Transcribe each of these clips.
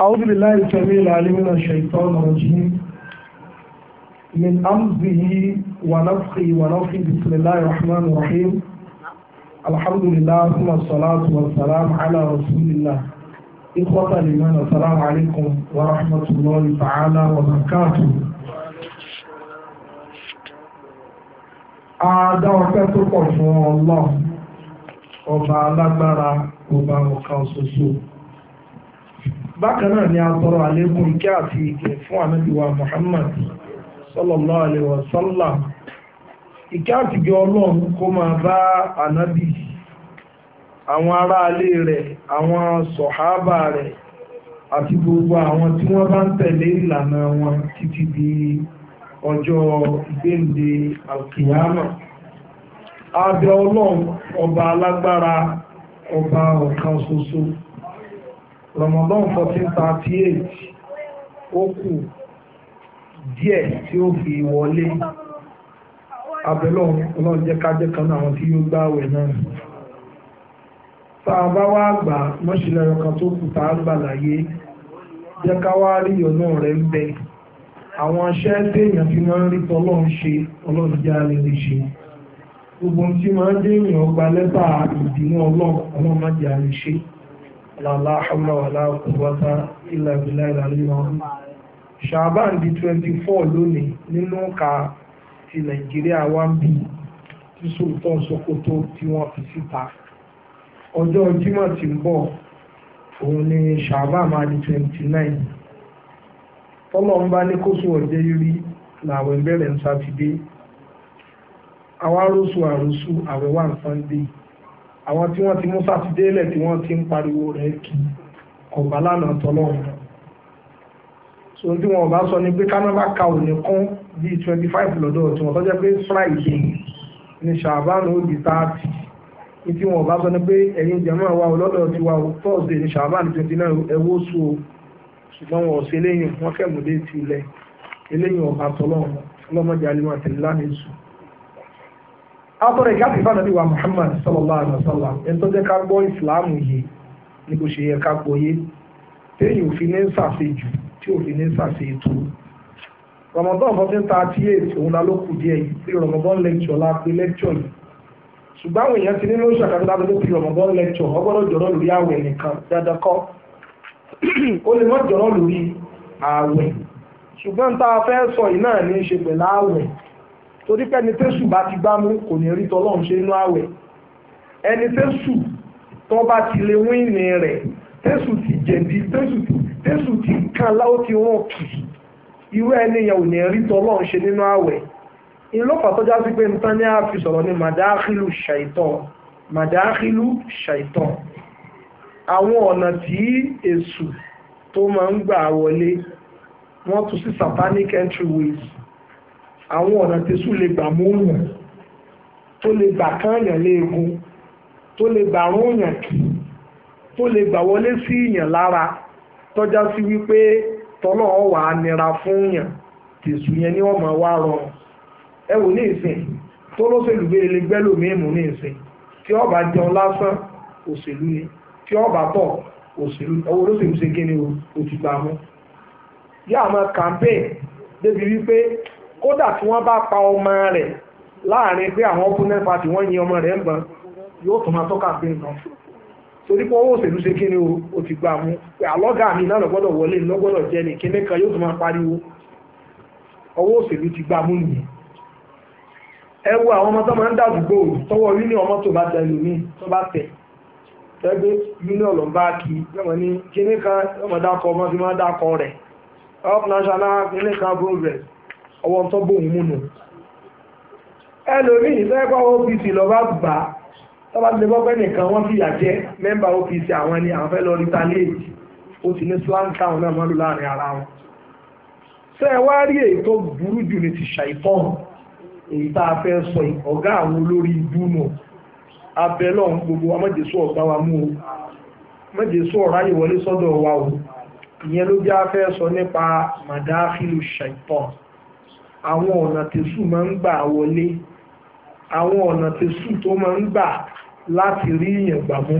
أعوذ بالله السميع العليم من الشيطان الرجيم من أمزه ونفخه ونفخه بسم الله الرحمن الرحيم الحمد لله ثم الصلاة والسلام على رسول الله إخوة الإيمان السلام عليكم ورحمة الله تعالى وبركاته Adá ọpẹ́ tó pọ̀ fún Allah, ọba alágbára, ọba ọ̀kan ṣoṣo. bákan náà ni a tọrọ ike a ti ìkẹ́ fún ànábì Muhammad sallallahu alaihi wa ike ìkẹ́ àti ìkẹ́ ọlọ́run kó máa bá ànábì àwọn aráalé rẹ̀ àwọn sọ̀hábà rẹ̀ àti gbogbo àwọn tí wọ́n bá ń tẹ̀lé ìlànà wọn títí di ọjọ́ ìgbéǹde alkiyama abẹ ọlọ́run ọba alágbára ọba ọ̀kan ṣoṣo. Ramadan 1438 ó kù díẹ̀ tí ó fi wọlé abẹ́lọ́ ọlọ́run jẹ́ kájẹ́ kan náà àwọn tí yóò gbààwẹ̀ náà tá a bá wá gbà mọ́ṣílẹ̀ ọkàn tó kù tá a gbà láyé jẹ́ ká wá rí ọ̀nà rẹ̀ ń bẹ àwọn aṣẹ́ téèyàn fi máa ń rí tọ́lọ́run ṣe ọlọ́run jẹ́ alẹ́lẹ́ ṣe gbogbo tí máa ń dé èèyàn gba lẹ́tà ìdìmọ́ ọlọ́run ọlọ́run má jẹ́ alẹ́ ṣe la hamla wala quwwata illa billahi al-aliyyil ṣàbán di twenty four lónìí nínú ka ti nàìjíríà wá ń bì tí sultan sokoto tí wọ́n fi síta ọjọ́ jímọ̀ tí ń bọ̀ òun ni ṣàbán máa di twenty nine tọ́lọ̀ ń bá ní kóso ọ̀jẹ́ rí làwọn ìbẹ̀rẹ̀ ń sátidé àwa rọ́ṣù àròṣù àwẹ̀wà sunday àwọn tí wọ́n ti mú sátidélẹ̀ tí wọ́n ti ń pariwo rẹ̀ kí ọ̀bá lánàá tọ́lọ́run so tí wọn bá sọ ni pé kánábà ka òní kún bíi twenty five lọ́dọ̀ tí wọ́n tọ́jọ́ pé friday ni ṣàbánu ó di thirty ní tí wọn bá sọ ni pé ẹ̀yin jẹ̀mọ́ wa lọ́dọ̀ tí wa thursday ni ṣàbánu twenty nine ẹ̀wọ́ sùn o ṣùgbọ́n wọn ò sí eléyìn wọn kẹ́mùdé tilẹ̀ eléyìn ọ̀bá tọ́lọ́run ọlọ́mọdé alimọ̀ àtẹ̀lẹ́ lánàá sùn àtọ́rọ̀ ìkáàkiri fún ànábì wa Muhammad sallallahu alaihi wa sallam ẹni tó jẹ́ ká gbọ́ ìsìláàmù yìí ni kò ṣe yẹ ká gbọ́ yé téèyàn ò fi ní sàṣejù tí ò fi ní sàṣe ètò Ramadan fourteen thirty eight òun la ló kù díẹ̀ yìí pé Ramadan lecture la pé lecture yìí ṣùgbọ́n àwọn èèyàn ti ní lóṣù àkàtúntà tó pé Ramadan lecture ọgbọ́dọ̀ jọ̀rọ̀ lórí àwẹ̀ nìkan dandan kọ́ ó lè má jọ̀rọ̀ lórí àwẹ̀ ṣùgbọ́n tá fẹ́ sọ yìí torí pé ẹni tẹ́sù bá ti gbá mú kò ní rí tọ́lọ́run ṣe inú àwẹ̀ ẹni tẹ́sù tó bá ti lè wíìnì rẹ̀ tẹ́sù ti jẹ̀bi tẹ́sù ti kàn láwọn ti wọ́n kì irú ẹni yẹn ò ní rí tọ́lọ́run ṣe nínú àwẹ̀ ìlọ́pàá tó já sí pé nǹkan ní a fi sọ̀rọ̀ ní màdáàkìlù ṣàìtọ́ màdáàkìlù ṣàìtọ́ àwọn ọ̀nà tí èṣù tó máa ń gbà wọlé wọ́n tún sí satanic entry ways àwọn ọ̀nà tẹ̀sù lè gbà mú yàn tó lè gbà káàyàn léegun tó lè gbà rún kì tó lè gbà wọlé sí yàn lára tọ́já sí wípé tọ́lọ́ wà á nira fún yàn tẹ̀sù yẹn ni wọ́n máa wá rọrùn ẹ wò ní ìsìn tó lọ́sẹ̀lú bẹ́ẹ̀ lè gbẹ́ lómi ìmú ní ìsìn tí ọba jẹun lásán òṣèlú ni tí ọba tọ̀ òṣèlú ọwọ́ olóṣèlú ṣe kí ni o ti gbà mú yá àmọ́ campaign débi wípé kódà tí wọ́n bá pa ọmọ rẹ̀ láàrin pé àwọn ọkùnrin mẹ́fà tí wọ́n yin ọmọ rẹ̀ ń yóò tún máa tọ́ka pé nǹkan owó òṣèlú ṣe ni o ti gbà mú pé mi náà wọlé lọ́gbọ́dọ̀ jẹ́ ní yóò tún máa pariwo owó òṣèlú ti gbà nìyẹn ẹ wo àwọn ọmọ tó máa ń dàdúgbò tọwọ́ rí ní ọmọ tó bá tẹ lómi tó bá tẹ ọwọ́ tó bóun múnu ẹlòmíì sẹ́gbà OPC lọ́ba gbà tọ́ba ti lè bọ́ nìkan wọ́n fìyà jẹ mẹ́mbà OPC àwọn ni àwọn fẹ́ lọ rí taléèjì ó ti ní slang táwọn náà máa lò láàrin ara wọn ṣé ẹ wá rí èyí tó burú jù ní ti ṣàìtàn èyí tá a fẹ́ sọ ọ̀gá àwọn olórí ìdúnú abẹ́lọ́ gbogbo wa mọ̀jẹ̀sọ ọ̀gá wa mú o mọ̀jẹ̀sọ ọ̀ráyè wọlé sọ́dọ̀ wa o ìyẹn ló bí a fẹ́ sọ nípa màdáfílù ṣàìtàn àwọn ọ̀nà tẹ̀sù máa ń gbà wọlé àwọn ọ̀nà tẹ̀sù tó máa ń gbà láti rí èèyàn gbà mú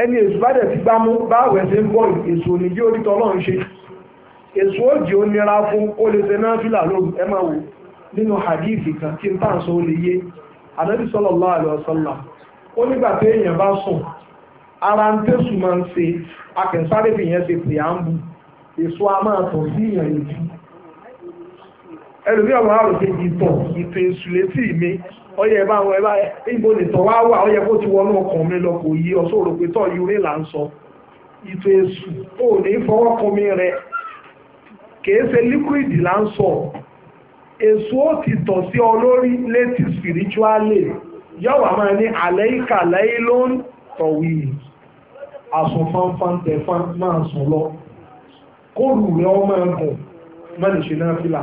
ẹni èso bá dẹ̀ ti gbá mú báwẹ̀ ṣe ń bọ̀ èso oníjẹ́ orítọ́ náà ń ṣe èso òjì ó nira fún ó lè ṣe náà fìlà lóru ẹ máa wò nínú hadithi kan tí n tà ń sọ ó lè yé ànábì sallallahu alaihi wasallam ó nígbà tí èèyàn bá sùn ara ń tẹ̀sù máa ń ṣe akẹ́sáré fìyẹn ṣe pè á ń bu èso a máa tọ̀ sí èèyàn yìí ẹlòmí ọmọ àrùn ṣe ìtọ̀ ìtọ̀ ìsùlẹ̀tì mi ọyẹ bá wọn ẹbá ìbò nìtọ̀ wá wà ọyẹ kó ti wọnú ọkàn mi lọ kò yí ọsọ òrò pé tọ́ yúrí là ń sọ ìtọ̀ èsù ó ní fọwọ́kan mi rẹ kìí ṣe liquid là ń sọ èsù ó ti tọ̀ sí ọ lórí létí spiritually yọ̀wà máa ní àlẹ́ ìkàlẹ́ ló ń tọ̀wì àsùn fanfan tẹ̀fan máa sùn lọ kó lù rẹ ọmọ ẹ̀gùn mọ́ni ṣe náà fìlà.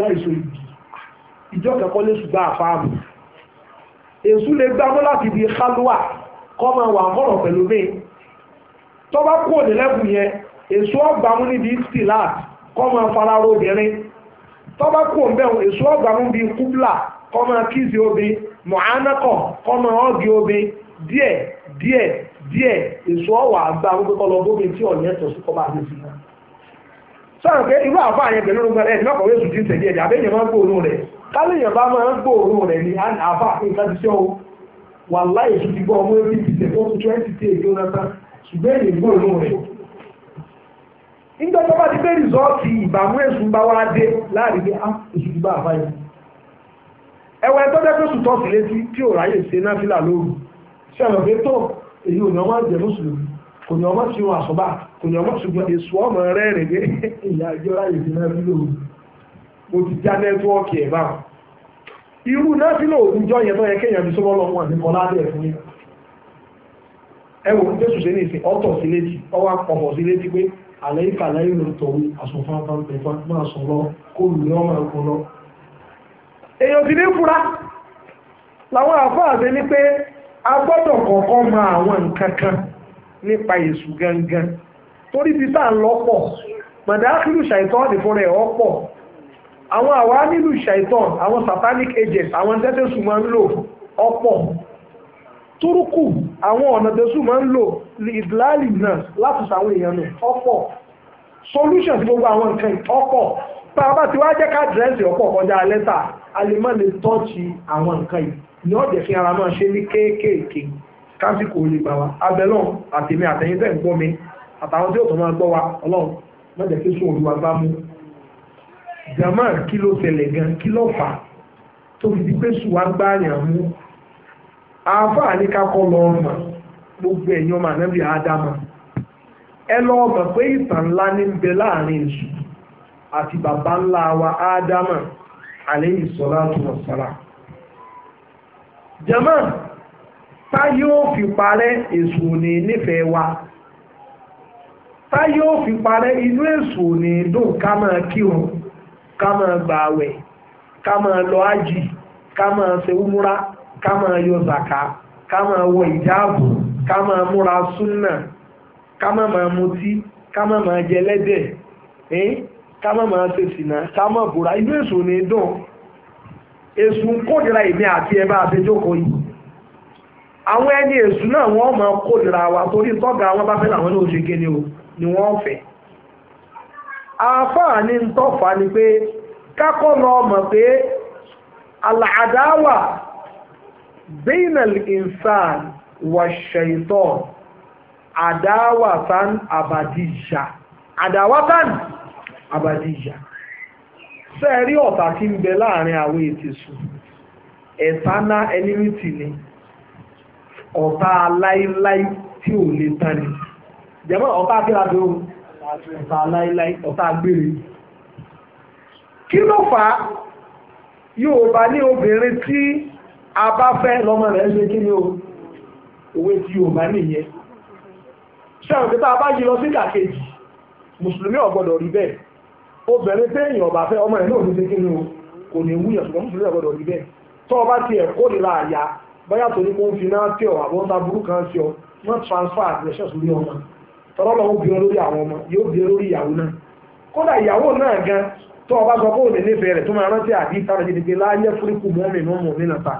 láìsọ ìdí ìjọ kẹ́kọ́ lè ṣùgbọ́n àfáàmù èṣù lè gbámọ́ láti di kálúwà kọ́ máa wà mọ́rọ̀ pẹ̀lú mi tó bá kú òní lẹ́kùn yẹn èṣù ọgbàmú níbi stilat kọ́ máa fararo obìnrin tó bá kú òǹbẹ̀hùn èṣù ọgbàmú bíi kúbla kọ́ máa kízi obi mọ̀ánákọ̀ kọ́ máa ọ́gì obi díẹ̀ díẹ̀ díẹ̀ èṣù ọwà àgbà wípé kọ́ lọ bóbi tí ọ̀yẹ́ tọ̀ sí kọ́ bá a lè fi hàn sọ̀rọ̀ pé irú àfa àyẹ̀ pẹ̀lú orúkọ ẹ̀ lọ́kọ̀wé sùn ti tẹ̀lé máa ń gbòòrò rẹ̀ káléèyàn bá máa ń gbòòrò rẹ̀ ní o wà láyé tó ti gbọ́ ọmọ ẹbí ti tẹ̀ fún twenty three èdè ọ̀nàta ṣùgbọ́n èyí gbòòrò rẹ̀. nígbà tó bá ti gbé rìsọ́ọ̀tì ìbámu ẹ̀sùn bá wá dé láàrin ah, èèyàn mọ̀ ṣùgbọ́n èso ọmọ rẹ̀ rẹ̀ gé ìyá ìjọra ìdí náà fi lòun mo ti já nẹ́tíwọ́ọ̀kì ẹ̀ báwọn. irú náà fi lòun ìjọ yẹn tó yẹ kéèyàn fi sọ́wọ́ lọ́wọ́ àti kọ́lá dẹ̀ fún yẹn. ẹ wò jésù ṣe ní ìsìn ọ̀tọ̀ sí létí ọwọ́ ọ̀pọ̀ sí létí pé àlẹ́ ìkàlẹ́ ìlú tọ̀wé àsùnfàn pàmpẹ́fà máa sùn lọ kó lù ní ọmọ ẹ̀kọ́ lọ. èèyàn ti ní fura làwọn àfáàṣe ní pé a kọ̀ọ̀kan mọ àwọn nǹkan kan nípa èṣù gangan torí bí tá à ń lọ́pọ̀ mọ̀dákìlù ṣàìtọ́ ní fúnra ẹ̀ ọ̀pọ̀ àwọn àwa nílù ṣàìtọ́ àwọn satanic agents àwọn tẹ́tẹ́sù máa ń lò ọ̀pọ̀ túrúkù àwọn ọ̀nà tẹ́sù máa ń lò ìdílálì náà láti sàwọn èèyàn nù ọ̀pọ̀ solution sí gbogbo àwọn nǹkan ọ̀pọ̀ tá a bá ti wá jẹ́ ká dírẹ́sì ọ̀pọ̀ kọjá lẹ́tà a lè má lè tọ́ọ̀tì àwọn nǹkan yìí ni ọ̀jẹ̀ fi ara máa ṣe ní kéékèèké kásìkò lè gbà wá abẹ́lọ́ àtèmi àtẹ̀yìn tẹ̀ ń gbọ́ mi àtàwọn tí ó tọ́ máa gbọ́ wa ọlọ́run lọ́jọ́ kí sùn olúwa bá mú jama kí ló ṣẹlẹ̀ gan kí ló fà tó fi di pé sùn wá gbá àyàn mú àáfàá ní kakọ́ lọ ọmọ gbogbo ẹ̀yìn ọmọ ànábì ádámà ẹ lọ mọ̀ pé ìtàn ńlá ní ń bẹ láàrin èṣù àti bàbá ńlá wa ádámà àlẹ́ ìsọ̀lá tó wọ̀ sára jama táyé ó fi parẹ́ èṣù ò ní nífẹ̀ẹ́ wa táyé ò fi parẹ́ inú èṣù ò ní dùn ká máa kírun ká máa gbà àwẹ̀ ká máa lọ ájì ká máa ṣe úmúra ká máa yọ zàká ká máa wọ ìjáàbù ká máa múra súnà ká máa máa mutí ká máa máa jẹ lẹ́dẹ̀ ká máa máa ṣe sìnà ká máa bùra inú èṣù ní dùn èṣù ń kórìíra èmi àti ẹ bá a ṣe jókòó yìí àwọn ẹni èṣù náà wọ́n máa kórìíra wa torí tọ́gà wọn bá fẹ́ làwọn náà ṣe kéde o. ni wọ́n fẹ́ àáfàá ni pé kákọ́ lọ mọ̀ pé alàdáwà bainal insan shaitan àdáwàtán àbàdíjà àdáwàtán àbàdíjà sẹ́ẹ̀rí ń bẹ láàrin àwọn ètìsù eternal enmity ni ọ̀tá aláíláí tí ò lè tán jẹ́mọ́ ọ̀tá akíradó ọ̀tá aláìláì ọ̀tá agbére kí ló fà á yóò bá ní obìnrin tí a bá fẹ́ lọ́mọ rẹ̀ ṣe kí ni o òwe tí yóò bá nìyẹn ṣẹ́rùn pé tá a bá yí lọ sí kàkejì mùsùlùmí ọ̀gbọ́dọ̀ rí bẹ́ẹ̀ obìnrin téèyàn ọ̀bà fẹ́ ọmọ rẹ̀ náà ní ṣe kí ni o kò ní wúyàn ṣùgbọ́n mùsùlùmí ọ̀gbọ́dọ̀ rí bẹ́ẹ̀ tọ́ ọba tiẹ̀ kó nira àyà báyà tó ní kó ń fi náà tẹ̀ ọ́ àbọ̀ntà burúkú kan ṣe ọ wọ́n transfer àgbẹ̀ṣẹ̀ sórí ọmọ tọ́lọ́ lọ́wọ́ bí wọn lórí àwọn ọmọ yóò bí wọn lórí ìyàwó náà kódà ìyàwó náà gan tó ọba sọ pé òní nífẹ̀ẹ́ rẹ̀ tó máa rántí àbí ìtàn ìdí pé láyé fúríkù mọ́mì ní mọ́mì náà ta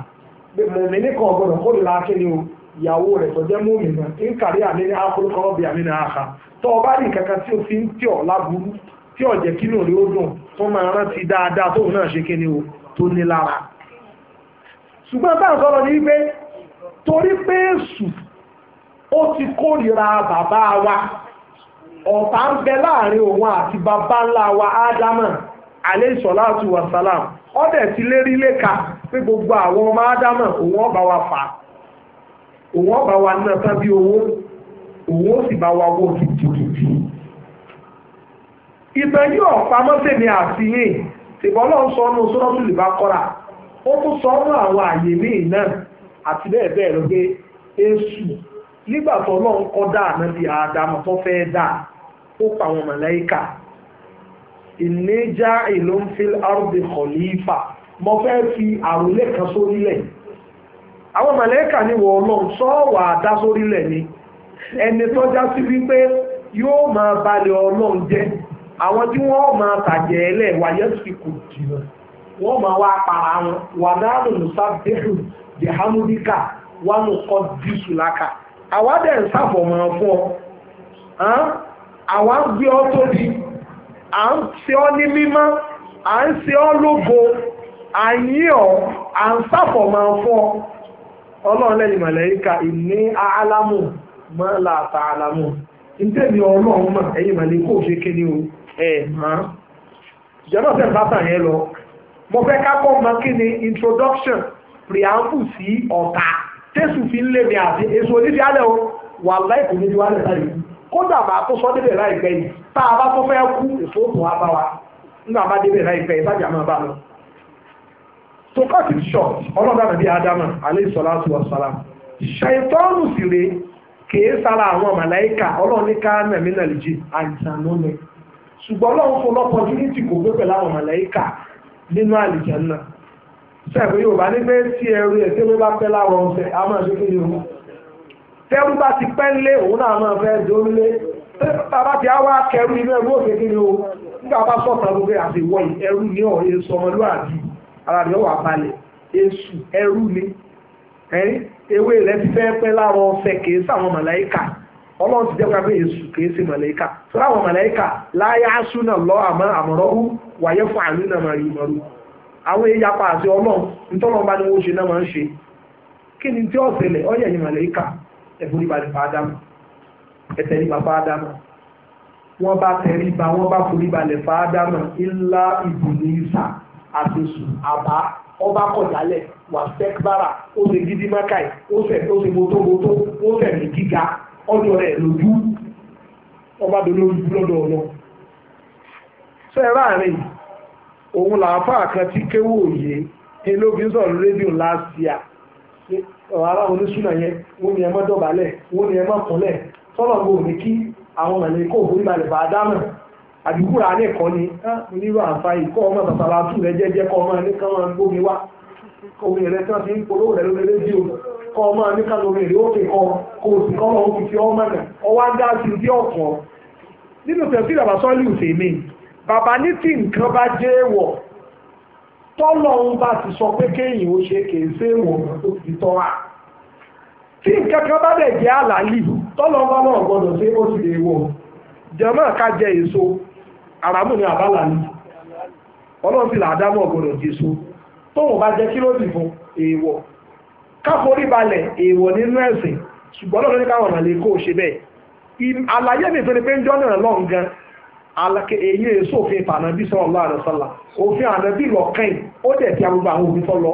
mọ́mì ní kan ọgbọ́dọ̀ kó la kí ni o ìyàwó rẹ̀ tó jẹ́ mọ́mì náà ń kàrí àmì ní akólókọ́ ọ̀bì àmì ní àhà tó ọba rí kankan tí ó fi ń tì ọ́ tí ọ̀jẹ̀ kí ni o tó ní torí pé èsù ó ti kórìíra bàbá wa ọ̀tá ń bẹ láàrin òun àti bàbá ńlá wa ádámà alayhi salatu wa salam ọ̀dẹ̀ ti lérí léka pé gbogbo àwọn ọmọ ádámà òun ọba wa fà òun ọba wa náà tán bí owó òun ó sì bá wa wó tìtìtìtì ìtàn yóò pamọ́ sèmi àfihàn ṣùgbọ́n sọ ọ́nà sọ́dọ́tù lè bá kọ́ra ó tún sọ ọ́nà àwọn àyè míì náà àti bẹ́ẹ̀ bẹ́ẹ̀ lọ pé èṣù nígbà tó ọlọ́run kọ́ dá ànábì àdámọ̀ tó fẹ́ dá ó pa àwọn màláíkà ìníjà ìlú ń fi arúgbó kọ̀lífà mo fẹ́ fi àròlé kan sórílẹ̀ àwọn màláíkà ni wọ́n ọlọ́run sọ́ọ̀wà dá sórílẹ̀ ni ẹni tó já sí wípé yóò máa balẹ̀ ọlọ́run jẹ́ àwọn tí wọ́n máa tàjẹ́ ẹlẹ́ wàyẹ́sì kò jìnnà wọ́n máa wá para wọn wà náà lòlùsà bẹ́ẹ̀ dìhámúdíkà wà nù àwa dẹ̀ ń sàfọ̀mọ́ fún ọ àwa ń gbé ọ tóbi à ń ṣe ọ ní mímọ́ à ń ṣe ọ lógo à ń yí ọ à ń sàfọ̀mọ́ fún ọ ọlọ́run lẹ́yìn màlẹ́ríkà ìní alámù mọ́lá àtà alámù ìtẹ́mi ọlọ́run mọ̀ ẹ̀yìn màlẹ́kò ṣe kéde o ẹ̀ mọ́ ìjọba ọ̀sẹ̀ bàtà yẹn lọ mo fẹ́ ká kọ́ mọ́ kí ni introduction preamble sí ọ̀tá tẹ́sù fi ń lé mi àti èso onídìí alẹ́ o wà láìpù níbi wà lẹ́sà yìí kódà bá tó sọ débẹ̀ láìpẹ́ yìí tá a bá tó fẹ́ kú èso òkun wa bá wa nígbà bá débẹ̀ láìpẹ́ yìí sájà máa bá lọ. to cut it short ọlọ́dà nàbí adama aleyhi salatu wa salam ṣàìtọ́nù sì rè kèé sára àwọn màláìkà ọlọ́ọ̀ni ká nàmínà lè jì àìsàn lónìí ṣùgbọ́n ọlọ́run fún lọ́pọ̀ sẹ́ẹ̀kú yóò bá ní pé tí ẹrú ẹ̀ tí ó bá pẹ́ láwọn ọ̀sẹ̀ a máa ṣe kéde òun tẹ́rú bá ti pẹ́ lé òun náà máa fẹ́ dórílé bàbá ti á wá kẹrú inú ẹrú òkè kí ni o nígbà bá sọ̀tàn gbogbo àti ìwọ yìí ẹrú ni ọ̀ èso ọmọlúwàbí ara rẹ̀ wà balẹ̀ èsù ẹrú ni ewé rẹ̀ ti fẹ́ pẹ́ láwọn ọ̀sẹ̀ kìí sáwọn màláìkà ọlọ́run ti jẹ́ ká pé èsù kìí sí màláìkà sọ́dọ̀ àwọn màláìkà láyé asúnà lọ́ àmọ́ àmọ́rọ́hù wàyẹ́ fún àlùnà màrí ìmọ̀rù àwọn ìyapa àti ọlọ́run nítọ́lọ́run bá ní wọ́n ṣe náà máa ń ṣe kí ni tí ọ̀sẹ̀lẹ̀ ọ̀yẹ̀ yìí màlẹ́ ìka ẹ̀fọ́ ní balẹ̀ fàádámà ẹ̀tẹ̀ ní bàbá ádámà wọ́n bá tẹ̀rí ba wọ́n bá forí balẹ̀ fàádámà ńlá ìbùnú ìsà àtòsù àbá ọba kọjálẹ̀ wà sẹ́kbára ó ṣe gidi mákàì ó ṣe ó ṣe bótóbótó ó ṣe ní gíga ọdọ rẹ̀ lójú ọba dolórí lọ́dọ̀ ọ̀nà sọ ẹ ráàrin yìí òun làáfà kan tí kéwò òye ẹni ló fi ń sọ̀rọ̀ rédíò last year ọ̀rọ̀ ara oníṣúná yẹn wọ́n ní ẹ má dọ̀bálẹ̀ wọ́n ní ẹ má kúnlẹ̀ sọ́nà wo ní kí àwọn mẹ̀lẹ́ kó òfin balẹ̀ bá dámọ̀ àdìgúra ní ẹ̀kọ́ ni onírú àǹfààní kọ́ ọmọ bàtàlà tù rẹ jẹ́jẹ́ kọ́ ọmọ ní kán máa gbómi wá omi rẹ tí wọ́n ti ń polówó rẹ lórí rédíò kọ́ ọmọ ní kán lórí rẹ ó fi kọ́ kó o sì kọ́ ọmọ òkú ti ọmọ náà ọwọ́ á dá sí ti ọ̀kan nínú tẹ̀síìlà bàbá ní tí nǹkan bá jẹ́ èèwọ̀ tọ́lọ́run bá ti sọ pé kéèyàn ó ṣe kèé sí èèwọ̀ tó ti tọ́ wa tí nǹkan kan bá dẹ̀ jẹ́ àlàálì tọ́lọ́run bá náà gbọ́dọ̀ ṣe ó sì èèwọ̀ jẹ́mọ́ ká jẹ èso àràmù ni àbálà ni ọlọ́run sì làádámọ̀ gbọ́dọ̀ jẹ èso tóun bá jẹ́ kí ló dì fún èèwọ̀ káforí balẹ̀ èèwọ̀ nínú ẹ̀sìn ṣùgbọ́n lọ́dún ní káwọn ọ̀nà lè kó o ṣe bẹ́ẹ̀ àlàyé mi tó ni pé ń jọ́ náà lọ́ọ̀ gan-an èyí èso òfin ìpànàbí sallallahu alaihi wasallam òfin ànàbí lọ́kàn ó dẹ̀ ti agbègbè àwọn òfin tọ́lọ.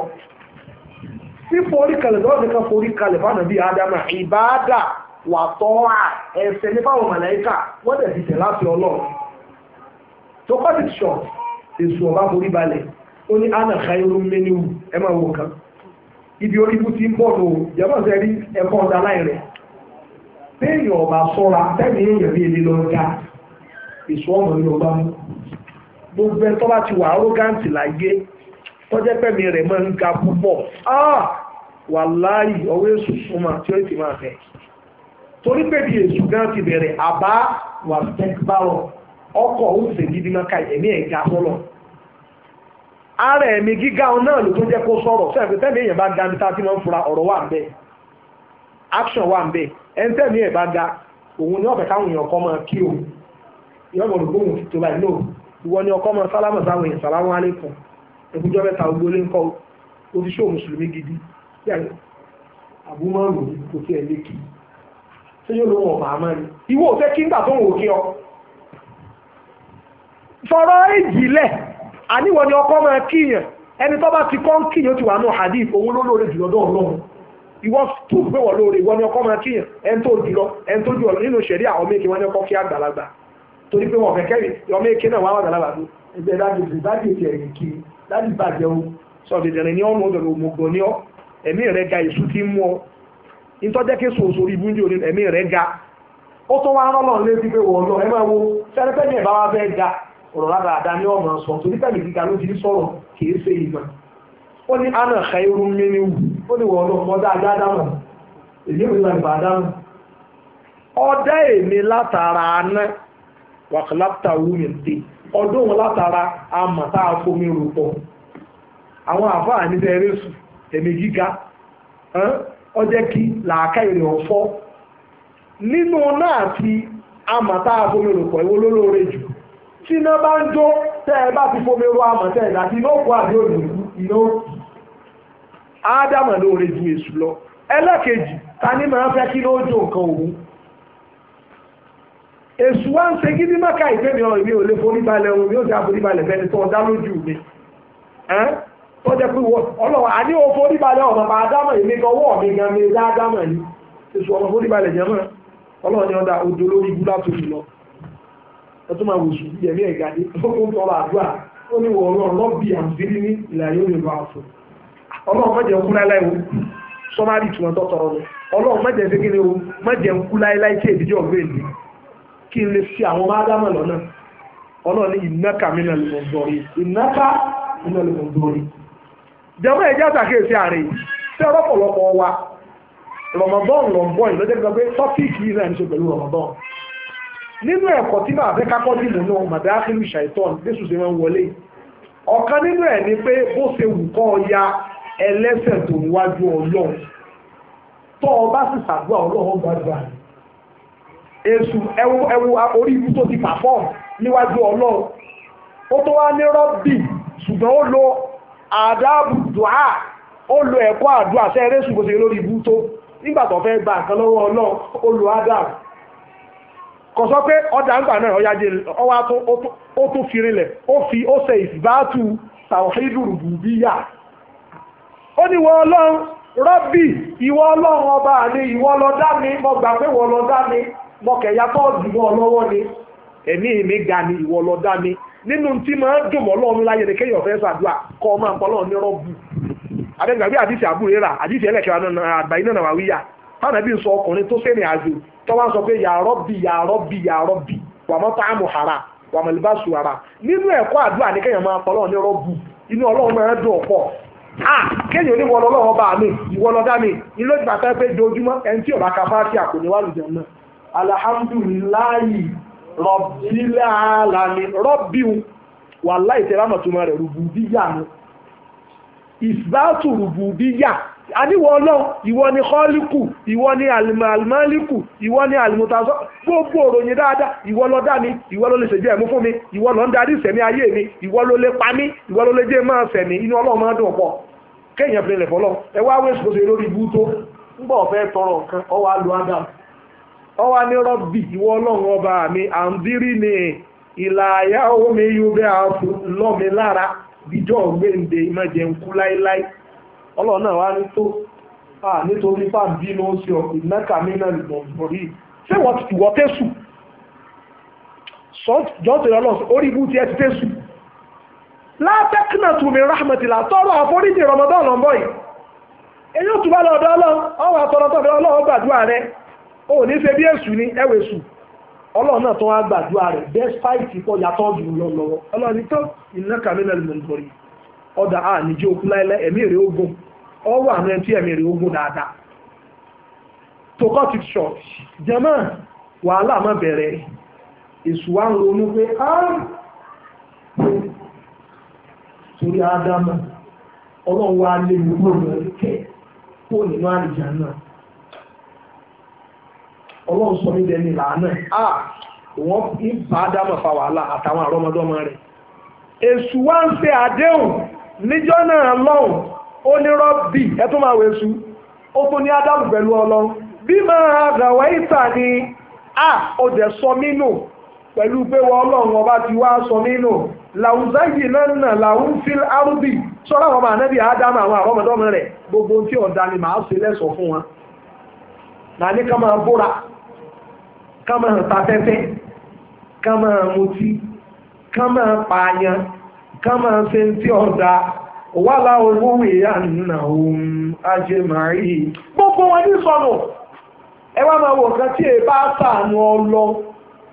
fíforí kalẹ̀ lọ si kan forí kalẹ̀ fànàbí ádámà ìbáàdà adama tọ́ à a ní fáwọn màláíkà wọ́n dẹ̀ ti tẹ̀ láti ọlọ́run. ọba forí balẹ̀ ana khairu minhu ẹ kan ibi orí ti ń bọ̀ ẹ̀kọ́ ọ̀dà ọba sọ́ra èèyàn bí lọ́ọ́ èso ọmọ mú gbogbo ẹ bá ti wà arrogant láyé tọ́jẹ́ pẹ̀mí rẹ̀ ń ga púpọ̀ ah! wà láàyè ọwọ́ èso súnmọ́ tí ó ti máa fẹ́ torí pé bí èso gan ti bẹ̀rẹ̀ àbá wà ọkọ̀ ó sì ẹ̀mí ga sọ́lọ̀ ara ẹ̀mí gíga ọ náà ló tó jẹ́ kó sọ̀rọ̀ tẹ́mi èèyàn bá ga níta tí wọ́n fura ọ̀rọ̀ wà action wà ìyọ́bọ̀rọ̀ gbóhùn fi tó báyìí lóò ìwọ ni ọkọ máa sálámà sáwọn èèyàn sàlámù aláìkùm ẹgbẹ́jọ́ mẹ́ta ogbó lé ńkọ́ ó ti ṣó mùsùlùmí gidi àbúmọ́rù kò tí ẹ lé kí ṣé yóò lówó ọ̀pá àmọ́ ni ìwọ ò fẹ́ kí ńgbà tó ń wò kí ọ. sọ̀rọ̀ ìjìnlẹ̀ àníwọ ni ọkọ máa kíyàn ẹni tó bá ti kọ́ ń kíyàn ó ti wà náà hadith òun ló lóore jùlọ dán ọlọ́run ìwọ tó gbé wọ̀ lóore ìwọ ni ọkọ máa kíyàn ẹni tó jùlọ ẹni tó jùlọ nínú ṣẹ̀rí àwọn méjì wọn ni ọkọ kí àgbàlagbà torí pé wọn kẹ̀kẹ́ ọmọ èké náà wà wà lára àdó ẹgbẹ́ dájú dájú ìtì ẹ̀yìn kí dájú bàjẹ́ o sọ dẹ̀dẹ̀rẹ̀ ní ọ̀nà ọ̀dọ̀ òmùgọ̀ ní ọ ẹ̀mí rẹ̀ ga èṣù ti mú ọ ìtọ́jẹ́ kí sòsò rí ibúndì òní ẹ̀mí rẹ̀ ga ó tó wá rọ́lọ́ létí pé wọ́n lọ ẹ máa wo sẹ́rẹ́fẹ́ ní ẹ̀bá wa fẹ́ ga ọ̀rọ̀ lára àdá ní ọ̀nà sọ torí pẹ̀lú gíga ló ti sọ̀rọ̀ kì í ṣe ìmọ̀ ní ana xayiru mímí wù ó ní wọ́n lọ mọ́dá ajá dáhùn èmi wàkàlàtà wúmi dé ọdún wọn látara àmà tá a fomi rò pọ̀ àwọn àfáà ní bẹ́ẹ̀ rẹ́sù ẹ̀mí gíga ọjẹ́ kí làákà èrè ọ̀fọ́ nínú náà ti àmà tá a fomi rò pọ̀ ìwọ lólóore jù tí iná bá ń jó tẹ́ ẹ bá ti fomi rò àmà tẹ́ ẹ̀ iná òkú àbí òdòdó iná òkú ádámà lóore ju èṣù lọ ẹlẹ́kejì ta ni máa fẹ́ kí ló jó nǹkan òun èṣù wá ń ṣe kí ní mọ́ká ìgbẹ́mi ọ̀rọ̀ ìwé òlé foríbalẹ̀ ohun yóò ṣe àforíbalẹ̀ fẹ́ni tó ọ̀dá lójú mi tó jẹ́ pé ọlọ́wọ́ àní o foríbalẹ̀ ọ̀nà máa dámọ̀ èmi kan wọ́ mi gan mi dá dámọ̀ ni èṣù ọmọ foríbalẹ̀ jẹ́mọ̀ ọlọ́wọ́ ni ọ̀dà odò lórí ibú látòkì lọ ẹ tó máa wò sùn yẹ̀mí ẹ̀gádé tó ń tọrọ àdúrà ó ní wọ̀ ọ̀rọ̀ lọ́bì àǹfírí ní ìlàyé òyìnbó àfọ ọlọ́wọ́ mọ̀jẹ̀ ń kú láláì wo sọ́márì tí wọ́n tọ́ tọrọ lọ ọlọ́wọ́ mọ̀jẹ̀ ń ṣe kí o mọ̀jẹ̀ ń kú láíláí tí èdè jọ̀ọ́ gbé ìlú kí n lè fi àwọn ọmọ ádámà lọ́nà ọlọ́run ní ìnáka mínà lè mọ̀ dọ̀rí ìnáka mínà lè mọ̀ dọ̀rí. jẹ́mọ́ ẹ̀jẹ̀ àtàkéèsí ààrẹ yìí ṣé ọlọ́pọ̀lọpọ̀ wa rọmọdọ́n lọ́nbọ́n yìí lọ́jọ́ gbọ́ pé tọ́píìkì yìí náà ní ṣe pẹ̀lú rọmọdọ́n. nínú ẹ̀kọ́ tí màá fẹ́ kákọ́ dìbò náà màdáfíìlì ṣàìtọ́n jésù ṣe máa ń wọlé ọ̀kan nínú ẹ̀ ni pé bó ṣe wù kọ́ ya ẹlẹ́sẹ̀ tó ń wájú ọlọ́run tọ́ ọ bá sì ṣàdúrà ọlọ́run gbàdúrà esu ewu ewu orí ibi tó ti perform níwájú ọlọ́run ó tó wá ní rọ́bì ṣùgbọ́n ó lo àdáàbù dùá ó lo ẹ̀kọ́ àdúrà sẹ́ẹ̀rẹ́ ṣùgbọ́n ṣe lórí tó gba nǹkan lọ́wọ́ ọlọ́run ó lo àdáàbù kò sọ pé ọjà ńgbà náà ọya jẹ ọwá ó tó fi rinlẹ̀ ó fi ó ṣe ìsìbáàtù tàwọ̀hídù rùbùbíyà ó ní wọ́n ọlọ́run rọ́bì ìwọ ọlọ́run mọ̀kẹ̀yà ya dìbò lọ́wọ́ ni ẹ̀mí mi ga ni ìwọ lọ mi nínú tí máa ń dùn mọ́ lọ́run láyé ni kéèyàn fẹ́ sàdúrà kọ́ ọ máa ń pọ́lọ́ ní rọ́bù àdìsí àbúrò rà àdìsí àgbà iná náà wà sọ ọkùnrin tó sẹ́ni àjò tó wá ń sọ pé hàrà wà mọ́ hàrà nínú ẹ̀kọ́ àdúrà ni kéèyàn máa pọ́lọ́ ní rọ́bù inú ọlọ́run máa dùn ọ̀pọ̀ ah kéèyàn ní wọlọ́lọ́wọ́ bá mi ìwọlọ́dá a pé dojúmọ́ ka alhamdulillahi rabbil alamin rabbiu wàláì tẹ̀lé àmọ̀túnmọ̀ rẹ̀ rùbùdíyà ni ìsbátù rùbùdíyà àníwọ̀ ọlọ́run ìwọ ni kọ́líkù ìwọ ni àlìmọ̀lìkù ìwọ ni àlìmọ̀tàzọ́ gbogbo òròyìn dáadáa ìwọ lọ dá mi ìwọ ló lè ṣèjẹ́ mi ìwọ ń darí mi ìwọ ló lè pa mí ìwọ ló lè jẹ́ máa inú ọlọ́run máa dùn pọ̀ kéèyàn fi lè fọlọ́ ẹ wá ṣe lórí ibú tó ń ọwá ní rọ́bì ìwọ ọlọ́run ọba mi àǹdírí ni ìlàyà omi yorùbá àfò lọ́mi lára bíjọ́ gbéǹde ìmọ̀jẹ̀ ń láéláé ọlọ́run náà wá ní tó nítorí fáàbí ló ń ṣe ọ̀pìn mẹ́ka mínà lùmọ̀ọ́rì yìí ṣé wọ́n ti wọ́ tẹ́sù orí ibú ti ti tẹ́sù àforíjì yìí èyí tún bá o ní ṣe bí èṣù ní ẹwẹ̀ ọlọ́run náà tó wá gbàdúrà despite pọ̀ yàtọ̀ jù lọ lọ́wọ́ ọlọ́run tó iná kàmínà lè mọ̀lùbọ̀rì ọ̀dà á níjẹ́ okú láìlẹ́ ẹ̀mí èrè ogun ọwọ́ àwọn tí ẹ̀mí ogun dáadáa to jẹ́mọ́ wàhálà má bẹ̀rẹ̀ wa ń ronú pé á torí ọlọ́run lé mi kó nínú náà ọlọ́run sọ níbi ẹni làánà à wọ́n bá dámọ̀ fa wàhálà àtàwọn àrọ́mọdọ́mọ rẹ̀ èṣù wá ń ṣe àdéhùn níjọ́ náà lọ́hùn ó ní rọ́bì ẹ tó máa wọ èṣù ó tó ní ádámù pẹ̀lú ọlọ́run bí máa gàwé ìta ni à ó dẹ̀ sọ mí nù pẹ̀lú pé wọ́n ọlọ́run ọba ti wá sọ mí nù làwùzáyì náà nà làwùn fíl arúbì sọ́ra wọn máa nẹ́bí ádámù àwọn àrọ́mọdọ́mọ rẹ̀ gbogbo tí ọ̀dà ni màá ṣe lẹ́sọ̀ fún wọn màá ká máa bóra ká máa ta tẹ́tẹ́ ká máa mutí ká máa pààyàn ká máa ṣe tí ọ̀dà wà láwọn owó ìyá nínú àwọn gbogbo wọn ní sọnù ẹ wá máa wò kan tí èèbá sàánú ọlọ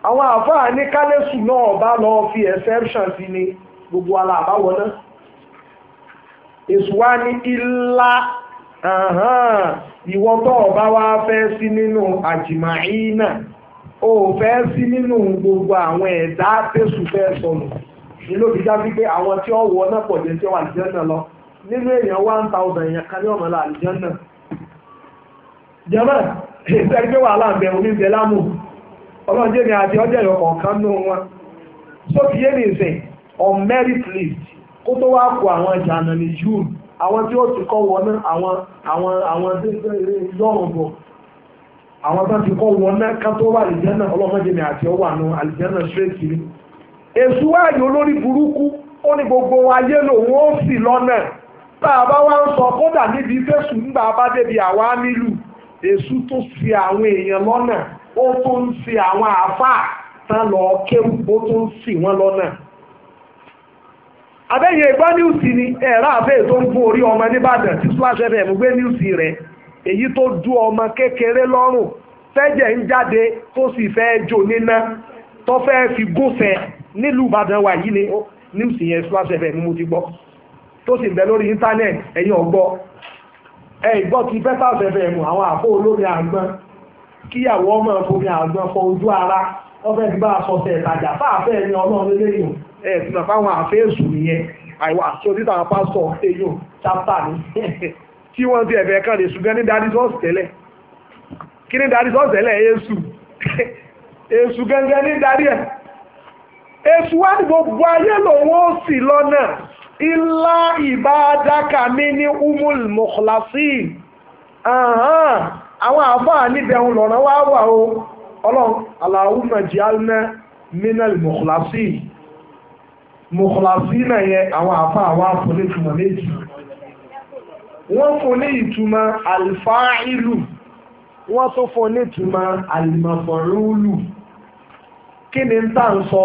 àwọn àfáà ní kálẹ́sù náà bá lọ fi exception sí ni gbogbo ala àbáwọ náà èsù wá ní ilá ìwọ́n tó ọba wá fẹ́ sí nínú àjìmáì náà o fẹ́ sí nínú gbogbo àwọn ẹ̀dá tẹ̀sù fẹ́ sọnù nílò bí pé àwọn tí ó wọ náà pọ̀ jẹ́ tí ó wà àlìjẹ́nà lọ nínú èèyàn one thousand èèyàn kan ní ọ̀nà là gbé wàhálà ń bẹ on merit list kó tó wá kó àwọn jàǹdà ní june àwọn tí ó ti kọ́ wọ náà àwọn tó ti kọ́ wọn náà ká tó wà àlìjẹ́nà ọlọ́mọdémi àti ọwọ́ àánú àlìjẹ́nà straight kiri èṣù wáyé olórí burúkú ó ní gbogbo ayé lòun ó sì lọ́nà tá a bá wá ń sọ kódà níbi fẹ́sù nígbà bá débi àwa nílùú èṣù tó fi àwọn èèyàn lọ́nà ó tó ń fi àwọn àáfàá tán lọ kéwù ó tó ń sì wọ́n lọ́nà abẹ́yẹ ìgbọ́ níwùsì ni ẹ̀rọ àfẹ́ tó ń fún orí ọmọ nìbàdàn tí splash fm gbé níwùsì rẹ̀ èyí tó du ọmọ kékeré lọ́rùn fẹ́jẹ̀ ń jáde tó sì fẹ́ jò níná tó fẹ́ fi gúnfẹ̀ nílùú Ìbàdàn wa yìí ni news yẹn Splash FM ni mo ti gbọ́ tó sì bẹ lórí íńtánẹ̀tì ẹ̀yin ọ̀gbọ́ ẹ ìgbọ́ ti Better FM àwọn àpò olómi àgbọn kíyàwó ọmọ ìfomi àgbọn fọ ojú ara wọ́n fẹ́ ti bá aṣọ tẹ̀ ìtajà fáàfẹ́ ẹni ọlọ́run lélẹ́yìn ẹ̀ ti nà fáwọn àfẹ́ èṣù nìyẹn àìwá àti onítàwọn pásítọ̀ ṣe yóò chápítà ní tí wọ́n ti ẹ̀fẹ̀ kan lè ṣùgbọ́n ní dáadí sọ́ọ̀sì tẹ́lẹ̀ kí ní dáadí sọ́ọ̀sì tẹ́lẹ̀ èṣù èṣù gẹ́gẹ́ ní dáadí ẹ̀ èṣù wá ní gbogbo ayé lòun ó sì lọ́nà ilá ìbádákà mi ní umul mukhlasi àwọn àfáà níbẹ̀ ń lọ̀nà wá wà o ọlọ́run Allahumma jalna minal mukhlasi mukhlasi náà yẹ àwọn àfáà wá fún ní tùmọ̀ méjì wọ́n fún ní ìtumọ̀ alfáìlù wọ́n tó fún ní ìtumọ̀ alìmọ̀fọ̀rúlù kí ni tá ń sọ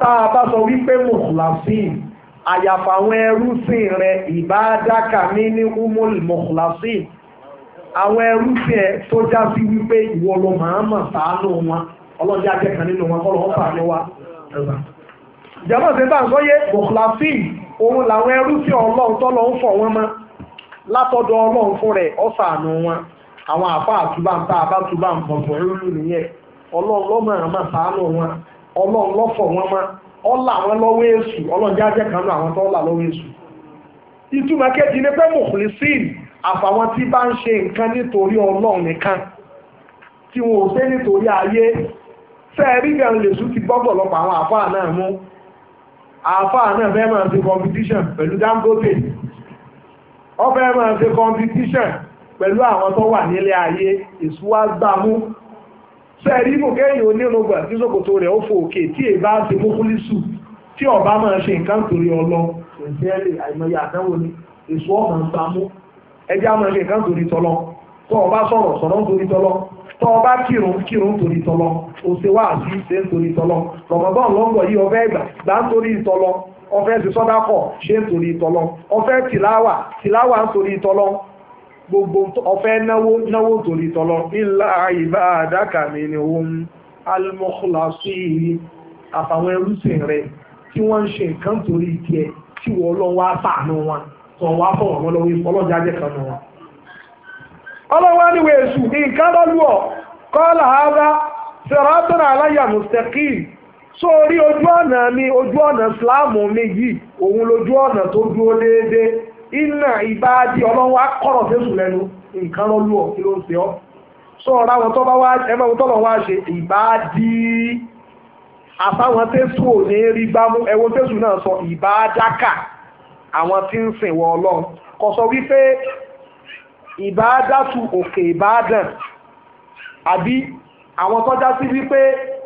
tá a bá sọ wípé mùsùlùmí àyàfà àwọn ẹrúsìn rẹ ìbádákà mi ní umul mùsùlùmí àwọn ẹrúsìn ẹ tó já sí wípé ìwọ ló máa mọ̀ sáánù wọn ọlọ́jà akẹ́kọ̀ọ́ nínú wọn kọ́ lọ́wọ́ fàánù wa jẹ́mọ̀ sí bá ń sọ yé mùsùlùmí òun làwọn ẹrúsìn ọlọ́run tọ́lọ́ ń fọ̀ wọn mọ́ látọ̀dọ̀ ọlọ́run fún rẹ̀ ọ̀fà àánú wọn àwọn àfa àtúbà ń ta àbátúbà ń bọ̀bọ̀ rúlù nìyẹn ọlọ́run lọ́mọ àmà sàánù wọn ọlọ́run lọ́fọ̀ wọn mọ́ ọlà wọn lọ́wọ́ èṣù ọlọ́run jáde kan lọ àwọn tó ọlà lọ́wọ́ èṣù. ìtumọ̀ kejì ni pé mùkùlísìn àfàwọn tí bá ń ṣe nǹkan nítorí ọlọ́run nìkan tí wọn ò ṣe nítorí ayé sẹ́ẹ̀rí gan lè sùn ti gbọ́gbọ̀ lọ́pọ̀ àwọn àfáà náà mú àfáà náà fẹ́ máa ṣe competition pẹ̀lú Dangote ọfẹ́ máa ṣe competition pẹ̀lú àwọn tó wà nílé ayé ìsúwágbámú sẹ́ẹ̀rí ìbùkẹ́yìn onírúgbà tí sòkòtò rẹ̀ ó fò òkè tí èbá ṣe múkúlísù tí ọba máa ṣe nǹkan torí ọlọ ìṣẹ́lẹ̀ àìmọye àtẹ́wò ni èso ọ̀nà ń gbámú ẹjẹ́ a máa ṣe nǹkan torí tọlọ tó ọba sọ̀rọ̀ sọ̀rọ̀ torí tọlọ tó ọba kírun kírun torí tọlọ òṣèwà àti ìṣe torí tọlọ rọ̀mọ́bọ́n lọ́ngbọ̀ yí ọbẹ̀ ìgbà gbà ń torí tọlọ ọ̀fẹ́ ti sọ́dákọ̀ ṣe ń torí ìtọ́lọ́ ọ̀fẹ́ tìláwà tìláwà ń torí ìtọ́lọ́ gbogbo ọ̀fẹ́ náwó náwó torí ìtọ́lọ́ illa ibadaka minhum al-mukhlasin àtàwọn ẹrúsìn rẹ̀ tí wọ́n ń ṣe nǹkan torí tiẹ̀ tí wọ́n lọ wá sàánú wọn tó wá fọ̀ wọ́n lọ́wọ́ ìfọlọ́jà jẹ́ kan nù wọn. ọlọ́wọ́ ni wèé sùn nǹkan lọ́lù ọ̀ kọ́lá ara sẹ̀rọ̀ àtọ́nà aláyà mustaqim so orí ojú ọ̀nà mi ojú ọ̀nà síláàmù mi yìí òun lójú ọ̀nà tó dúró déédéé iná ìbáàdì ọlọ́run wá kọ̀rọ̀ fésù lẹ́nu nǹkan ló lù ọ́ kí ló ń ṣe ọ́ so ọ̀rọ̀ àwọn tó bá wá ẹgbẹ́ wọn tó lọ wá ṣe ìbáàdì àtàwọn tẹ́sù ò ní rí gbámú ẹwọ tẹ́sù náà sọ ìbáàdákà àwọn tí ń sìn wọ ọlọ́run kò sọ wípé ìbáàdàtù òkè ìbáàdàn àbí àwọn tọ́já sí wípé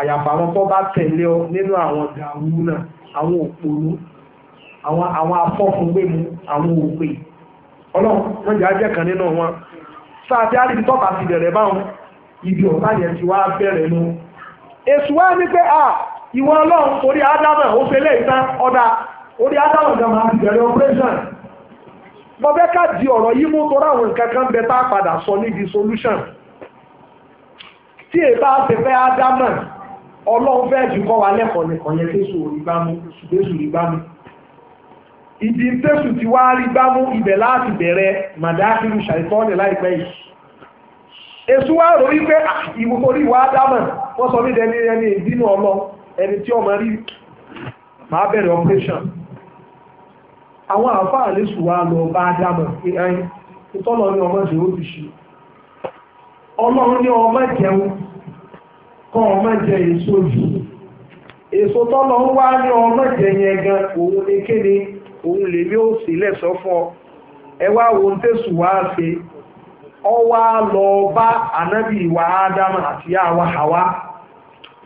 àyàfà àwọn tó bá tẹ̀lé ọ nínú àwọn dàrú náà àwọn òpònú àwọn afọ́fúngbèmú àwọn òpè ọlọ́run wọ́n jẹ́ ajẹ́ kan nínú wọn sáà tí a rí tọ́ka ti bẹ̀rẹ̀ báwọn ibi ọ̀tá yẹn ti wá bẹ̀rẹ̀ nu èsù wá ní pé à ìwọ ọlọ́run orí ádámà ó fẹ́ lẹ́yìn tán ọ̀dà orí ádámà gan máa bẹ̀rẹ̀ operation mo fẹ́ ká di ọ̀rọ̀ yìí mú torí àwọn nǹkan kan bẹ tá a padà sọ níbi solution tí èbá ti fẹ́ ádámà ọlọ́run fẹ́ẹ̀ jù kọ́ wa lẹ́kọ̀ọ́ nìkan yẹn tẹ́sù òrìgbámú tẹ́sù òrìgbámú ìdí tẹ́sù ti wá rí gbámú ibẹ̀ láti bẹ̀rẹ̀ màdáfíru ṣàìtọ́ọ̀nì láìpẹ́ yìí èṣù wá rò wípé orí ìwà ádámọ̀ wọ́n sọ mí dẹni ẹni ìdínú ọlọ ẹni tí ọmọ rí máa bẹ̀rẹ̀ operation àwọn àfáà lẹ́sù wá lọ bá ádámọ̀ ẹ̀yìn ìtọ́lọ ní ọmọ ìṣòro ti ṣe ọlọ́run ní ọmọ ìjẹun kọ́ ọmọ jẹ èso jù èso tọ́lọ ń wá ní ọmọ jẹ yẹn gan òun ni kéde òun lèmi ó sì lẹ́sọ̀ fún ọ ẹ ọ wá lọ bá ànábì ìwà ádámù àti àwa àwa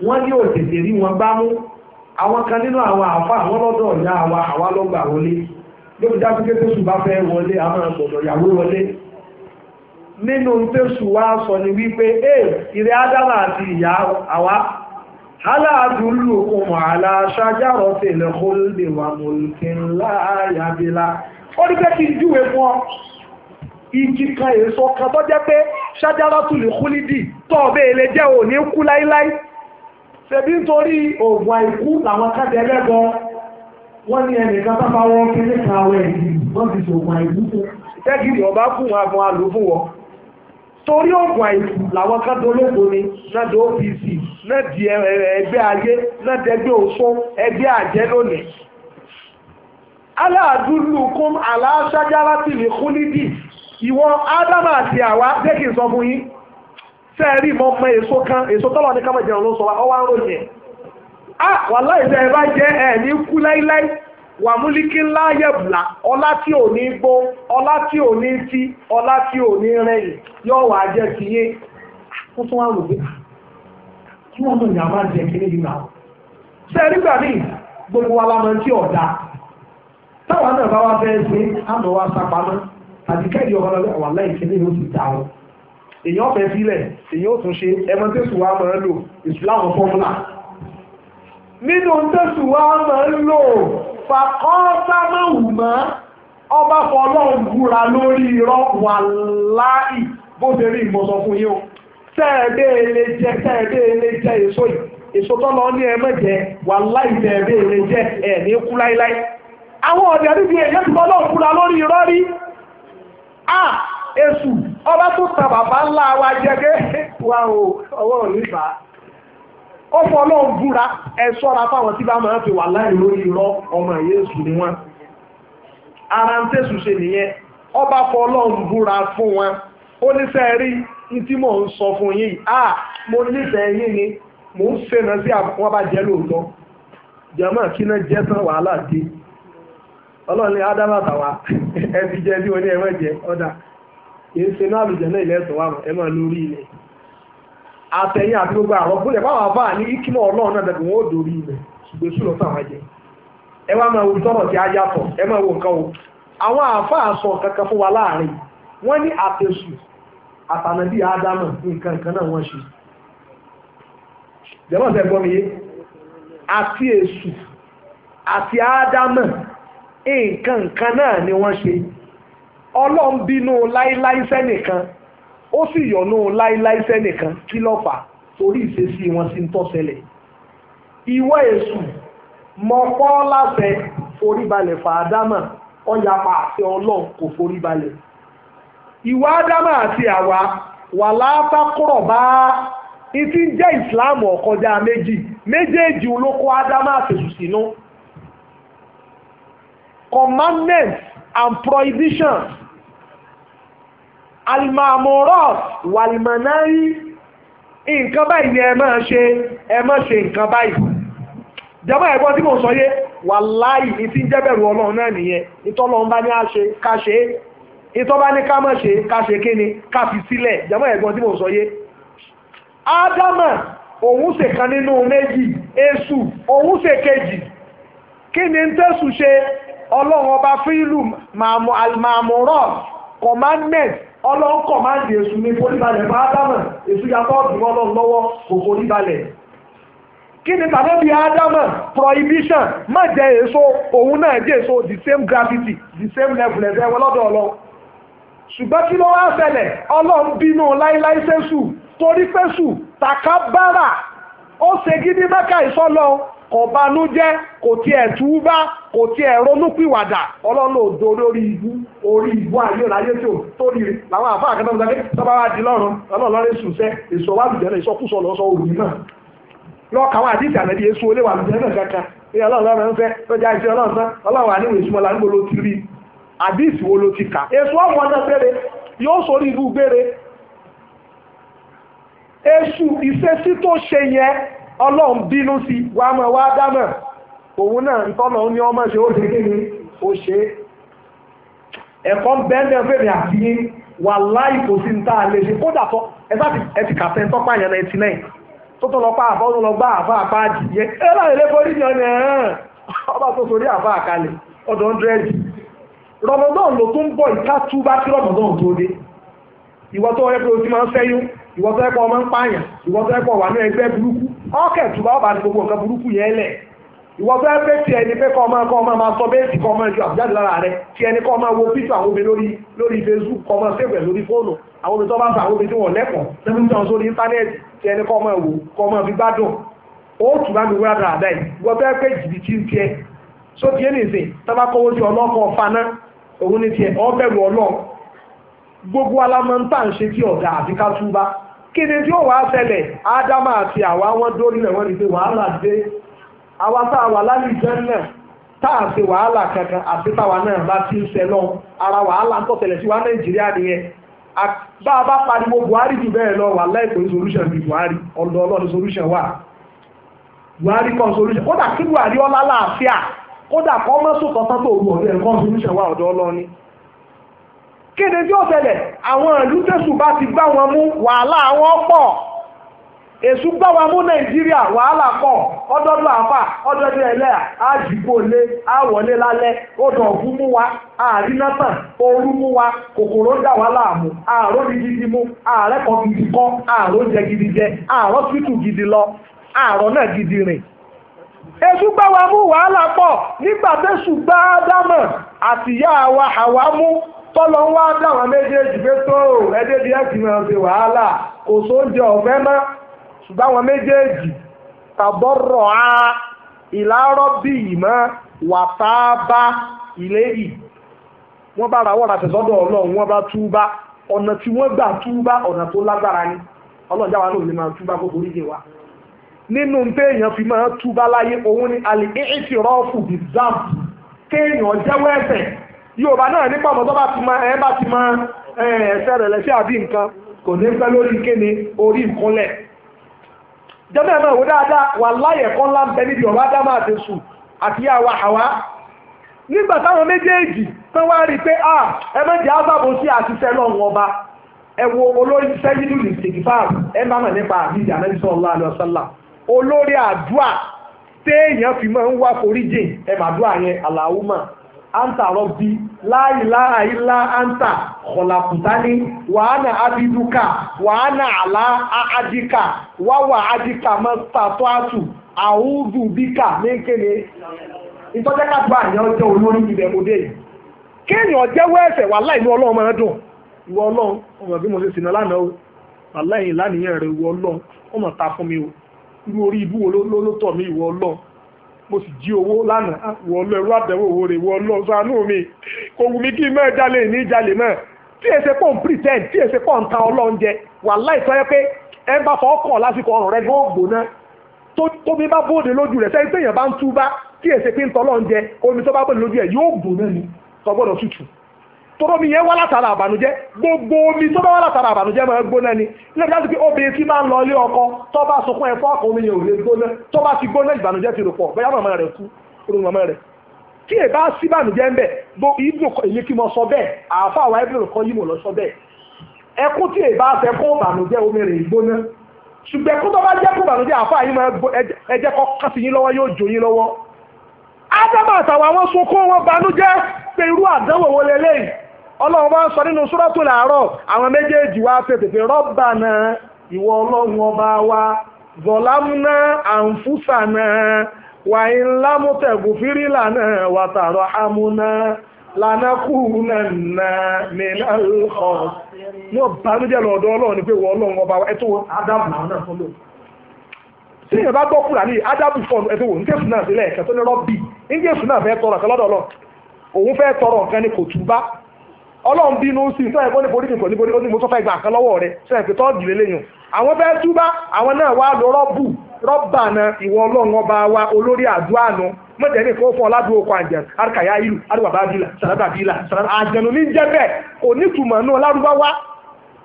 wọ́n ní òtètè rí wọn bá mú àwọn kan nínú àwọn àfa àwọn lọ́dọ̀ àwa àwa lọ́gbà wọlé lóbi nínú tẹ́sù wá sọ ni wípé ẹ ìrẹ́ ádámà àti ìyá àwa aláàdúlù ohun aláṣájárọ̀ tèlẹ̀ kó lè wà mọ̀lùkì ńlá àyàbílá ó ní pé kí n júwe fún ọ igi kan èso kan tó jẹ́ pé ṣájárọ̀ tún lè kú nídìí tó ọbẹ̀ èlé jẹ́ ò ní kú láíláí ṣebí àìkú làwọn kájẹ ẹlẹ́gọ wọ́n ní ẹnìkan bá bá wọ́n kí ní ìdí wọ́n fi ṣògùn àìkú fún ẹgìrì ọba kù wọn àbọn wọn torí oògùn àìsù làwọn kan tó lóògùn ni náà di OPC náà di ẹgbẹ́ ayé náà di ẹgbẹ́ òṣó ẹgbẹ́ àjẹ́ lónìí. aláàdúlùkún aláṣájára ti lè kú nídìí ìwọ ádámà àti àwa jẹ́ kí n sọ fún yín sẹ́ẹ̀rí mọ́ mọ èso kan èso tọ́lọ̀ ní kámẹ́jẹun ló sọ wa ọwọ́ ń ròyìn ẹ̀ ah, bá jẹ́ ẹ̀ ní kú láíláí wàmúlíkí ńlá yẹ̀bùlà ọlá tí ò ní gbó ọlá tí ò ní tí ọlá tí ò ní yóò wà jẹ́ ti yé ó tún wá rògbé ah, kí wọ́n máa jẹ kíní yìí náà ṣe nígbà gbogbo wa tí ọ̀dà náà bá wá fẹ́ ṣe àmọ́ wa àti kẹ́ẹ̀dì ọ̀gá lọ́wọ́ wà láì dà o èèyàn fàkọ́sánáwùmọ́ ọba fọlọ́run búra lórí irọ́ wà láì bó ṣe rí ìmọ̀sán fún yín o tẹ́ẹ̀dẹ́ ilé jẹ tẹ́ẹ̀dẹ́ ilé jẹ èso yìí èso tó lọ ní ẹmọ jẹ wà láì tẹ́ẹ̀dẹ́ ilé jẹ ẹ̀ ní kú láíláí a èṣù ọba tó ta bàbá ńlá wa jẹ pé wà o ọwọ́ ò ọmọ ọlọ́run búra ẹ tí bá máa fi wà láì lórí ọmọ yéésù ni wọ́n ara ń tẹ̀sù ṣe nìyẹn ọba fọ ọlọ́run búra fún wọn ó ní rí ní tí mò ń sọ fún yín à mo nífẹ̀ẹ́ yín ni mò ń ṣe sí àwọn bá jẹ́ lóòótọ́ jẹ́mọ́ kí náà àtẹ̀yìn àti gbogbo àwọn gbọ́dẹ̀ báwọn afá ní ìkímọ̀ ọlọ́run náà dẹ̀kun wọn ò dórí ilẹ̀ ṣùgbọ́n èṣù lọ́sàn máa jẹ ẹ wá máa wo tọ́rọ̀ tí a yàtọ̀ ẹ máa wo nǹkan o àwọn afá sọ kankan fún wa láàrin wọ́n ní àtẹ̀sù àtànàbí ádámà nǹkan kan náà nǹkan náà wọ́n ṣe ọlọ́run bínú láíláí sẹ́nìkan ó sì yọ̀nú láíláí sẹ́nìkan kí ló fà torí ìṣesí wọn sí ń tọ́sẹ̀lẹ̀ ìwọ èṣù mọ̀pọ́ láṣẹ foríbalẹ̀ fàádámà ọ̀yàpá àti ọlọ́run kò foríbalẹ̀ ìwà ádámà àti àwa wà látàkùrọ̀ bá ìtí ń jẹ́ ìsìláàmù ọ̀kọjá méjì méjèèjì olóko ádámà àtẹ̀sù sínú commandments and prohibitions alimamoros walimanari nǹkan báyìí ni ẹ máa ṣe ẹ máa ṣe nǹkan báyìí jẹ́mọ́ ẹ̀gbọ́n tí mo sọ yé wàláì ní tí ń jẹ́bẹ̀rù ọlọ́run náà nìyẹn ìtọ́lọ́run bá ní á ṣe ká ṣe é ìtọ́ bá ní ká fi sílẹ̀ jẹ́mọ́ ẹ̀gbọ́n kan nínú méjì èṣù òun ṣe kejì kí ni ń tẹ̀sù ọba fílù màmúrọ̀ commandment ọlọ́kọ̀ máa ń di èṣù ní foríbalẹ̀ bá ádámà èṣù yàtọ̀ ọ̀dùnmọ́ lọ lọ́wọ́ kò foríbalẹ̀ kí ni tàbí ádámà prohibition má jẹ èso òun náà jẹ èso the same gravity the same level ẹ̀fẹ́ wọn lọ́dọ̀ ọlọ́ ṣùgbọ́n kí ló wá ṣẹlẹ̀ ọlọ́run bínú láíláí sẹ́sù torí fẹ́sù tàkà bára ó ṣe gidi mẹ́ka ìsọ́lọ́ kò tí kò tiẹ̀ túbá kò tiẹ̀ ronúpìwàdà ọlọ́run ò do lórí ibú orí ibú ayé tó torí làwọn àfa àkàtà ọ̀sán pé tọ́ba wa di lọ́rùn ọlọ́run lọ́rẹ́ sùnṣẹ́ èso lùjẹ́ náà ìsọkúsọ lọ́sọ òrùn náà àdìsí èso lùjẹ́ náà kankan ní ọlọ́run lọ́rẹ́ ń fẹ́ ìṣe ọlọ́run ọlọ́run wà ọlọ́run bínú sí wàá mọ̀ wá dámọ̀ òun náà ń tọ́nà ó ní ọmọ ṣe ó ṣe kí ni ó ṣe ẹ̀kọ́ ń bẹ́ẹ̀ bẹ́ẹ̀ fèmí àti yín wà láì kò sí níta lè ṣe kódà tó ẹ ti kà sẹ́ńtọ́ pààyàn náà ẹtì náà tó tó lọ pa àbá ọdún lọ gbá àbá àbá àjìyẹ ẹ láì lè borí yan ni ẹ̀hán ọba tó sórí àbá àkàlẹ̀ ọdún ọ̀ndẹ́rẹ́dì rọmọdún ló tún bọ̀ ìka tú bá tí rọmọdún tó dé ìwọ tó yẹ pé o ti máa ń fẹ́yún ìwọ tó yẹ pé o máa ń pààyàn ìwọ tó yẹ pé wà ní ẹgbẹ́ burúkú ọkẹ̀ tùbá ọba ní gbogbo nǹkan burúkú yẹn lẹ̀ ìwọ tó ẹ pé tí ẹni pé kọ́ máa kọ́ máa máa sọ bẹ́ẹ̀sì kọ́ máa ju àbújáde lára rẹ tí ẹni kọ́ máa wo píṣọ àwọn obìnrin lórí lórí Facebook kọ́ máa ṣègbè lórí fóònù àwọn obìnrin tó bá ń sọ àwọn obìnrin tí wọ́n lẹ́kọ̀ọ́ lẹ́kùn tí wọ́n sórí íńtánẹ́ẹ̀tì tí ẹni kọ́ máa wò kọ́ máa fi gbádùn ó tù bá mi wúra dáadáa yìí ìwọ tó ẹ pé jìbìtì ń tiẹ só tiẹ́ nìsín tábà kọ́wọ́ ti ọlọ́kọ̀ faná òun ní tiẹ̀ ọ bẹ̀rù ọlọ́ gbogbo alámọ́ntà ń ṣe tí ọ̀gá àfi ká túbá kíni tí ó wa ṣẹlẹ̀ ádámà àti àwa wọn dórí rẹ̀ wọ́n ní pé wàhálà dé àwa tá a náà si a kankan àti táwa náà bá ti ń lọ ara wàhálà ń tọ̀tẹ̀lẹ̀ sí wa nàìjíríà nìyẹn bá a bá pariwo buhari jù bẹ́ẹ̀ lọ wà láìpẹ́ solution bí buhari ọ̀dọ̀ ọlọ́ni solution wà buhari kan solution kódà kí buhari ọlá láàfíà kódà kọ́ mọ́sùn kéde tí ó ṣẹlẹ̀ àwọn ìlú tẹ̀sù bá ti gbá wọn mú wàhálà wọn pọ̀ èṣù gbá mú nàìjíríà wàhálà pọ̀ ọdọọdún àfà ọdọọdún ẹlẹ́à àjìgbòlé àwọlé lálẹ́ mú wa àrínátàn ooru mú wa kòkòrò ń dà gidi kọ́ àárọ̀ jẹ gidi jẹ àárọ̀ gidi lọ àárọ̀ náà gidi rìn. gbá mú wàhálà pọ̀ nígbà gbá àtìyá tọ́lọ ń wá dáwọn méjèèjì pé tó ẹdẹ́ bí wàhálà kò ọ̀fẹ́ mọ́ ṣùgbọ́n àwọn méjèèjì tàbọ̀rọ̀ á ìlàárọ̀ bí ìmọ̀ wàtá bá ilé yìí wọ́n bá rawọ́ ra tẹ̀sọ́dọ̀ ọlọ́run wọ́n bá túbá ọ̀nà tí wọ́n gbà túbá ọ̀nà tó lágbára ni ọlọ́run náà lè máa túbá nínú yorùbá náà nípa ọmọ tó bá ti mọ ẹ bá ti mọ ẹsẹ̀ rẹ̀ lẹ́sẹ̀ àbí nǹkan kò ní pẹ́ lórí kéne orí ìkúnlẹ̀ jẹ́mọ́ ẹ̀mọ́ ìwò dáadáa wà láyẹ̀ kan lá ń bẹ níbi ọ̀rọ̀ ádámà àti sù àti àwa àwa nígbà táwọn méjèèjì tó wá rí pé à ẹ méjì ábàbò sí àṣìṣe lọ́wọ́ ọba ẹ wo olórí sẹ́yìnú ní sèkìfáà ẹ má mọ̀ nípa àbíjì ànábìsọ anta rọ́bí láìláà ilá anta kọ̀làkùtání wàhánà abiduka wàhánà àlá àádìka wáwà àádìka mọ́tàtọ́ àtù àwùjù bíkà mékèlè ìtọ́jẹ́ká gba àyàn ọjọ́ olórí ibẹ̀ òde yìí kéèyàn jẹ́wọ́ ẹ̀ṣẹ̀ wà láì ní ọlọ́run máa dùn ìwọ ọlọ́run ọmọ bí mo ṣe sìnà lánàá o wà láì láníyàn rẹ ìwọ ọlọ́run ọmọ ta fún mi o irú orí ibú wo ló tọ̀ mí ìwọ ọlọ́run mo sì jí owó lánàá ah, wọ lọ ẹrú àbẹ̀wò owó rẹ̀ wọ lọ ṣàánú mi kò wù mí kí n máa jalè ní ìjalè náà tí èsè pò ń pretend tí èsè pò ń ta ọlọ́ọ̀njẹ wà láìsọ yẹ pé ẹ bá fọ ọkọ̀ lásìkò ọrùn rẹ ló gbóná tómi bá bóde lójú rẹ sẹ́yìn téèyàn bá ń túbá tí èsè pé ń tọ́lọ́ọ̀njẹ omi tó bá bóde lójú ẹ yóò gbóná ni tọ́gbọ́dọ̀ tútù tọ́rọ mi yẹn wá látara àbànújẹ́ gbogbo omi tó bá wá látara àbànújẹ́ máa gbóná ni nígbà tó ti pé obìnrin tí máa ń lọ ilé ọkọ tó bá sunkún ẹ̀fọ́ ọkọ omi yẹn ò lè gbóná tó bá ti gbóná ìbànújẹ́ ti rò pọ̀ bóyá màmá rẹ̀ kú orun màmá rẹ̀ tí èbá sí ìbànújẹ́ ń bẹ̀ bó ibùdó èyí kí mo sọ bẹ́ẹ̀ àáfà wa ibùdó kan yìí mo lọ sọ bẹ́ẹ̀ ẹkún tí èbá fẹ́ kó ìbànújẹ́ omi rẹ̀ gbóná ṣùgbọ́n kó àtàwọn àwọn sunkún wọn banújẹ́ pé àdánwò wo lélẹ́yìí ọlọ́run bá ń sọ nínú làárọ̀ àwọn méjèèjì wá rọ́bà náà ìwọ ọlọ́run ọba wa zọ̀lámúná àǹfùsànà náà wàtàrọ̀ àmúná ọ̀ ní ọba lọ́dọ̀ ọlọ́run ni pé ọlọ́run ọba wa ẹ̀tọ́ náà náà fọlọ́ tí ìyẹn bá gbọ́ ẹ̀tọ́ wò náà sílẹ̀ ní rọ́bì náà ọlọ́run bínú sí ní sọ́yìn bọ́ni forí kìkọ̀ níbo ni mo tó fẹ́ gbà kan lọ́wọ́ rẹ sọ́yìn pé tọ́ọ̀dì lélẹ́yìn àwọn fẹ́ túbá àwọn náà wá lọ rọ́bù rọ́bà na ìwọ ọlọ́run ọba wa olórí àdúrà nu mọ̀tẹ́ ní kó fún ọ ládùúgbò kọ àjẹn arkaya ìlú adúbàbà bílà sàràbà bílà sàràbà àjẹnu ní jẹ́ bẹ́ẹ̀ kò ní tùmọ̀ náà lárúbáwá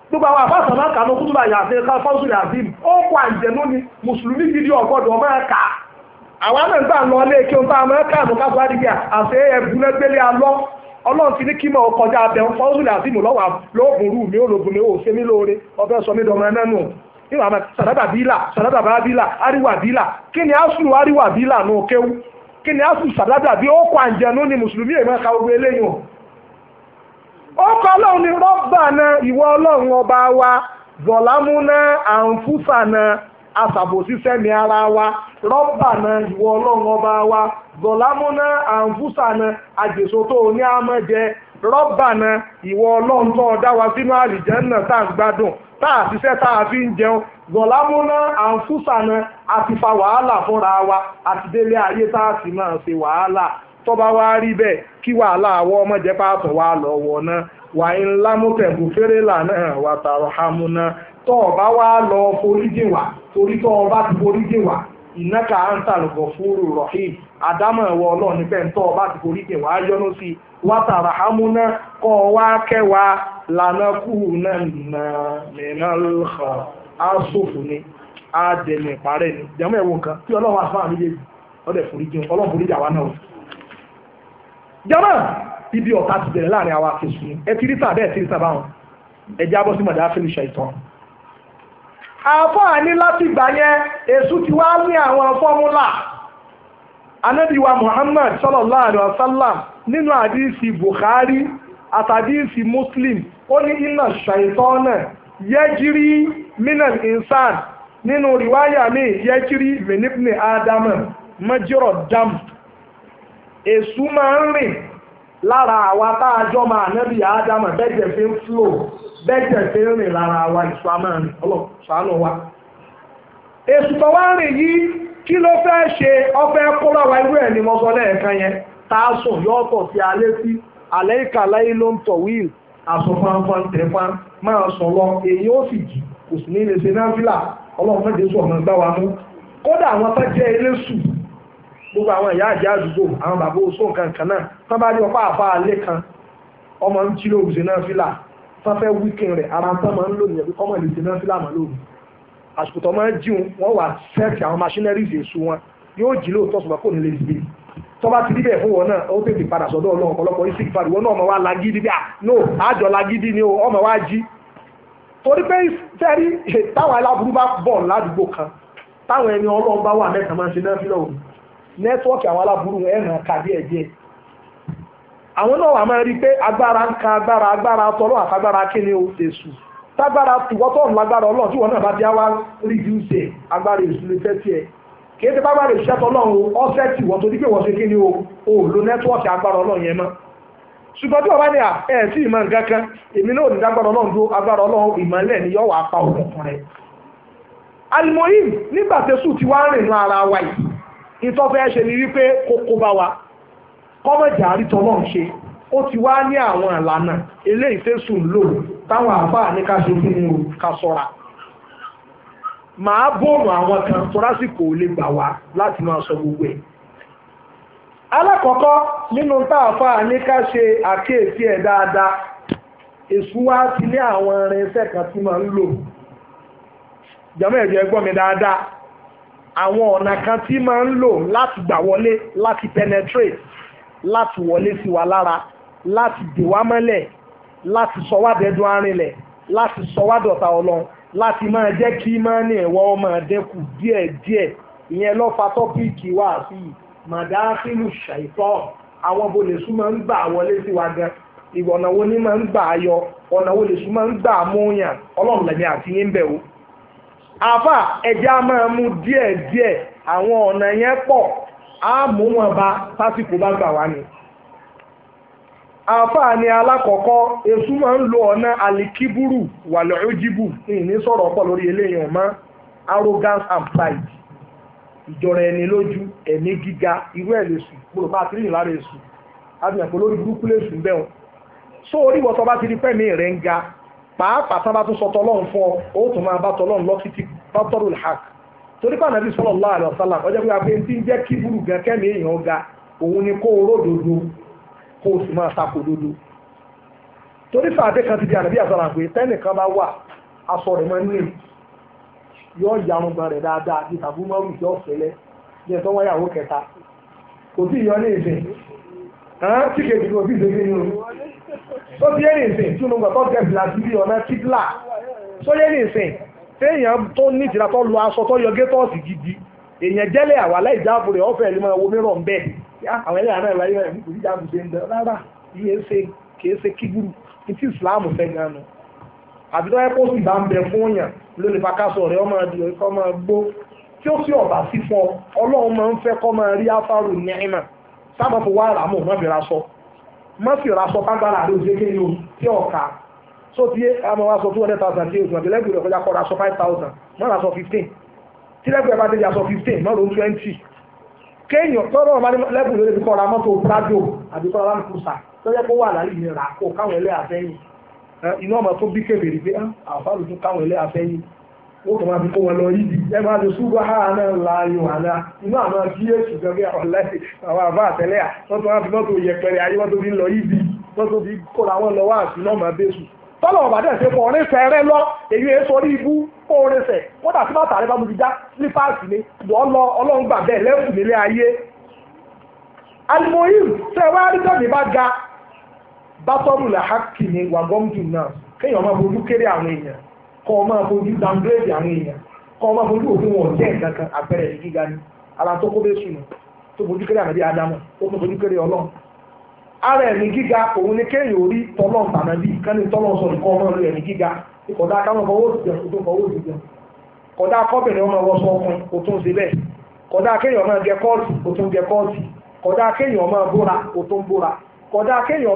gbogbo àwọn àbáṣà máa kà ní kútùbà yàtọ̀ ká fọ́sùn yàtìm ó kọ àjẹnu ni mùsùlùmí gidi ọgọ́dọ̀ máa kà àwa náà gbà lọ lé kí n bá máa kà ní káfíńdì ọlọ́run ti ní kí mọ̀ ọkọjá abẹ ń fọ́ọ́sùn làásìmù lọ́wọ́ lóògùn rú mi ó lògùn mi ṣe mí lóore ọbẹ̀ sọ mí dọmọ ẹ níwà máa sàdábà bílà sàdábà bá bílà kí ni asùn bílà nù kéwú ka gbogbo eléyìí o. ó kọ́ ọlọ́run rọ́bà náà ìwọ ọlọ́run ọba wa àṣàbòsí sẹ́mi ara wa rọ́bà náà ìwọ ọlọ́run ọba wa gọ̀lámúná àǹfúsà náà àjèso tó ní àmọ́jẹ rọ́bà náà ìwọ ọlọ́run tó dá wa sínú àlìjẹ́nnà tá à ń gbádùn tá à ṣiṣẹ́ tá a fi ń jẹun gọ̀lámúná àǹfúsà náà àti fa wàhálà fúnra wa àti délé ayé tá a sì máa ṣe wàhálà tó bá rí bẹ́ẹ̀ kí wàhálà àwọn ọmọ pàtó wa lọ́wọ́ náà wà ń lámútẹ̀bù fèrè lánàá wà tààrọ̀ hamuna tó o bá wá lọ foríjì wá torí tó o bá ti foríjì wá ìnáka àǹtàlùbọ̀ fúru rọ̀hìm àdámọ̀ ẹ̀wọ̀ ọlọ́ọ̀ni pẹ́ tó o bá ti foríjì wá yọnu sí i wà tààrọ̀ hamuna kọ́ ọ wá kẹwàá lànà kú náà mìíràn á sòfò ni á dẹ̀mẹ̀ parẹ́ ni jẹ́mú ẹ̀wọ̀ nǹkan tí ọlọ́run àfáà mi yé ọdẹ foríjì ọlọ́run foríjì náà ibi ọ̀tá ti bẹ̀rẹ̀ láàrin àwa àti sùn ẹ ti rí tà bẹ́ẹ̀ ti rí tà báwọn ẹ jẹ́ abọ́ sí mọ̀dá fílíṣà ìtàn. àfọ́ àní láti gbà yẹn èṣù ti wá ní àwọn fọ́múlà anábìwa Muhammad sallallahu alaihi wasallam nínú àdìsí Bukhari àtàdìsí Muslim ó ní iná ṣàìtàn náà yẹjírí minal insan nínú rìwáyà mi yẹjírí minipni adama mẹjọrọ dam èṣù máa ń rìn lára àwa tá a jọ máa nẹ́bí àádámà bẹ́jẹ̀ fi ń fúlò bẹ́jẹ̀ fi ń rìn lára àwa ìsúámà ni ọlọ́sàánù wa. èsù tó wá rìn yìí kí ló fẹ́ ṣe ọfẹ́ kóra wa irú ẹ̀ ni mo sọ lẹ́ẹ̀kan yẹn tá a sùn yóò tọ̀ sí alẹ́ sí alẹ́ ìkàlẹ́ ló ń tọ̀ wíìlì àsọ̀fáǹfáǹ tẹ̀fán máa sùn lọ èyí ó sì jì kò sì ní lè ṣe náà fílà ọlọ́run fẹ́ jésù ọ̀nà gbá wa mú kódà tán bá ní ọpá àbá alẹ́ kan ọmọ ń jílò òṣè náà fílà tán fẹ́ wíkìn rẹ̀ ara tán máa ń lò nìyẹn kọ́mọ̀ lè ṣe náà fílà mọ́ lóru àsìkò tó máa ń jíun wọ́n wà sẹ́ẹ̀tì àwọn machineries èso wọn yóò jí lóòótọ́ ṣùgbọ́n kò ní lè gbé tọ́ba ti díbẹ̀ fún wọn náà ó tètè padà sọ́dọ̀ ọlọ́run ọ̀pọ̀lọpọ̀ yìí sì padà wọn náà ọmọ wa lagídí bí i ah, à no àjọ lagídí ni ọmọ wa jí torí pé tẹ́rí táwọn aláburú bá bọ̀ ládùúgbò kan táwọn ẹni ọlọ́run bá wà mẹ́ta máa ń ṣe náà fílẹ̀ òru nẹ́tíwọ́ọ̀kì àwọn aláburú ẹ̀ràn kàdí ẹ̀jẹ̀ àwọn náà wà máa rí pé agbára ń ka agbára agbára tọ́lọ́ àfagbára kíni o èṣù tágbára tìwọ́tọ̀ lágbára ọlọ́run tí wọ́n náà bá bí wá rí ju ṣe agbára èṣù lè fẹ́ tiẹ̀ kìí ṣe o lo nẹ́tíwọ́ọ̀kì yẹn mọ́ ṣùgbọ́n tí wọ́n bá ní ẹ̀ sí ìmọ̀ nǹkan kan èmi náà ò ní dágbára kọ́mọ̀jà àrítọ́lọ́ ṣe ó ti wá ní àwọn àlànà eléyìí tẹ́sù lò táwọn àbá ní ká ṣe fún un ká àwọn kan torásìkò lè gbà wá láti máa sọ gbogbo ẹ̀ alákọ̀ọ́kọ́ nínú táàfà ní ká ṣe àkíyèsí ẹ̀ dáadáa wá kan tí máa ń lò ẹgbọ́n kan tí máa ń lò láti gbà wọlé láti wọlé sí wa lára láti dè wá mọ́lẹ̀ láti sọ wá láti sọ wá ọlọ́run láti máa jẹ́ kí mọ́ni ẹ̀wọ́ máa dẹ́kù díẹ̀díẹ̀ ìyẹn lọ́fà tọ́píìkì wá sí ṣàìtọ́ àwọn máa ń gbà wọlé sí wa gan wo ni máa ń gbà ọ̀nà wo máa ń gbà ọlọ́run àti yín bẹ̀ o A mú wọn bá sásìkò bá gbà wá ni. àǹfààní alákọ̀ọ́kọ́ èṣù máa ń lo ọ̀nà alikiburu wàlúùjìbù ní sọ̀rọ̀ ọ̀pọ̀ lórí eléyìí ọ̀mọ́ arrogance and pride ìjọra ẹni lójú ẹ̀mí gíga irú ẹ̀ lè sùn gbọ́dọ̀ bá tírìyìn lára èṣù àbíyàn pé lórí burúkú lè sùn bẹ́ẹ̀ so orí ìwọ̀sán bá ti di pẹ́ẹ́mì rẹ̀ ń ga pàápàá sábà tún sọ tọlọ́run fún ọ ó máa bá tọlọ́run lọ́kìtì bá tọ́rù hàk torí pé ànábì sallallahu alaihi wasallam ọjọ́ pé abẹ́ ti ń jẹ́ kí burú gan kẹ́mi èèyàn ga òun ni kó oró dodo kó o sì máa takò dodo torí sàdé kan ti di ànábì àsọ̀rọ̀ àgbè tẹ́nìkan bá wà aṣọ rẹ̀ máa ń ní yọ ìyarun gan rẹ̀ dáadáa bí tàbí mọ́rù yọ ọ̀fẹ́lẹ́ bí ẹ̀ tó wọ́n yàwó kẹta kò tí ìyọ ní ìsìn tí kejì kò tí ìsìn nínú tó ti yé ní ìsìn tí mo gbà tó gẹ̀ bìlà sí bí ọ̀nà kíbla tó yé ní ìsìn téèyàn tó ní ìtìlá tó lu aṣọ tó yọ gétọ́ọ̀sì gidi èèyàn jẹ́lẹ̀ àwà láì jáàbù rẹ̀ ọ̀fẹ́ ẹ̀lẹ́mọ̀ owó mìíràn ń bẹ̀ àwọn ẹlẹ́yà náà ìwáyé rẹ̀ nítorí jáàbù ṣe ń dán rárá iye ṣe kìí ṣe kígbùrù ní tí ìsìláàmù fẹ́ gan nu àbí tó yẹ kó sì bá ń bẹ fún yàn lónìí pàkásọ rẹ̀ ọmọ ẹdì ọkọ máa gbó tí ó sì ọ̀bà sí fún ọ ọlọ́run máa ń fẹ́ kọ́ máa rí afárò nẹ́ẹ̀mà sábà fún wàhálà mọ̀ mọ́ fi raṣọ mọ́ sì raṣọ bá gbára àdó ṣe kéde o tí ọ̀ka so tí àmọ́ wa sọ two hundred thousand tí oṣù àti lẹ́gbẹ̀ẹ́ rẹ̀ kọjá kọ́ra sọ five thousand mọ́ra sọ fifteen tí lẹ́gbẹ̀ẹ́ bá dé yà sọ fifteen mọ́ra ohun twenty kéèyàn tọ́rọ̀ ọ̀ma lẹ́gbẹ̀ẹ́ rẹ̀ kọ́ra mọ́tò prado àbí kọ́ra láti kùsà lọ́jọ́ pé wà láyé ní ra kó káwọn ẹlẹ́ àfẹ́yìn iná ọmọ tó bí kébèrè pé ah, àfa lójú káwọn ẹlẹ́ àfẹ́yìn ó kàn máa fi kó wọn lọ yìí ẹ máa lè ṣùgbọ́n ha náà láàyò àná inú àwọn bíyèsù gẹ́gẹ́ ọ̀lẹ́ àwọn àbá àtẹ́lẹ́à wọ́n tó máa fi mọ́tò yẹpẹrẹ ayé wọ́n tó fi ń lọ yìí bí wọ́n tó fi kó làwọn lọ wá àti náà máa bẹ́sù tọ́lọ̀ ọ̀bà dẹ̀ ṣe pọ̀ orin fẹ́rẹ́ lọ èyí ẹ sọrí ibú kó orin sẹ̀ kódà tí bàtà rẹ bá mutí já sílípáàsì ni wọ́n lọ ọlọ́run gbà bẹ́ẹ̀ nílé ayé. alimoyim ṣe wá ga bátọ́mù làhákì ni wàgọ́mdù náà kéèyàn máa fojú kéré àwọn èèyàn kọ́ ọ máa dangrèdì àwọn èèyàn kọ́ ọ máa òfin wọn jẹ́ nǹkan kan àpẹẹrẹ yìí gíga ni sùn ara ẹ̀mí gíga òun ni kéèyàn orí tọ́lọ́ tànàbí kánú tọ́lọ́ sọ nǹkan ọmọ rẹ̀ ẹ̀mí gíga kódà káwọn fọwọ́ òsì jẹun kódà kọ́bìnrin ọmọ wọ́sọ ọkùnrin kò tún ṣe bẹ́ẹ̀ kódà kéèyàn máa gẹ kọ́ọ̀tì kò tún gẹ kọ́ọ̀tì kódà kéèyàn máa bóra kò tún bóra kéèyàn wo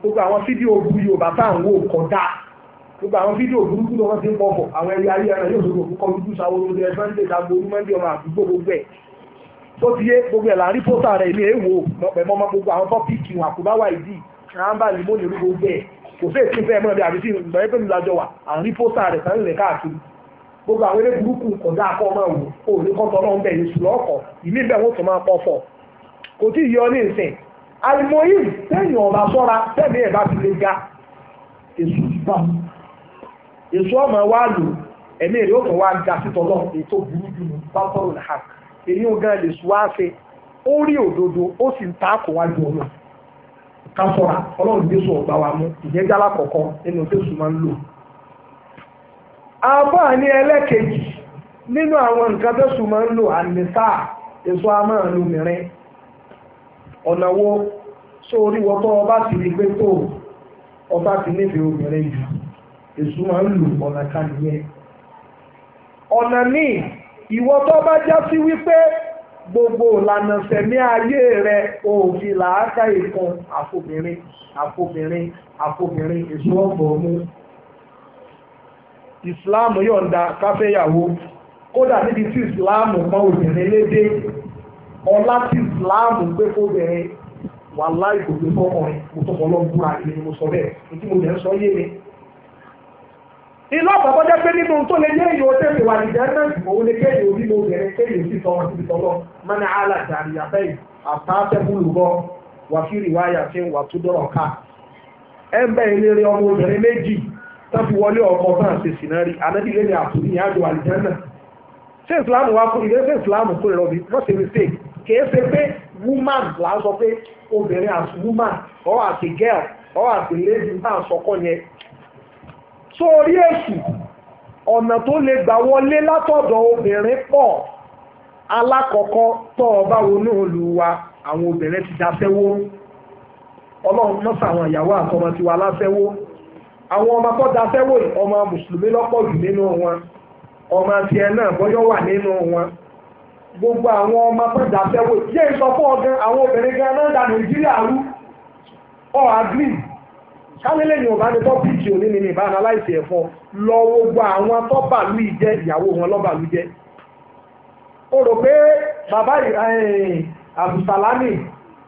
gbogbo àwọn fídíò tá à ń wò gbogbo àwọn fídíò ti ń pọ̀ àwọn ẹ̀yà ayé yóò kọ́ tó ti yé gbogbo ẹ̀ láàrin pósà rẹ̀ ilé èwo pẹ̀mọ́ ọmọ gbogbo àwọn tọ́pìkì wọn àkóbáwá ìdí ṣàǹbà limoni orí gbogbo ẹ̀ kò sí èsì fẹ́ mọ́ ẹ̀ àbí sí ìgbà ẹgbẹ́ ìlàjọ wà àrin pósà rẹ̀ sáré rẹ̀ káàkiri gbogbo àwọn eré burúkú kọjá akọ ọmọ wò ó ní kọ́tọ́ náà ń bẹ̀ yìí sùlọ́ ọkọ̀ ìmí bẹ̀ wọ́n tún máa pọ̀ fọ̀ kò tí ì yọ ní ìsìn alimoyin sẹ́yìn ọ̀la sọ́ra sẹ́mi ẹ̀ bá ti lè ga èso bá èso ọmọ wa lò ẹ̀mí èrè ó kàn wá ga sí tọ́lọ́ ètò burúkú bá tọ́lọ́ ní hàkì èyí ò gan lè sùn ó rí òdodo ó sì ń ta kò wá ju ọ̀nà ká sọ̀ra ọlọ́run jésù ọ̀gbà wa mú ìyẹn jálá kọ̀ọ̀kan nínú jésù máa ń lò. àbáà ní ẹlẹ́kejì nínú àwọn nǹkan jésù máa ń lò ọ̀nà wo ọba sì pé ọba nífẹ̀ẹ́ obìnrin jù èso máa ń lò ọ̀nà kan ìwọ tó bá já sí wípé gbogbo ìlànà sẹ̀mí ayé rẹ òfin làákà ìkan àfobìnrin àfobìnrin àfobìnrin èso ọ̀bọ̀ mú ìsìláàmù yọ̀ǹda káfẹ́yàwó kódà níbi tí ìsìláàmù pọ́n obìnrin lédè ọlá tí ìsìláàmù gbé fóbìnrin wà láì gbogbo fọkùnrin mo tọkọ lọ búra ìrìn mo sọ bẹ́ẹ̀ ètí mo jẹ ń sọ yé mi ilé ọ̀pọ̀ jẹ́ pé nínú tó lè yé èyí ó tẹ̀lé wà nìjẹ́ náà òun lè kéyìí orí mo bẹ̀rẹ̀ kéyìí sí tọrọ síbi tọrọ mọ́ni àlà jàrí àbẹ́yì àtàtẹ́bùlù bọ́ wàfíìrì wáyà wà tó dọ̀rọ̀ ká. ẹ ń ọmọ obìnrin méjì tó wọlé náà ṣe sì náà rí ní àtúnyí àjọ ṣé ìsìláàmù wa tó orí èṣù ọ̀nà tó lè gbà wọlé látọ̀dọ̀ obìnrin pọ̀ alákọ̀ọ́kọ́ tọ ọba ronú olùwà àwọn obìnrin ti dáṣẹ́wó ọlọ́run mọ́sà àwọn ìyàwó àtọmọ ti wà láfẹ́wó àwọn ọmọ tó dáfẹ́wó ọmọ mùsùlùmí lọ́pọ̀ jù nínú ọmọ tiẹ̀ náà bọ́yọ́ wà nínú wọn gbogbo àwọn ọmọ yé ọgán àwọn obìnrin gan náà dà nàìjíríà rú agree. kálílẹ̀ yìí ò bá ní tọ́pìkì òní ni ní ìbáná láìsí ẹ̀fọ́ lọ gbogbo àwọn tó bàlú jẹ́ ìyàwó wọn lọ́bàlú jẹ́ o rò pé bàbá àbùsàlámì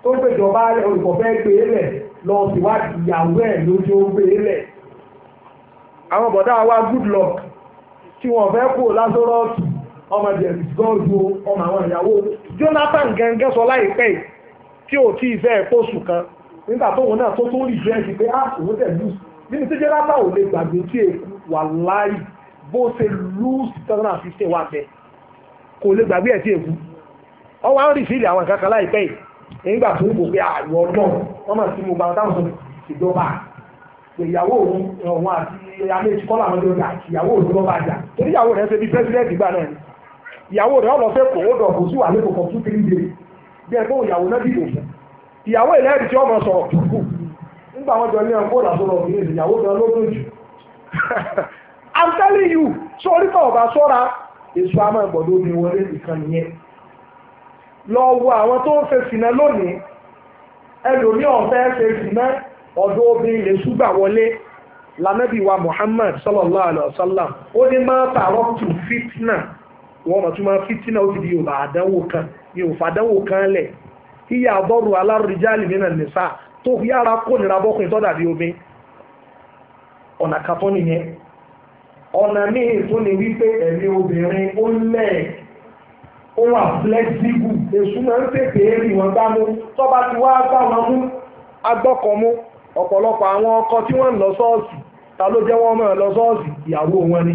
tó gbèjọba olùkọ́fẹ́ gbé e lẹ̀ lọ síwájú ìyàwó ẹ̀ lójó gbé e lẹ̀ àwọn bọ̀dá wa good luck tí wọ́n fẹ́ kó lásọ́rọ́ọ̀tù ọmọ jẹ̀rì gọ́ọ̀dù ọmọ àwọn ìyàwó Jonathan gẹ́gẹ́ sọ láìpẹ́ tí ò tí ì fẹ́ pósù kan nígbà tóun náà tó tún rí dírẹ́sì pé ah òun tẹ̀ lùs nínú tí jẹ́lábà ò lè gbàgbé tí èkú wà láì bó ṣe lùs two thousand and fifteen wà bẹ́ẹ̀ kò lè gbàgbé ẹ̀ tí èkú ọwọ́ àwọn rìsíìlì àwọn kankan láìpẹ́ yìí nígbà tó ń gbò pé àwọ̀ ah, náà wọ́n máa ti mú bàbá táwọn sọ ìjọba ìyàwó òun ọ̀hún àti amẹ́jì kọ́lá àwọn ọmọdé ìyàwó òun lọ́ba àjà torí ìyàwó rẹ̀ ṣe bí pẹ́sidẹ́ǹtì gbà náà ni ìyàwó rẹ̀ ọlọ́fẹ́ kò ó dọ̀bù sí wà lẹ́kọ̀ọ́ fún three days bí ẹgbẹ́ òyàwó náà dìbò fún ìyàwó ìlẹ́rìí tí ọmọ sọ̀rọ̀ kúkú nígbà wọn jọ ní ẹ̀kọ́ ìdásọ́rọ̀ mi ní ìyàwó gan Ha jù i'm telling you so oríkà ọba sọ́ra èso àmọ́ ìgbọ̀dọ̀ mi wọlé nìkan nìyẹn lọ wo àwọn tó ń fẹ́ sìnà lónìí ẹlòmí ọ̀fẹ́ fẹ́ obìnrin lè ṣúgbà wọlé muhammad sallallahu alayhi wa sallam ó ní máa fitna mọ̀ máa fitna ó ti di yorùbá àdánwò kan yorùbá àdánwò kan lẹ̀ ìyá àbọ̀rù alárùjáàlì nínú nìsà tó yára kó nira bọ́kùnrin tó dàbí omi ọ̀nà kan tó nìyẹn ọ̀nà míì tó ní wípé ẹ̀mí obìnrin ó lẹ̀ ó wà flexible èṣù máa ń tètè rí wọn gbá mú tó bá ti wá gbá wọn mú agbọ́kọ̀ mú ọ̀pọ̀lọpọ̀ àwọn ọkọ tí wọ́n ń lọ sọ́ọ̀sì ta ló jẹ́ wọ́n máa lọ sọ́ọ̀sì ìyàwó wọn ni.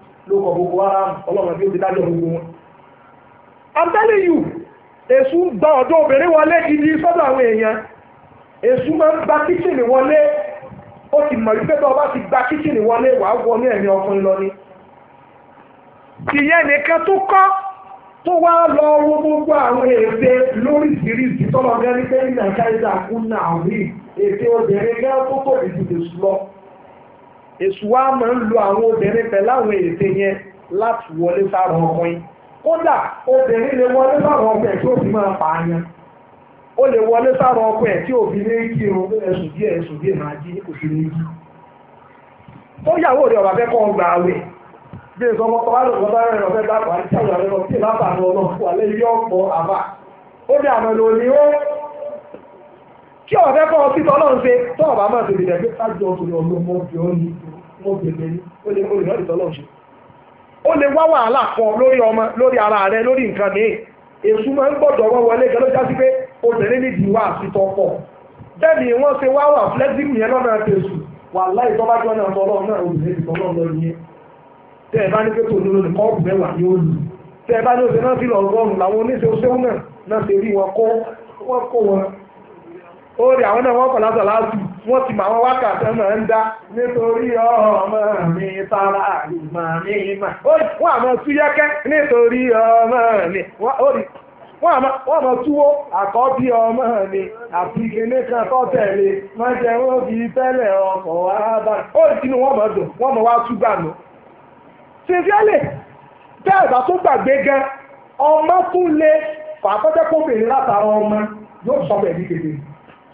ló gbogbo ara ọlọ́run bí ó ti dájọ́ gbogbo wọn. I'm telling you èṣù ń gba ọ̀dọ́ obìnrin wọlé gidi sọ́dọ̀ àwọn èèyàn èṣù máa ń gba kíchìnì wọlé ó ti mọ̀ wípé bá ọba ti gba kíchìnì wọlé wàá wọ ní ẹ̀mí ọkùnrin lọ ni. ìyẹn nìkan tó kọ́ tó wá lọ wo gbogbo àwọn èdè lóríṣiríṣi tọ́lọ́ gẹ́gẹ́ ní pé ní nàìjíríà kú náà rí èdè obìnrin gẹ́gẹ́ tó tóbi ju èṣù wa máa ń lo àwọn obìnrin pẹ̀lú àwọn èdè yẹn láti wọlé sára ọkùnrin kódà obìnrin lè wọlé sára ọkùnrin tí ó fi máa pààyàn ó lè wọlé sára ọkùnrin tí òbí ní kírun ẹ̀sùn díẹ̀ ẹ̀sùn díẹ̀ máa jí kò sí ní jí ó yàwó rẹ̀ ọ̀bà fẹ́kọ̀ọ́ gba àwẹ̀ bí èso ọmọ kan wá lòkọ́ bá rẹ̀ ọ̀fẹ́ bá pàdé tí àwọn ọ̀rẹ́ ọ̀tí lápá àwọn ọmọ fún alẹ́ ilé ọ̀pọ̀ àbá ó bí àmọ́ kí ọ̀fẹ́ kọ́ ọtí tọ́lọ́ ń ṣe tó ọ̀bà máa tètè dẹ̀ sájú ọkùnrin ọlọ́mọ ọ̀fẹ́ ó ní mo bèbè ní lórí ọmọ lórí ara rẹ lórí nǹkan máa ń gbọ́dọ̀ wọ́n wọlé já sí pé obìnrin àfitọ́ pọ̀ bẹ́ẹ̀ni wọ́n ṣe flexible yẹn lọ́nà tẹ̀sù wà láì tọ́ bá jọ náà tọ́ obìnrin yẹn bá ní pé tòun ló kọ́ọ̀bù mẹ́wàá ní ó rí àwọn náà wọ́n kọ̀ lásán láti wọ́n ti mọ àwọn wákàtí náà ń dá nítorí ọmọ mi tara àlùmọ̀ mi mà wọ́n àmọ́ túyẹ́kẹ́ nítorí ọmọ mi ó rí wọ́n àmọ́ túwó àkọ́bí ọmọ ni àti kìnnìkan tó tẹ̀lé wọ́n jẹ́ wọ́n fi tẹ́lẹ̀ ọkọ̀ wá bá ó rí sínú wọ́n mọ̀ dùn wọ́n mọ̀ wá tú gbànú. sincerely bẹ́ẹ̀ bá tó gbàgbé gan ọmọ tún lé fàtọ́jẹ́kọ́bìnrin látara ọmọ yóò sọ bẹ̀ẹ́ ní kedere.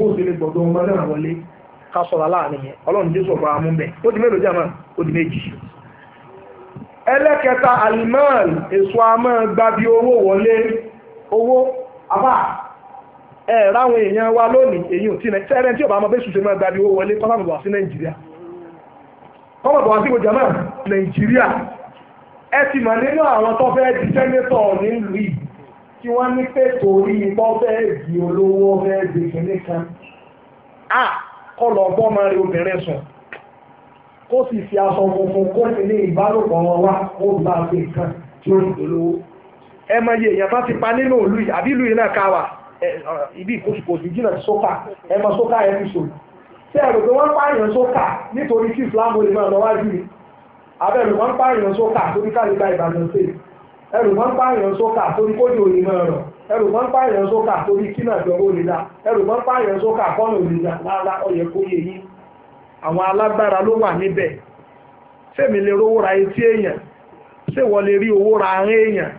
bó o ṣe lè gbọ̀dọ̀ wọn náà wọlé ká láàrin yẹn ọlọ́run jésù ọ̀pọ̀ àmú bẹ̀ ó di mélòó jàmọ́ ó di méjì. ẹlẹ́kẹta gbabi owó wọlé owó ẹ ráwọn èèyàn wa lónìí èyí ò tí ì sẹ́rẹ̀ tí ọba àmọ́ máa gbabi owó wọlé sí nàìjíríà sí nàìjíríà ẹ ti mà nínú àwọn tó di nílùú yìí tí wọ́n ní pé torí bọ́ fẹ́ẹ́ di olówó fẹ́ẹ́ di kìnní kan a kọ́ lọ bọ́ máa rí obìnrin sùn kó sì fi aṣọ funfun kó sì ní ìbálòpọ̀ wọn wá kó bá a fi nǹkan tí ó ń dolówó ẹ mọ iye èèyàn bá ti pa nínú ìlú yìí àbí ìlú yìí náà ká wà ibi ìkóṣùkòṣù jìnnà sókà ẹ mọ sókà episode tí ẹ rò pé wọ́n pààyàn sókà nítorí tí Islam olè máa lọ wájú mi abẹ́rù wọ́n pààyàn sókà torí ká ẹrù máa ń pààyàn sókà torí kójú òní máa rọ̀ ẹrù máa ń pààyàn sókà torí kínà ìjọba òní dá ẹrù máa ń pààyàn sókà kọ́nà òní dá lára n'ibe kó yẹ yín àwọn alágbára ló wà níbẹ̀ sẹ́mi lè ra etí èèyàn lè rí owó ra ahọ́n èèyàn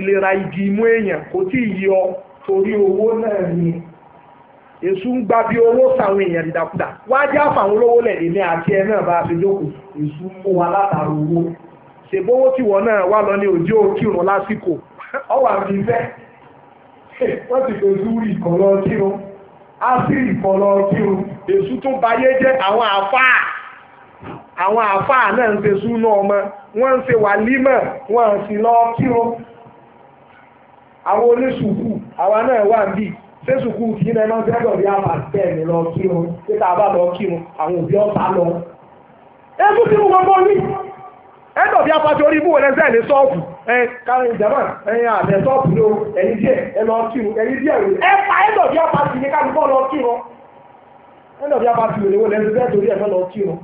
ìlera igi imú èèyàn kò tí ì yọ torí owó náà ni ń gba bí owó sàwọn èèyàn wájú àfàwọn olówó lẹ̀ ṣèbówó tí wọ́n náà wà lọ ní òjò kírun lásìkò ọwà mi fẹ́ wọ́n ti fẹ́ zúrì ìkọ̀lọ́ kírun ásírì ìkọ̀lọ́ kírun èṣù tó bayé jẹ́ àwọn àfáà àwọn àfáà náà ń ṣe súnú ọmọ wọ́n ń ṣe wàlímọ̀ wọ́n ń lọ àwọn àwa náà wà ṣé end of year party orí ibú wo lẹ́sẹ̀ ní sọ́ọ̀bù ẹ káwọn ìjàmbá ẹ̀yìn àbẹ̀ sọ́ọ̀bù ló ẹ̀yìn díẹ̀ ẹ lọ kírun ẹ̀yìn díẹ̀ rè ẹ pa end of year party ní kálukọ́ lọ kírun end of year party rè wo lẹ́sẹ̀ torí ẹ̀fẹ́ lọ kírun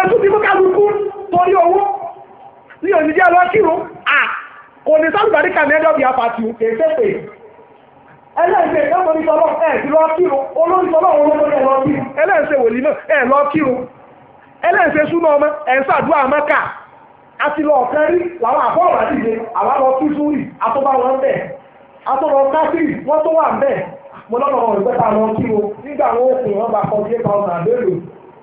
ètò tí mo kálukú torí owó ní òní díẹ̀ lọ kírun à kò ní sábùbárí kàmí end of year party èsè pé ẹlẹ́sẹ̀ ẹlẹ́sẹ̀ ìtọ́lọ́ ẹ̀ ti lọ kírun olórí tọ́lọ́ olórí ẹ̀ lọ kírun ẹlẹ́sẹ̀ wòlíì náà ẹ̀ lọ kírun ẹ̀ àti lọ ọ̀kẹ́ rí làwọn àbọ̀rọ̀ àdìde àwárọ̀ túsúrì àtọ́bá wọn ń bẹ̀ àtọ́rọ̀ káfíì wọ́n tó wà ń bẹ̀ mo lọ́nà ọ̀rọ̀ ìgbẹ́ta lọ kí o nígbà wọn òkun wọn bá kọ́ díẹ̀ kan náà lérò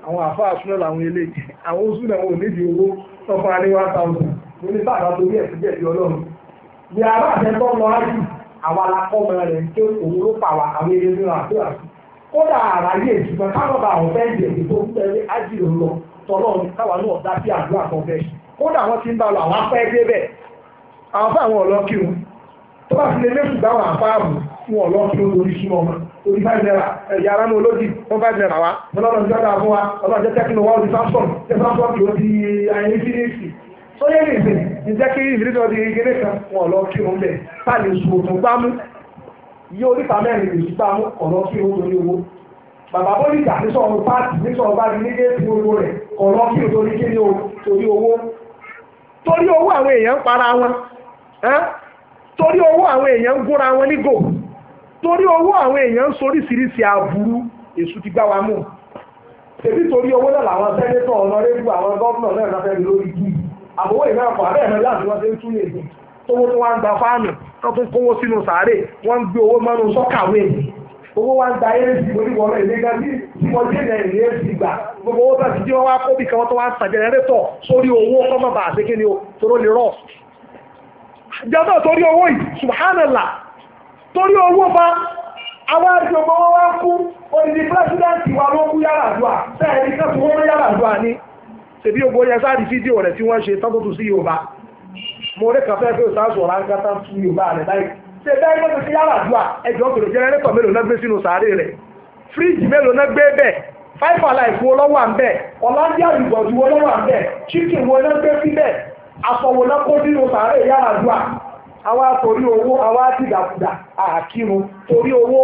àwọn àfa àṣúná làwọn eléyìí àwọn oṣù náà wọn ò nídìí owó tó fún alẹ́ one thousand mo ní sáà lọ́dún bí ẹ̀sìn jẹ̀bi ọlọ́run ní ara àtẹ́tọ́ lọ ájú àwa la kọ́ mọ rẹ̀ pé òun ló pa wa àwọn eré nínú àdúrà kódà àráyé ìṣùgbọ́n káwọn bá àwọn fẹ́ẹ́ jẹ̀bi tó ń tẹ̀lé ájì lọ tọ́lọ́run káwa náà dá sí àdúrà kan fẹ́ẹ́ kódà wọ́n ti ń bá lọ àwọn afẹ́ débẹ̀ àwọn fún àwọn ọlọ́kírun tó bá fi lè mẹ́sùn gbá àwọn afáàbù fún ọlọ́kírun lórí súnmọ́ ọmọ orí five naira ẹ̀yà ara ní olódì wọ́n five naira wa ọlọ́run jọ́dá fún wa ọlọ́run jẹ́ tẹ́kínú wa orí samson jẹ́ samson kì ó di ayé tó yẹ ní ìsìn ìjẹ́ kí ìrírí ọdí gẹ́gẹ́ kan fún ọlọ́kírun bẹ̀ tá lè sùn òtún gbámú yóò oríta mẹ́rin lè sùn gbámú ọlọ́kírun lórí owó bàbá bọ́lí ìjà nísọ̀rọ̀ pààtì nísọ̀rọ̀ bá di nígbèsì owó rẹ̀ ọlọ́kírun lórí kí ni owó torí owó àwọn èèyàn ń para wọn torí owó àwọn èèyàn ń gúnra wọn torí owó àwọn èèyàn ń soríṣiríṣi àbúrú èṣù ti gbá wa mú torí owó náà làwọn sẹ́nẹ́tọ̀ ọ̀nàrẹ́bù àwọn gọ́ọ̀nà náà náà fẹ́ẹ́ lórí jù àbówó ìná àpò àbẹ́ ẹ̀rọ láti wọ́n ṣe ń túlẹ̀ èdè tówó tó wá ń gba fáànù tó tún kówó sínú sàárè wọ́n owó wa ń gba ac oníwọ̀n rẹ̀ lé gàdí tí wọ́n jẹ́ ìrìn ẹ̀rìn ac gbà gbogbo owó bá ti dé wọn wá kó bí kan tó wá ń sàn jẹnẹrétọ̀ sórí owó kọ́mọ̀ bá àṣẹ kí ni o toró lè rọ̀ jẹ́bọ̀ torí owó yìí subhanallah torí owó bá àwọn àti ọmọ wọn wá kú òdìdí pírẹsidẹ́ǹtì wa ló kú yàrá àdúrà bẹ́ẹ̀ ni kẹ́sùn wọn ṣe bẹ́ẹ̀ gbọ́dọ̀ sí yàrá àdúrà ẹ̀jọ̀ kòrò jẹnẹrétọ̀ mélòó náà sínú sàárè rẹ̀ fíríjì mélòó náà gbé bẹ́ẹ̀ five alive ń bẹ̀ wo ń bẹ̀ chicken wo náà síbẹ̀ aṣọ wo sínú sàárè yàrá àdúrà àwa torí owó àwa dìdàkudà àkírun torí owó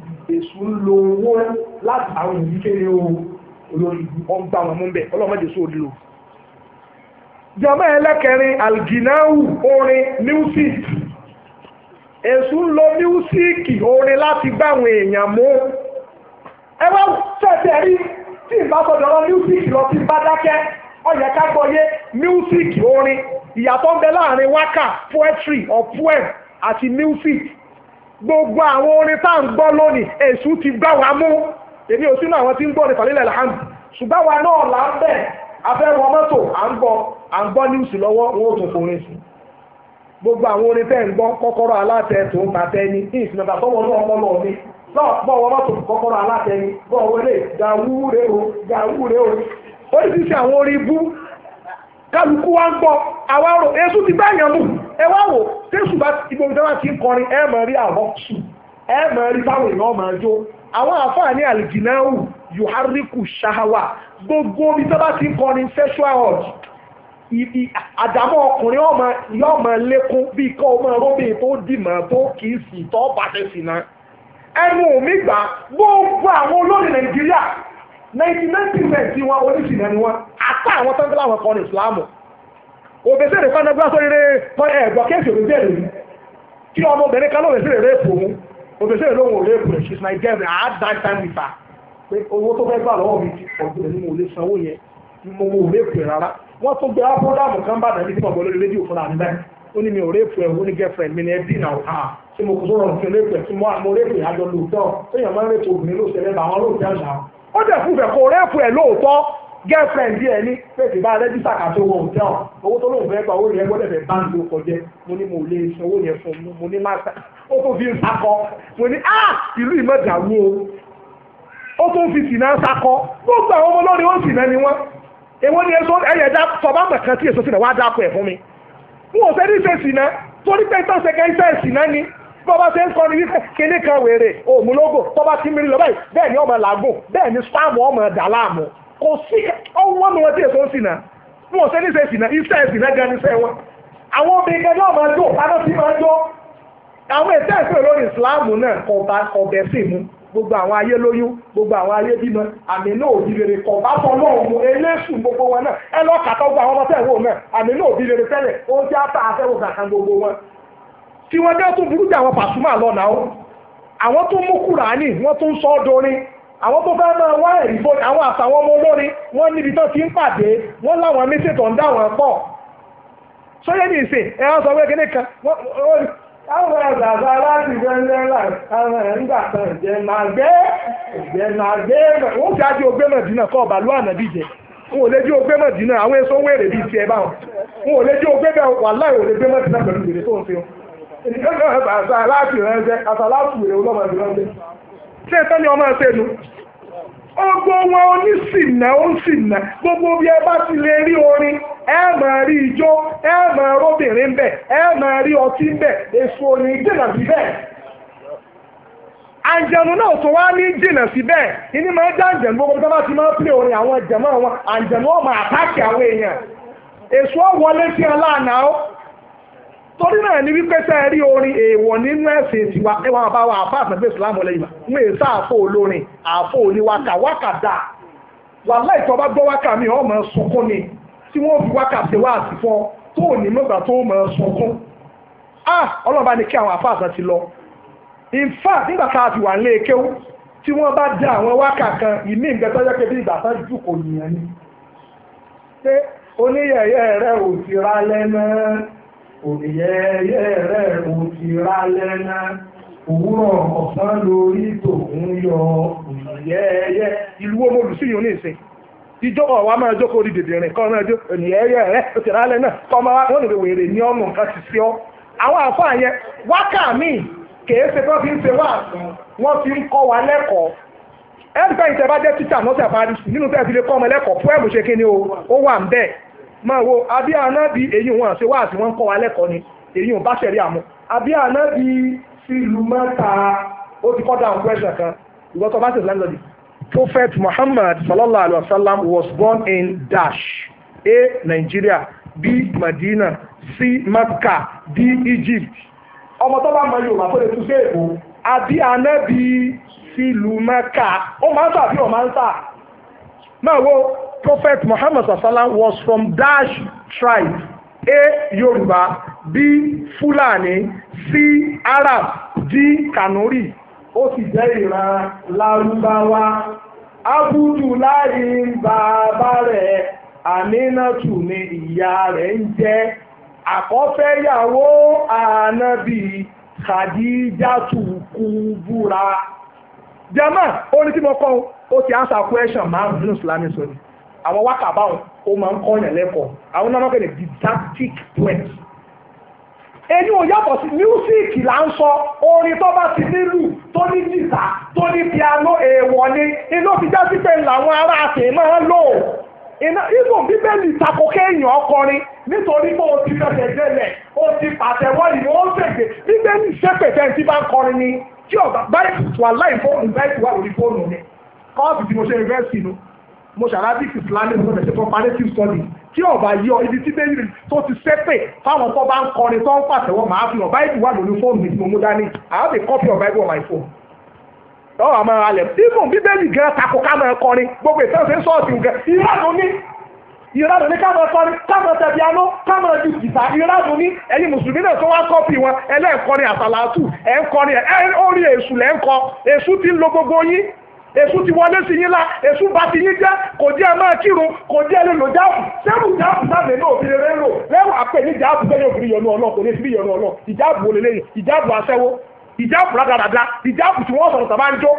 èṣù ń lo owó láti àwọn ìlú kéré o olórí ọgbà wọn mú bẹ ọlọ́mọdé sóò lò. jama ẹlẹ́kẹrin alginahu orin music èṣù ń lo mísíkì orin láti bá àwọn èèyàn mú ẹ wá tẹ̀sẹ̀ rí tí ìbá gbọdọ̀ lọ mísíkì lọ sí bá dákẹ́ ọ̀yẹ̀ ká gbọ́yé orin ìyàtọ̀ ń bẹ láàrin wákà poetry or poem àti music gbogbo àwọn orin tá ń gbọ́ ti gbá wa mú èmi ò sínú àwọn tí ń gbọ́ ní falẹ́lẹ̀ làhàmù ṣùgbọ́n wa náà là ń bẹ̀ afẹ́wọ́ mọ́tò à ń gbọ́ à gbogbo àwọn orin tẹ́ ń gbọ́ kọ́kọ́rọ́ aláàtẹ tó ń ta tẹ́ ní ìsìnàbà tọ́wọ́ náà mọ́ lọ́ọ́ mi náà bọ́ wọ́n mọ́tò kọ́kọ́rọ́ kálukú wa ń gbọ́ àwárò èṣù ti bá yàn mú ẹ wá wò tẹ́sù bá ibo ìjọba ti ń kọrin ẹ mọ̀ rí àwọn sù ẹ mọ̀ rí báwọn èèyàn máa jó àwọn àfààní àlìjìnáwù yohariku ṣahawa gbogbo ibi tó bá ti ń kọrin sexual urge ibi àdámọ́ ọkùnrin ọmọ yóò máa lékún bíi kọ́ ọmọ róbìn tó dìmọ̀ tó kì í sì tọ́ bàtẹ́sì náà ẹnu òmígbà gbogbo àwọn olórin Nàìjíríà ninety nine percent tí wọn oníṣìnà ni wọn àtà àwọn tó ń tẹ́lẹ̀ àwọn kan ní ìsìláàmù òbèsè rẹ̀ fanagbá sórí rẹ̀ ẹ̀gbọ́n kéèsì òbèsè rẹ̀ yìí kí ọmọ kan lóòbèsè rẹ̀ rẹ̀ pò òbèsè rẹ̀ lóhùn rẹ̀ pò rẹ̀ she's my girl I had pé owó tó fẹ́ gbà lọ́wọ́ mi ọ̀gbìn ni mo lè sanwó yẹn mo mo rẹ̀ rárá wọ́n tún gbé ápódámù kan bá dàbí tí mo gbọ́ lórí rédíò fúnra mi báyìí ó ní mi ò rẹ̀ ẹ̀ ó ní girlfriend mi ní ẹbí náà ha tí mo kò tó rọrùn fún ẹ̀ tí mo rẹ̀ ẹ̀ àjọ lóòótọ́ ó dẹ̀ fún ìfẹ́ kó rẹ́ẹ̀fù ẹ̀ lóòótọ́ girlfriend díẹ̀ ní pèsè bá rẹ́jísà kàtó owó hòtẹ́ọ̀ owó tó lóun fẹ́ gba owó yẹn gbọ́dọ̀ fẹ́ báńkì ó kọjẹ́ mo ní mo lè san owó yẹn fún mo ní má sa ó tó fi sakọ mo ní á ah, ìlú ìmọ̀dàwó o ó tó fi sì náà sakọ gbogbo àwọn ọmọ lórí ó sì náà ni wọ́n èwo ni èso ẹ̀yẹ̀ dá sọ̀bá mọ̀kan tí èso sì náà wá dáko ẹ̀ fún mi wọn ò fẹ́ ní ṣe náà torí pé tó ṣe kẹ́ bọ́bá ṣe ń sọ ní wípé kíní kan wèrè òmùlógò ti mìíràn lọ́bàá bẹ́ẹ̀ ni ọmọ làágùn bẹ́ẹ̀ ni spam ọmọ dàlámù kò sí ọwọ́ èso wọn ò ṣe iṣẹ́ gan ni iṣẹ́ wọn. àwọn obìnrin kan náà máa jó paná sí máa jó àwọn ètò ẹ̀sìn lórí ìsìláàmù náà kọba kọbẹ̀ sí mu gbogbo àwọn ayé lóyún gbogbo àwọn ayé bímọ àmì náà òbí rere gbogbo wọn náà ẹ gbogbo àwọn ọmọ àmì náà òbí rere tí wọ́n dẹ́ tún burú àwọn pàṣúmà lọ́nà ó àwọn tó mú kùránì wọ́n tún sọ ọ́ àwọn tó fẹ́ máa wá ẹ̀rí bó àwọn àtàwọn ọmọ olórin wọ́n níbi ti ń pàdé wọ́n láwọn mẹ́sẹ̀ tó ń dá wọn pọ̀ ní ìsìn sọ pé kíní kan àwọn láti ẹ̀ńgbà kan máa gbé máa gbé ó kọ́ jẹ ò lè àwọn èso bíi tiẹ̀ báwọn àṣàláàtì ni ọmọ ẹ̀ṣẹ́ nu ọgbọ́n wọn onísìnà onísìnà gbogbo bí ẹ bá ti lè rí orin ẹ máa rí ijó ẹ máa róbìnrin ń ẹ máa rí ọtí ń èso orin jìnnà sí bẹ́ẹ̀ àǹjẹ̀nù náà tó wá ní sí bẹ́ẹ̀ ìní máa ń já gbogbo bá ti máa ń pè orin àwọn àwọn ọmọ torí náà ni wípé tẹ́ ẹ rí orin èèwọ̀ nínú ẹ̀sìn tiwa ẹ wàá bá wa àfa àtàgbé ìsìlámù ọlẹ́yìn mọ̀ ń sá àfọ olórin àfọ oníwákà wákà dà wàhálà ìtọ́ba gbọ́ wákà mi ọmọ sunkún ni tí wọ́n fi wákà ṣe wá àtìfọ́ tó ní mọ́gbà tó mọ̀ sunkún ah ọlọ́ba ni kí àwọn àfa àtàn ti lọ in fact nígbà tá a ti wà nílé kéwú tí wọ́n bá dá àwọn wákà kan ìmí ìgbẹ́tọ́jọ́ òníyẹ́yẹ́ rẹ̀ ò ti rá lẹ́nà òwúrọ̀ ọ̀sán lórí tòun yọ òníyẹ́yẹ́ ìlú owó olùsíyìn oníṣẹ́ ìjọba wa máa jókòó orí dèdè rìn kọ́ máa jó òníyẹ́yẹ́ rẹ̀ ò ti rá lẹ́nà kọ́ máa wá wọ́n lè wèrè ní ọ̀nà nǹkan ti sí ọ́ àwọn àfáà yẹn wákà míì kèé ṣe tó fi ń ṣe wá wọ́n fi ń kọ́ wa lẹ́kọ̀ọ́ ẹ̀ńtẹ́ ìtẹ́bá jẹ́ títà nọ́ọ̀sì àfáàrí nínú tẹ́ẹ̀ fi lè kọ́ ọmọ lẹ́kọ̀ọ́ fún ẹ̀mùṣe kíni o ó wà ń bẹ́ẹ̀ máa wo àbí ànábì èyí wọn àṣẹ wá àti wọn kọ́ wa lẹ́kọ̀ọ́ ni èyí wọn bá ṣẹ̀rí àmú àbí ànábì sílùú mẹ́ta ó ti kọ́ dáhùn question kan ìwọ tó bá ṣe landlord Prophet Muhammad sallallahu alayhi wa was born in dash A Nigeria B Medina C Mecca D Egypt ọmọ tó bá mọ Yorùbá tó lè tún sí èkó àbí ànábì sílùú mẹ́ka ó máa ń sà àbí ọ̀ máa ń sà wo Prophet Muhammad Sallallahu was from Dash tribe A. Yoruba B. Fulani C. Arab D. Kanuri ó sì jẹ́ ìran Lárúbáwá Abudulayi bàbá rẹ̀ Aminatu ni ìyá rẹ̀ ń jẹ́ àkọ́fẹ́yàwó ànábì Khadijatu Kubura jama ó ní tí mo kọ́ ó ti answer question márùn-ún Islamic studies àwọn wákà báwọn ó máa ń kọ́yàn lẹ́kọ̀ọ́ àwọn náà máa ń pè ní didactic poems èyí ò yàtọ̀ sí mísíkì là ń sọ orin tó bá ti nílù tó ní jìtà tó ní piano èèwọ̀ ni inú ti já sí pé làwọn ará àtẹ̀ máa ń lò inú bíbélì takò kéèyàn ọkọrin nítorí pé o ti fẹsẹ̀ délẹ̀ o ti pàtẹ́wọ́ yìí o ń ṣègbè bíbélì ṣẹ́pẹ̀tẹ́ tí bá ń kọrin ni tí ọ̀gá báyìí wà láì fóònù báyìí wà lórí fóònù ni kọ́ọ̀bù tí mo ṣe rẹ́sì nu mo ṣàrábí islamic studies ṣe comparative studies tí ọba yọ ibi tí bẹ́ẹ̀ tó ti sẹ́pẹ̀ fáwọn tó bá ń kọrin tó ń pàtẹ́wọ́ màá fi hàn báyìí wà lórí fóònù mi tí mo mú dání I have a copy of Bible on my phone lọ́wọ́ àmọ́ alẹ̀ bíbùn bíbélì gan takò kámọ́ ẹ kọrin gbogbo ìfẹ́ òfin sọ́ọ̀tì nǹkan ìránù ní ìránù ní kámọ́ kọrin kámọ́ tẹ̀bíánú kámọ́ ju jìtá ìránù ní ẹ̀yin mùsùlùmí náà tó wá kọ́pì wọn ẹlẹ́ẹ̀kọrin àtàlàtù ẹ̀ ń kọrin ẹ̀ orí èṣù lẹ́ ń kọ èṣù ti ń lo gbogbo yín èṣù ti wọlé sí yín la èṣù bá ti yín jẹ́ kò jẹ́ ẹ máa kírun kò jẹ́ ẹ lè lò jáàbù sẹ́rù jáàbù sáàmì náà òbí rere lò lẹ́wọ̀n àpè ní jáàbù sẹ́yìn òbí yọnu ọlọ́ọ̀ kò ní sí yọnu ọlọ́ọ̀ ìjáàbù olè lẹ́yìn ìjáàbù aṣẹ́wó ìjáàbù rádaràda ìjáàbù tí wọ́n sọ̀rọ̀ tàbá ń jó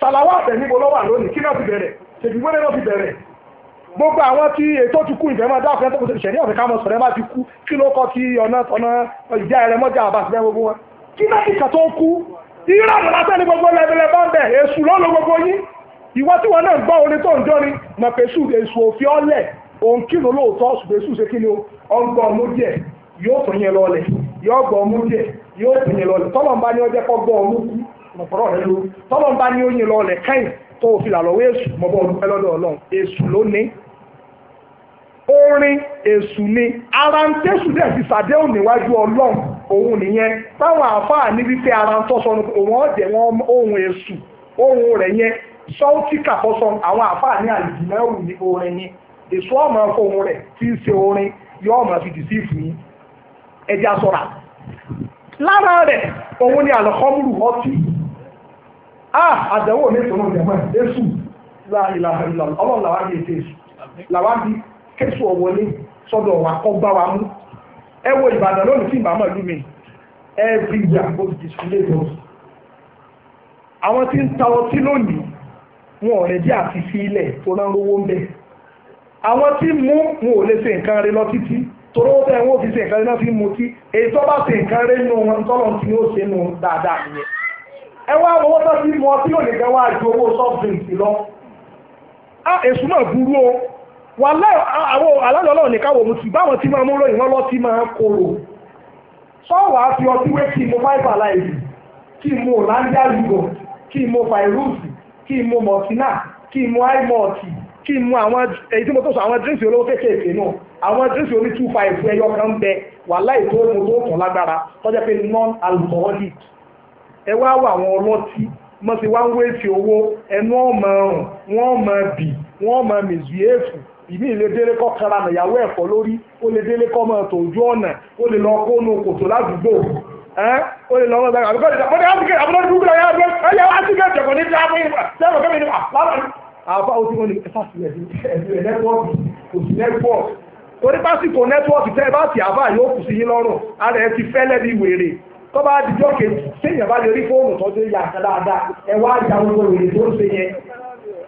sàlàwọ́ àtẹ̀ níbo lọ́wọ́ àlónìí kí náà fi bẹ̀rẹ̀ ṣèbí wẹ́rẹ́ náà fi bẹ̀rẹ̀ gbogbo àwọn tí ètò ti kú ìfẹ́ máa dá ọ̀fẹ́ tó kù sí ìṣẹ̀lẹ̀ ọ̀fẹ́ ká mọ̀ sọ̀rọ̀ ẹ bá ti kú kí ló kọ́ ti ọ̀nà ọ̀nà ìjà ẹ̀rẹ̀ mọ́jà àbá sí gbogbo wọn kí náà kìkà tó ń kú ìrànà látẹ́ni gbogbo lẹ́bẹ̀lẹ́ bá ń bẹ̀ èṣù lọ́lọ́ gbogbo yín ìwọ tí wọn náà gbọ́ orin tó ń jọrin mọ̀ pé èṣù èṣù òfin ọ̀lẹ̀ òun kírun lóòótọ́ ṣùgbọ́n èṣù ṣe kí ni ó ń gbọ́ ọmú díẹ̀ yóò tún yẹn lọlẹ̀ yóò gbọ́ ọmú díẹ̀ yóò tún yẹn lọlẹ̀ tọ́lọ̀ ń bá ní ọjẹ́ kọ́ gbọ́ ọmú kú mọ̀pọ̀rọ̀ rẹ ló tọ́lọ̀ ń bá ní ó yẹn lọlẹ̀ káyìn tó fi làlọ́wọ́ èṣù mọ̀bọ́ ọdún pẹ́ orin èṣù ni ara ń tẹ́sù dẹ̀ fi sàdéhùn níwájú ọlọ́run òun nìyẹn táwọn àáfàá ní wípé ara ń tọ́sọ òun ọ̀jẹ̀ wọn ohun èṣù ohun rẹ̀ yẹn sọ́ọ́tì kàkọ́sọ àwọn àáfàá ní àlùjùmẹ́rù ní orin ni èṣù ọmọ ohun rẹ̀ tí ń ṣe orin yóò máa fi dìsí ìfún yín ẹja sọ̀ra lára rẹ̀ òun ni àlọ́kọ́mùrù ọtí ah àdánwò mi tòun ìjẹ̀mọ́ èṣù láàrin làwọn àgbẹ̀ ètò èṣù làwọn bíi kẹ́sù ọ̀wọ́lé sọ́dọ̀ wa kọ́ bá wa mú ẹ wo ìbàdàn lónìí tí ìbámu ìlú mi every year go display those àwọn tí ń ta ọtí lónìí wọn ò rẹ̀ dí àti fi ilẹ̀ tó náà rówó ń bẹ̀ àwọn tí mú wọn ò lè ṣe nǹkan rẹ̀ lọ títí torí ó bẹ́ẹ̀ wọ́n fi ṣe nǹkan rẹ̀ náà fi mú tí èyí tó bá ṣe nǹkan rẹ̀ nù wọn tọ́lọ̀ tí ó ṣe nù dáadáa nìyẹn ẹ wá owó tó ti mú ọtí lónìí gan wá ju owó soft lọ á ah, èṣù náà burú o wà láwọn alálọ́lọ́ nìkáwò mo ti báwọn tí máa mú ròyìn wọn lọ tí máa kóró sọ́wọ́ àti ọtí wé kí mo fáìfà láìsí kí mo láńdá rúgọ̀ kí mo fàìrúùsì kí mo mọ̀tínà kí mo àìmọ̀ọ̀tì kí mo àwọn èyí tí mo tó sọ àwọn drinks olówó kéékèèké náà àwọn drinks oní two five ẹyọ kan bẹ wà láì tó mo tó tàn lágbára tọ́jà pé non alcoholic ẹ wá wà àwọn ọlọ́tí mọ̀ sí wá ń wéṣì owó ẹnu ọmọ ọrùn wọ́n mọ̀ bì wọ́n mọ̀ mìzìyẹ́fù ìmí ilé délé kọ́ kára nà ìyàwó ẹ̀fọ́ lórí ó lè délé kọ́ mọ́ ẹ̀tọ́ ojú ọ̀nà ó lè lọ kó nu kòtò ládùúgbò ó lè lọ mọ́ ẹ̀gbẹ́ àbúkọ́ ìjà mọ́tò àti kẹ́kẹ́ àbúrò dúró yà gbé ẹ̀yà wá sí kẹ́kẹ́ kò ní ti àbúrò ìgbà sẹ́wọ̀n kẹ́mi ni àbá ó ti wọ́n ni ẹ̀fà sílẹ̀ ẹ̀sìn nẹ́tíwọ́ọ̀kì kò sí nẹ́tíwọ́ọ̀kì torí pásítọ̀ nẹ́tíwọ́ọ̀kì tẹ́ ẹ bá ti àbá yóò kù sí yín lọ́rùn ara ẹ ti fẹ́lẹ́ bí wèrè tó bá dijọ́ kejì séèyàn bá lè rí fóònù tó ti yà dáadáa ẹ wá ìjà gbogbo wèrè tó ń ṣe yẹn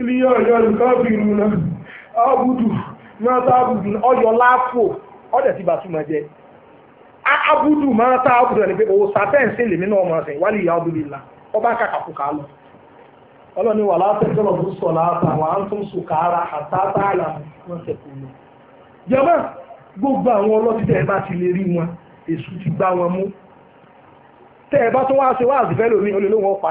ilé ọ̀yọ́ nǹkan fi rú náà ọ̀bùdù náà tá àbùdù ọ̀yọ́ láàfò ọ̀dẹ̀ ti bàtúmọ̀ jẹ́ àbùdù máa tá àbùdù ẹni pé owó sàtẹ́ǹsì lèmi náà mọ̀ ọ̀sẹ̀ wálé ìyá ọdún ọba kàkàkùkà lọ ọlọ́ni wà látẹ̀jọ́lọ̀ tó sọ látàwọn à ń tún sùkàrà àtàtàlà wọn tẹ̀kùn lọ. jẹ́mọ́ gbogbo àwọn ọlọ́tí ẹ bá ti lè rí wọn èṣù ti gbá wọn mú ẹ bá tún wá lómi pa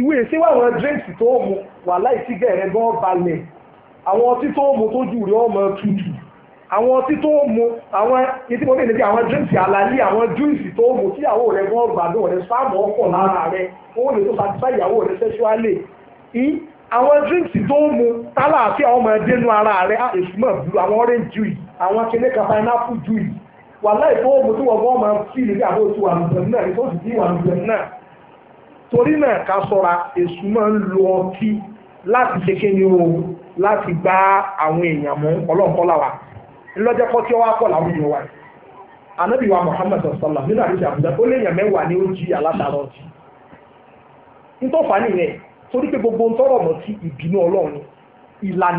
ìwé ṣé wà àwọn drinks tó mu wà láì sí gẹ̀rẹ́ gan balẹ̀ àwọn ọtí tó mu tó jù rí ọmọ tútù àwọn ọtí tó mu àwọn etí mo bèèrè bí àwọn drinks àlàyé àwọn juice tó mu tí ìyàwó rẹ gan gbàdúrà rẹ sáàmù ọkọ̀ lára rẹ wọn ò lè tó satisfy ìyàwó rẹ sexually àwọn drinks tó mu tálàáfíà ọmọ ẹdínú ara rẹ ah, èsùmọ̀ blu àwọn orange juice àwọn kìnìkà pineapple juice wà láì tó mu tí wọ́n mọ̀ ọ́n fi lè ní àwọn oṣù àlùbọ̀n náà ní tó torí náà ká sọ́ra èsù máa ń lo ọtí láti ṣe kí ni o láti gba àwọn èèyàn mú ọlọ́nkọ́lá wa kọ́ tí ó wá pọ̀ láwọn èèyàn wa ànábì wa nínú àdéhùn àbújá ó léèyàn mẹ́wàá ní ó jí alátara ọtí nìyẹn torí pé gbogbo ntọ́rọ̀ ìbínú ìlànà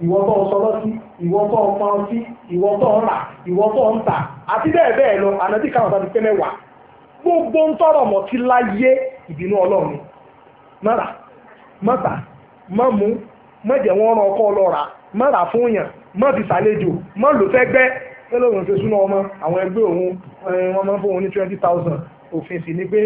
ni ìwọ́tọ̀ ọmọ ọtí ìwọ́tọ̀ ọ̀rà ìwọ́tọ̀ ọ̀ǹtà àti bẹ́ẹ̀ bẹ́ẹ̀ lọ ànàbí káwọn tàbí pé mẹ́wàá gbogbo ń tọrọ mọ̀ tí láyé ìbínú ọlọ́run mọ́ra mọ́ta mọ́mú mọ́jẹ̀ rán ọkọ ọlọ́ra mọ́ra fún yàn mọ́bi sàlejò mọ́lò fẹ́gbẹ́ ẹlòmíràn súná ọmọ àwọn ẹgbẹ́ òun wọn máa fún òun ní twenty thousand òfin sì ni pé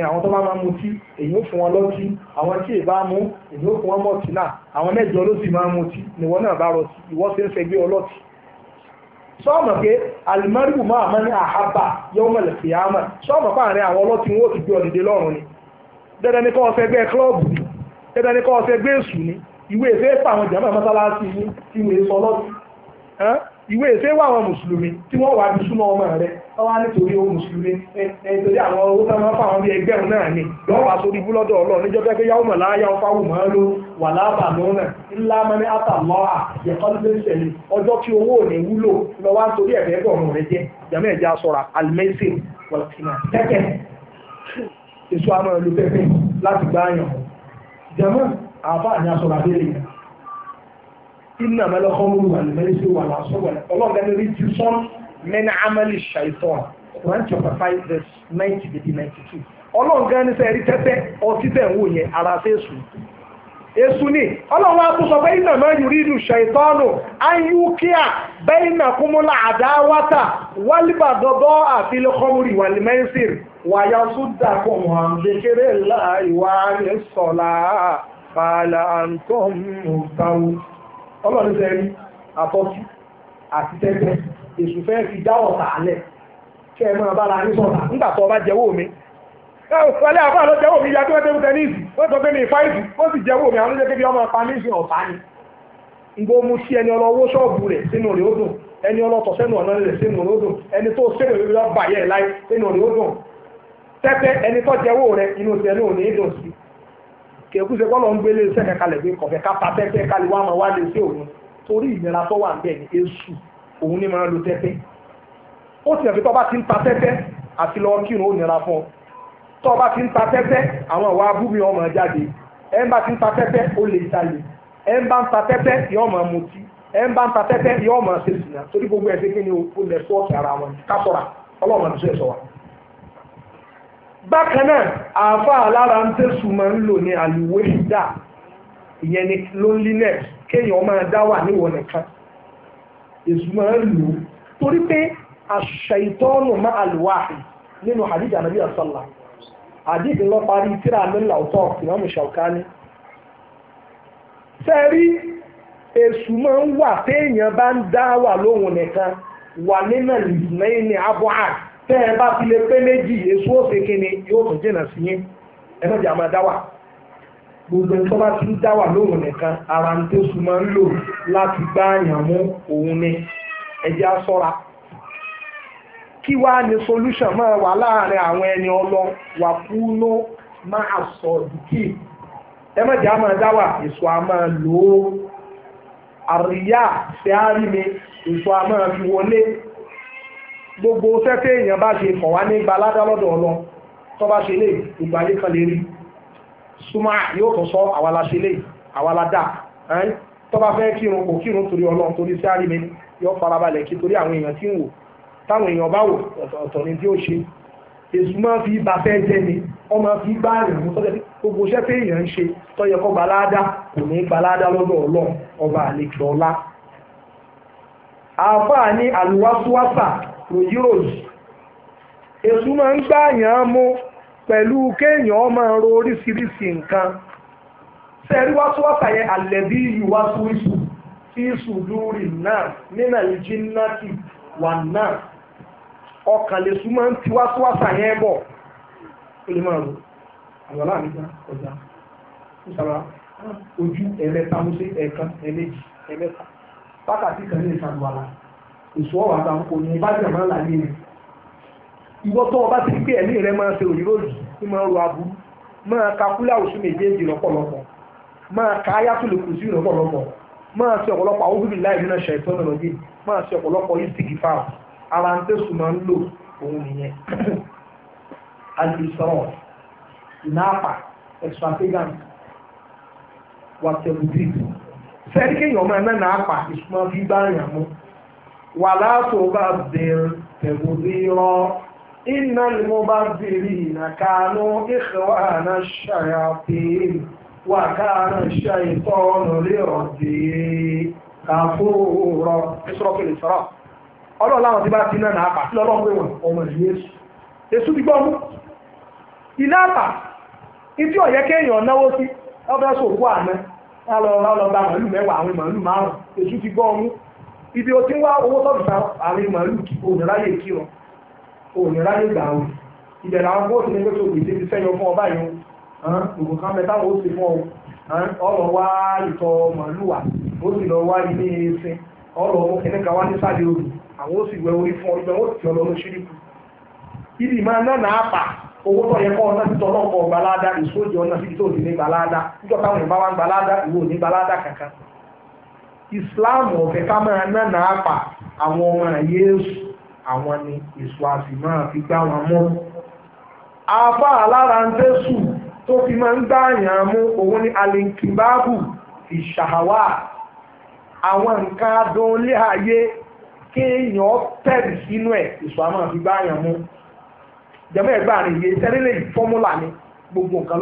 àwọn tó bá máa mutí èyí ó fún wọn lọ́tí àwọn tí èbá mú èyí ó fún wọn mọ̀tí náà àwọn mẹ́jọ ló sì máa mutí níwọ náà bá rọtí ìwọ sì ń fẹgbẹ́ ọlọ́tí. sọ́ọ̀mù pé alimaribu máa máa ní àhábà yóò mọ̀lẹ̀ kìyàmà sọ́ọ̀mù pé àárín àwọn ọlọ́tí wọn ò ti gbé ọ̀dìdè lọ́rùn ni dandan ni kọ́ ọ ni dandan ni kọ́ ọ fẹ́ gbé èṣù ni ìwé ìfẹ́ pàwọn ìwé ìfẹ́ wà àwọn mùsùlùmí tí wọ́n wà ní súnmọ́ ọmọ rẹ̀ wọ́n wá nítorí owó mùsùlùmí nítorí àwọn owó tó máa ń fáwọn bí ẹgbẹ̀rún náà ni lọ́wọ́ wá sórí búlọ́dọ̀ ọlọ́run níjọ́ pé pé yàwó mọ̀lá yàwó fáwọn mọ́ ló wà lábà lọ́nà ńlá mọ́ni àtàlọ́ àyẹ̀kọ́ ló ń ṣẹlẹ̀ ọjọ́ tí owó ò ní wúlò lọ́wọ́ nítorí ẹ̀fẹ́ bọ̀ ọ̀run rẹ̀ jẹ́ ìjàmẹ́ ẹ̀já sọ̀rọ̀ alimẹ́sì wọ̀lùkìnà tẹ́kẹ̀ èso àmọ́ ìlú pẹ́pẹ́ láti gbá àyàn jẹ́mọ́ àáfàá ni a sọ̀rọ̀ abẹ́rẹ́ yẹn iná mẹ́lẹ́kọ́ mú wà lẹ́sẹ̀ wà lásán wà ọlọ́ọ̀gá ní ti sọ́n mẹ́ni amẹ́lì ṣàìtọ́ Quran chapter five verse ninety to ninety two ọlọ́ọ̀gá ní sẹ́ẹ̀rí tẹ́tẹ́ ọtí tẹ̀ ń wò yẹn ara ṣe é sùn èsù ni ọlọ́run àtúnṣọ bẹ́ẹ̀ iná máa yùrí ìlú ṣàìtọ́nù ayúkíà bẹ́ẹ̀ iná kúmúlà àdáwátà wálìbàdọ́dọ́ àti lẹ́kọ́mùrì wàlìmẹ́sìr wàyà súdà kún wọn kékeré ńlá ìwà ní sọ̀lá fàlà àǹtọ́ mùtáwù. ọlọ́run fẹ́ rí àtọ́jú àti tẹ́tẹ́ èṣù fẹ́ fi dá ọ̀tá alẹ̀ kẹ́ ẹ máa ní sọ̀tà nígbà tó ọba jẹ́wọ́ mi ọlẹ́ àfọ́ àlọ́ jẹ́wọ́ mi yàtọ̀ ẹ̀dẹ́gbẹ́ tẹ́nísì wọ́n sọ ní wọ́n sì jẹ́wọ́ mi àwọn ẹ̀dẹ́gbẹ́ ọmọ apá ní ìsìn ni ngbó mu sí ẹni ọlọ́wọ́ ṣọ́ọ̀bù rẹ̀ sínú rẹ̀ ó dùn ẹni ọlọ́tọ̀ sẹ́nu ọ̀nà rẹ̀ sínú rẹ̀ ó dùn ẹni tó sẹ́nu rẹ̀ ó kẹ̀kú ṣe kọ́lọ̀ ń gbélé iṣẹ́ kẹkalẹ̀ gbé kọ̀fẹ́ ká pa tẹ́tẹ́ kálí wá máa wá lè ṣe òun torí ìnira tó wà níbẹ̀ ní èṣù òun ní máa lo tẹ́tẹ́ ó sì hàn pé tọ́ba ti ń pa tẹ́tẹ́ àti lọ kírun ó nira fún ọ tọ́ba ti ń pa tẹ́tẹ́ àwọn ìwà abúmi ọmọ jáde ẹ̀ ń bá ti ń pa tẹ́tẹ́ ó lè jalè ẹ̀ ń bá ń pa tẹ́tẹ́ yóò máa mutí ẹ̀ ń bá ń pa tẹ́tẹ́ yóò máa ṣe sìnà bákan náà àáfà alára ń tẹ̀sùn máa ń lò ní àlùwé dà ìyẹn ni loneliness kéèyàn máa dá wà níwọ̀n nìkan èsù máa ń lò ó torí pé àṣà ìtọ́nù máa àlùwáhì nínú hadith anabi asala hadith lọ parí tíra nílà ọ̀tọ̀ ìmọ̀mù ṣàwùkání sẹ́rí èsù máa ń wà téèyàn bá ń dá wà lóhùn nìkan wà nínà lìdìmẹ́yìn ní abọ́ tẹ́ ẹ bá fi lè pé méjì èso òsè kínni yóò tún jìnnà sí yín ẹ má jẹ́ àmọ́ dáwà gbogbo ẹ̀tọ́ bá ti ń dáwà lóhùn nìkan ara ń tó sùn máa ń lò láti gbá àyàn mú òun ni ẹ̀jẹ̀ aṣọ́ra kí wàá ní solution máa wà láàrin àwọn ẹni ọlọ wà kú ló máa sọ dùkì ẹ má jẹ́ àmọ́ dáwà èso a máa lò ó àríyá ṣe á rí mi èso a máa fi wọlé gbogbo sẹ́tẹ̀ èèyàn bá ṣe kàn wá ní gbalada lọ́dọ̀ ọlọ́run tó bá ṣe lè gbogbo ayé kan lè rí súnmọ́ yóò tún sọ àwa la ṣe lè àwa la dà tó bá fẹ́ kírun kò kírun torí ọlọ́run torí sí àrími yóò farabalẹ̀ kí torí àwọn èèyàn tí ń wò táwọn èèyàn bá wò ọ̀tọ̀ ni tí ó ṣe èsù máa fi bà fẹ́ jẹ́ ni wọ́n fi bá rìn mú tọ́jú gbogbo iṣẹ́ èèyàn ń ṣe tó yẹ kó gbalada kò ní gbalada lọ́dọ̀ ọlọ́run ọba àlejò ọlá àáfàá ní àlùwàsíwàsà proyiros esu ma n gbaanya mu pelu keenyo o ma ro orisiri si nka se ye wasu wataye alebi iyu wasu isu ti isu luri naa ninayi ji nnaki wa naa okalesu ma n ti wasu wataye egbo olimar o na wala na igba koja n sara oju emeta musu eka emeta baka si karịta nwala èso ọ̀wà àgbà ńkò ní ìbájẹ̀ máa láyé ni ìwọ tó ọba ti gbé ẹ̀mí rẹ máa ṣe òyìnbóyì tí máa ro aburú máa ka kúlẹ̀ àwòsí méjèèjì lọ́pọ̀lọpọ̀ máa ka ayátòlè kù sí lọ́pọ̀lọpọ̀ máa ṣe ọ̀pọ̀lọpọ̀ àwọn obìnrin láì nínú ṣẹ̀tọ́ lọ́dí máa ṣe ọ̀pọ̀lọpọ̀ ìsìkì fáà ara ń tẹ̀sù máa ń lò òun nìyẹn alisọ́ọ̀ náàpà extravagant wàtẹ̀bùdì sẹ́ẹ̀dì kéèyàn máa ná náàpà ìsúnmọ́ bí bá yàn mú wà látò bá bẹ̀rẹ̀ tẹ̀gùdí rọ iná ni mo bá bèrè ìnàkánú ìṣẹ̀wà náà ṣàyàpín wà káàánà ṣàyẹ̀tọ́ ọ̀nà lè ọ̀dẹ́ kàfúrọ̀ ìṣọ́rọ̀kìlì sọ́rọ̀ ọlọ́ọ̀lá àwọn tí bá ti náà náà pàtí lọ́rọ̀ pé wọn ọmọ ìyẹ́sù èsù ti gbọ́ mú ilé àpà ìtí ọ̀yẹ́ kéèyàn náwó sí ọbẹ̀ sòkú àná alọ́ọ̀lá ọlọ́ba màálù mẹ́wàá àwọn màálù márùn-ún ibi o ti wá owó tọ́bìtà àárín màálù òníráyè kírun òníráyè gbààwẹ̀ ìbẹ̀rẹ̀ àwọn bóòtù ní pẹ́tò gbèsè ti fẹ́ fún ọba yìí ògùn kan mẹ́ta ó sì fún ọ ọ̀rọ̀ wá ìtọ̀ màálù wà ó sì lọ wá ilé wá ní àwọn ó sì wẹ orí fún ọ ibẹ̀ wọ́n ti ọlọ́run ṣírí kù ibi máa ná náà pa owó tó yẹ kọ́ ọ náà ti islam ọ̀fẹ́ ká máa ná náà àwọn ọmọ yéésù àwọn ni èso àti máa fi gbá wọn mú. afa alára ń tẹ́sù tó fi máa ń gbá àyàn mú òun ni alinkibabu fi ṣàwá àwọn nǹkan adùn ilé kéèyàn tẹ̀lé sínú ẹ̀ èso àmọ́ àfi gbá àyàn mú. jẹ́mọ́ rẹ̀ yé fọ́múlà ni gbogbo nǹkan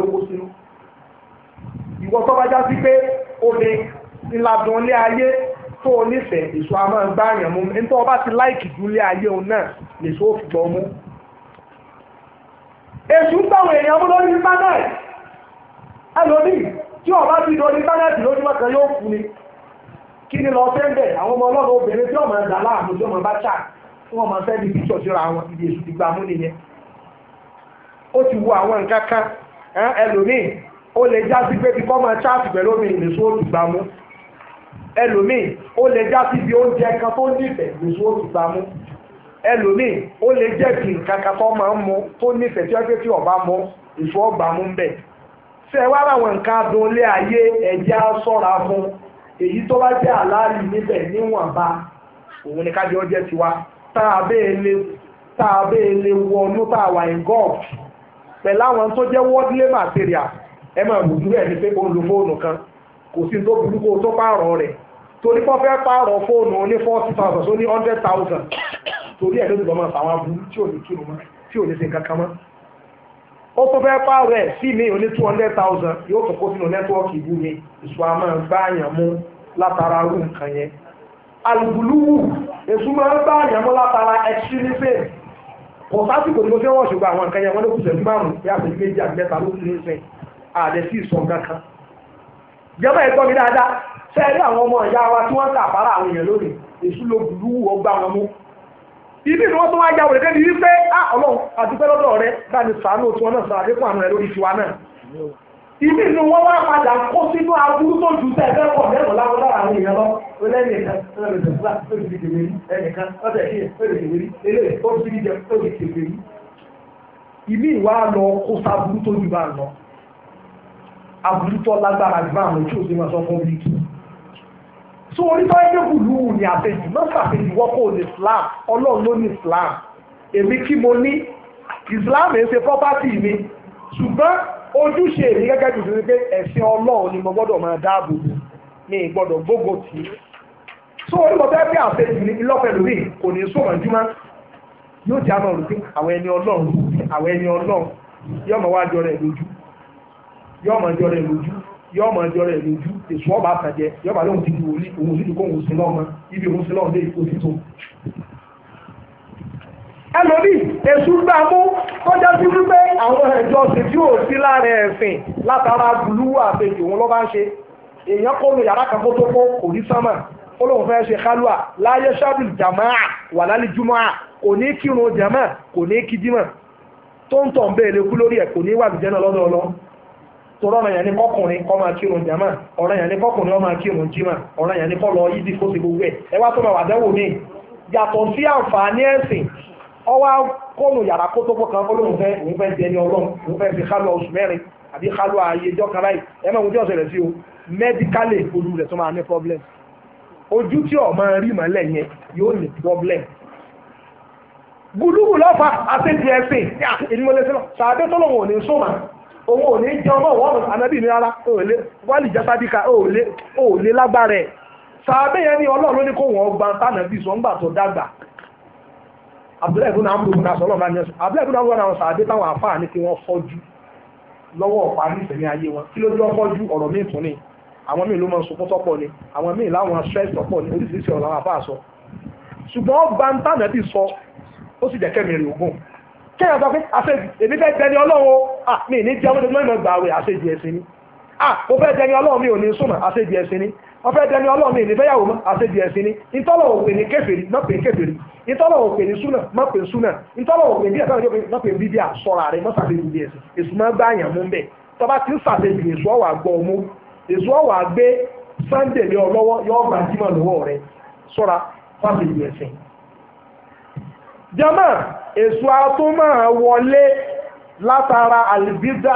ìlàdùn ilé ayé tó o nífẹ̀ẹ́ èso a máa gbá àyàn mú ní tó o bá ti láìkì ju ilé ayé òun náà lèso fi gbọ́ mú. ọba ti lórí íńtánẹ́ẹ̀tì lójúmọ́ kan yóò fún ni kí ni lọ fẹ́ bẹ̀ àwọn ọmọ ọlọ́run obìnrin tí ọmọ ẹ̀dá láàmú tí ọmọ bá tí wọ́n máa fẹ́ di ti gbà ti wo àwọn nǹkan kan ẹlòmíì ó lè pé kíkọ́ máa ẹlòmíì ó lè já síbi oúnjẹ kan tó nífẹ̀ẹ́ gbèsè ó ti ẹlòmíì ó lè jẹ́ kí nǹkan kan tó máa ń mu tó nífẹ̀ẹ́ tí wọ́n mu ìfọ́ ọgbà mú bẹ̀. ṣé ẹ wá láwọn nǹkan adùn lé ayé ẹ̀jẹ̀ sọ́ra fún èyí tó bá jẹ́ àlàálì níbẹ̀ níwọ̀nba òun ni kájọ jẹ́ tiwa tá a bẹ́ẹ̀ lé tá a tá a wà ní gọ́ọ̀f pẹ̀láwọn tó jẹ́ wọ́dílé màtíríà kò sí tó burúkú tó pààrọ̀ rẹ̀ torí kọ́ fẹ́ pààrọ̀ fóònù ní forty thousand tó ní hundred thousand torí ẹ̀ lóṣù lọ́mọ àwọn aburú tí ò ní kírun mọ́ tí ò ní ṣe kankan mọ́ ó tó fẹ́ pààrọ̀ ẹ̀ sí mi ò ní two hundred thousand yóò tó kó sínú nẹ́tíwọ́ọ̀kì ìlú mi ìṣù àmọ́ gbáàyàn mú látara rú nǹkan yẹn alùpùlùwù èṣù máa ń gbáàyàn mú látara extremism kò sásìkò tí mo fẹ́ wọ̀ ṣùgbọ́n àwọn nǹkan yẹn wọ́n ló kù sẹ́jú márùn-ún bí àṣẹ méjì àti mẹ́ta ló ti ní sẹ́yìn àdẹ́sí ìsọ̀ǹkankan jẹ́mọ́ ẹ̀ mi dáadáa àwọn ọmọ ìyá wa tí wọ́n tà fara àwọn èèyàn lónìí èṣù ló burú wọn mú ibi ni wá ya wòlé débi wípé ah ọlọ́run àdúpẹ́ lọ́dọ̀ rẹ bá ní sàánú tiwọn náà sàrà rẹ ibi wá padà kó sínú tó ju pọ̀ láwọn lára àwọn èèyàn lọ àbúrútọ́ lágbára gbá àwọn tí ò sí máa sọ fún bíkì so orítọ́ ẹgbẹ́ bùlù ní àtẹ̀jù mọ́sà àtẹ̀jù wọ́pọ̀ ní Islam ọlọ́run ló ní Islam èmi kí mo ní Islam èé ṣe property mi ṣùgbọ́n ojúṣe mi gẹ́gẹ́ bí ṣe pé ẹ̀sìn ọlọ́run ni mo gbọ́dọ̀ máa dáàbò bò mi gbọ́dọ̀ gbógo tì í so orítọ́ ẹgbẹ́ àtẹ̀jù ní ilọ́pẹ̀ lórí kò ní sọ̀rọ̀ jùmọ́ yóò jẹ́ àmọ́ rò pé àwọn ẹni ọlọ́run àwọn ẹni ọlọ́run yóò mọ̀ wá jọ rẹ̀ yóò máa jọra ẹ̀ lójú yóò máa jọra ẹ̀ lójú èso ọba àtàjẹ yóò bá lóhun ti di wòlíì òun sì ti kó òun sí náà mọ ibi òun sí náà dé ipò sí tó. ẹlòmíì èso gbà mú kọjá sí wípé àwọn ẹ̀jọ́ sì tí ò sí lára ẹ̀fìn látara bùlúwù àtẹ̀jù òun ló bá ń ṣe èèyàn kó lu yàrá kan kó tó kó kò ní sánmà ó lóun fẹ́ ṣe kálúà láyé ṣáàbì jàmáà wà lálẹ́ jùmọ́à kò ní kírun jàmáà kò ní kídímà tó ń tọ̀ ń bẹ́ẹ̀ lé lórí ẹ̀ kò ní wà lùjẹ́ náà lọ́dọọlọ́ torí ọ̀rọ̀ yẹn ni kọkùnrin kọ́ máa kírun jama ọ̀rọ̀ yẹn ni kọkùnrin ọmọ kírun jima ọ̀rọ̀ yẹn ni kọ́ lọ yídì kó ti gbogbo ẹ̀ ẹ wá tó máa wà dẹ́wò ní yàtọ̀ sí àǹfààní ẹ̀sìn ọwọ́ kóònù yàrá kó tó kọ́kàn olóhùn fẹ́ òun fẹ́ jẹ ní ọlọ́run òun fẹ́ fi kálọ̀ oṣù mẹ́rin àbí kálọ̀ ayé jọ́ kan tí ọ̀sẹ̀ rẹ̀ sí o mẹ́díkálì olú rẹ̀ tó máa ní problem ojú tí ọ̀ máa rí mọ́lẹ̀ yẹn yóò ní problem gbùdúgbù lọ́fà àti ìdí ẹ̀sìn ní àti ìdí mọ́lẹ́sìn òun ò ní jẹ́ ọmọ ìwọ́n ànábì ní rárá òòlé wálì jẹ́pá díka òòlé òòlé lágbára ẹ̀ sàbẹ́ yẹn ní ọlọ́run ló ní kó gba tànàbì sọ ńgbà tó dàgbà abdullahi ibùdó àwọn olùkọ́ náà sọ ọlọ́run sọ abdullahi ibùdó àwọn na sàbẹ́ táwọn àfáà ní kí wọ́n fọ́jú lọ́wọ́ ayé wọn kí ló jọ fọ́jú ọ̀rọ̀ míì tún ni àwọn míì ló sunkún ni àwọn míì láwọn stress ni oríṣiríṣi ọ̀rọ̀ àwọn kéèyàn sọ pé àṣejù èmi fẹ́ jẹni ọlọ́run à ah, mi ní jẹun tó mọ̀ gbà wẹ̀ àṣejù ẹ̀sìn ni à ah, mo fẹ́ jẹni ọlọ́run mi ò ní súnmọ̀ àṣejù ẹ̀sìn ni mo fẹ́ jẹni ọlọ́run mi ò ní fẹ́yàwó mọ́ àṣejù ẹ̀sìn ni ìtọ́lọ̀ òpè ní kèfèrí má pè kèfèrí ìtọ́lọ̀ òpè ní súnà má pè súnà ìtọ́lọ̀ òpè ní ẹ̀sán má pè bíbí àsọ̀rọ̀ rẹ̀ má ṣàṣejù ẹ̀sìn èsù má gbá àyàn mú bẹ́ẹ̀ tó bá ti ń ṣàṣejù èsù ọ̀wà gbọ́ ọmú èsù ọ̀wà gbé Sunday lé ọ lọ́wọ́ yọ jama èso ató máa wọlé latara àlùbídà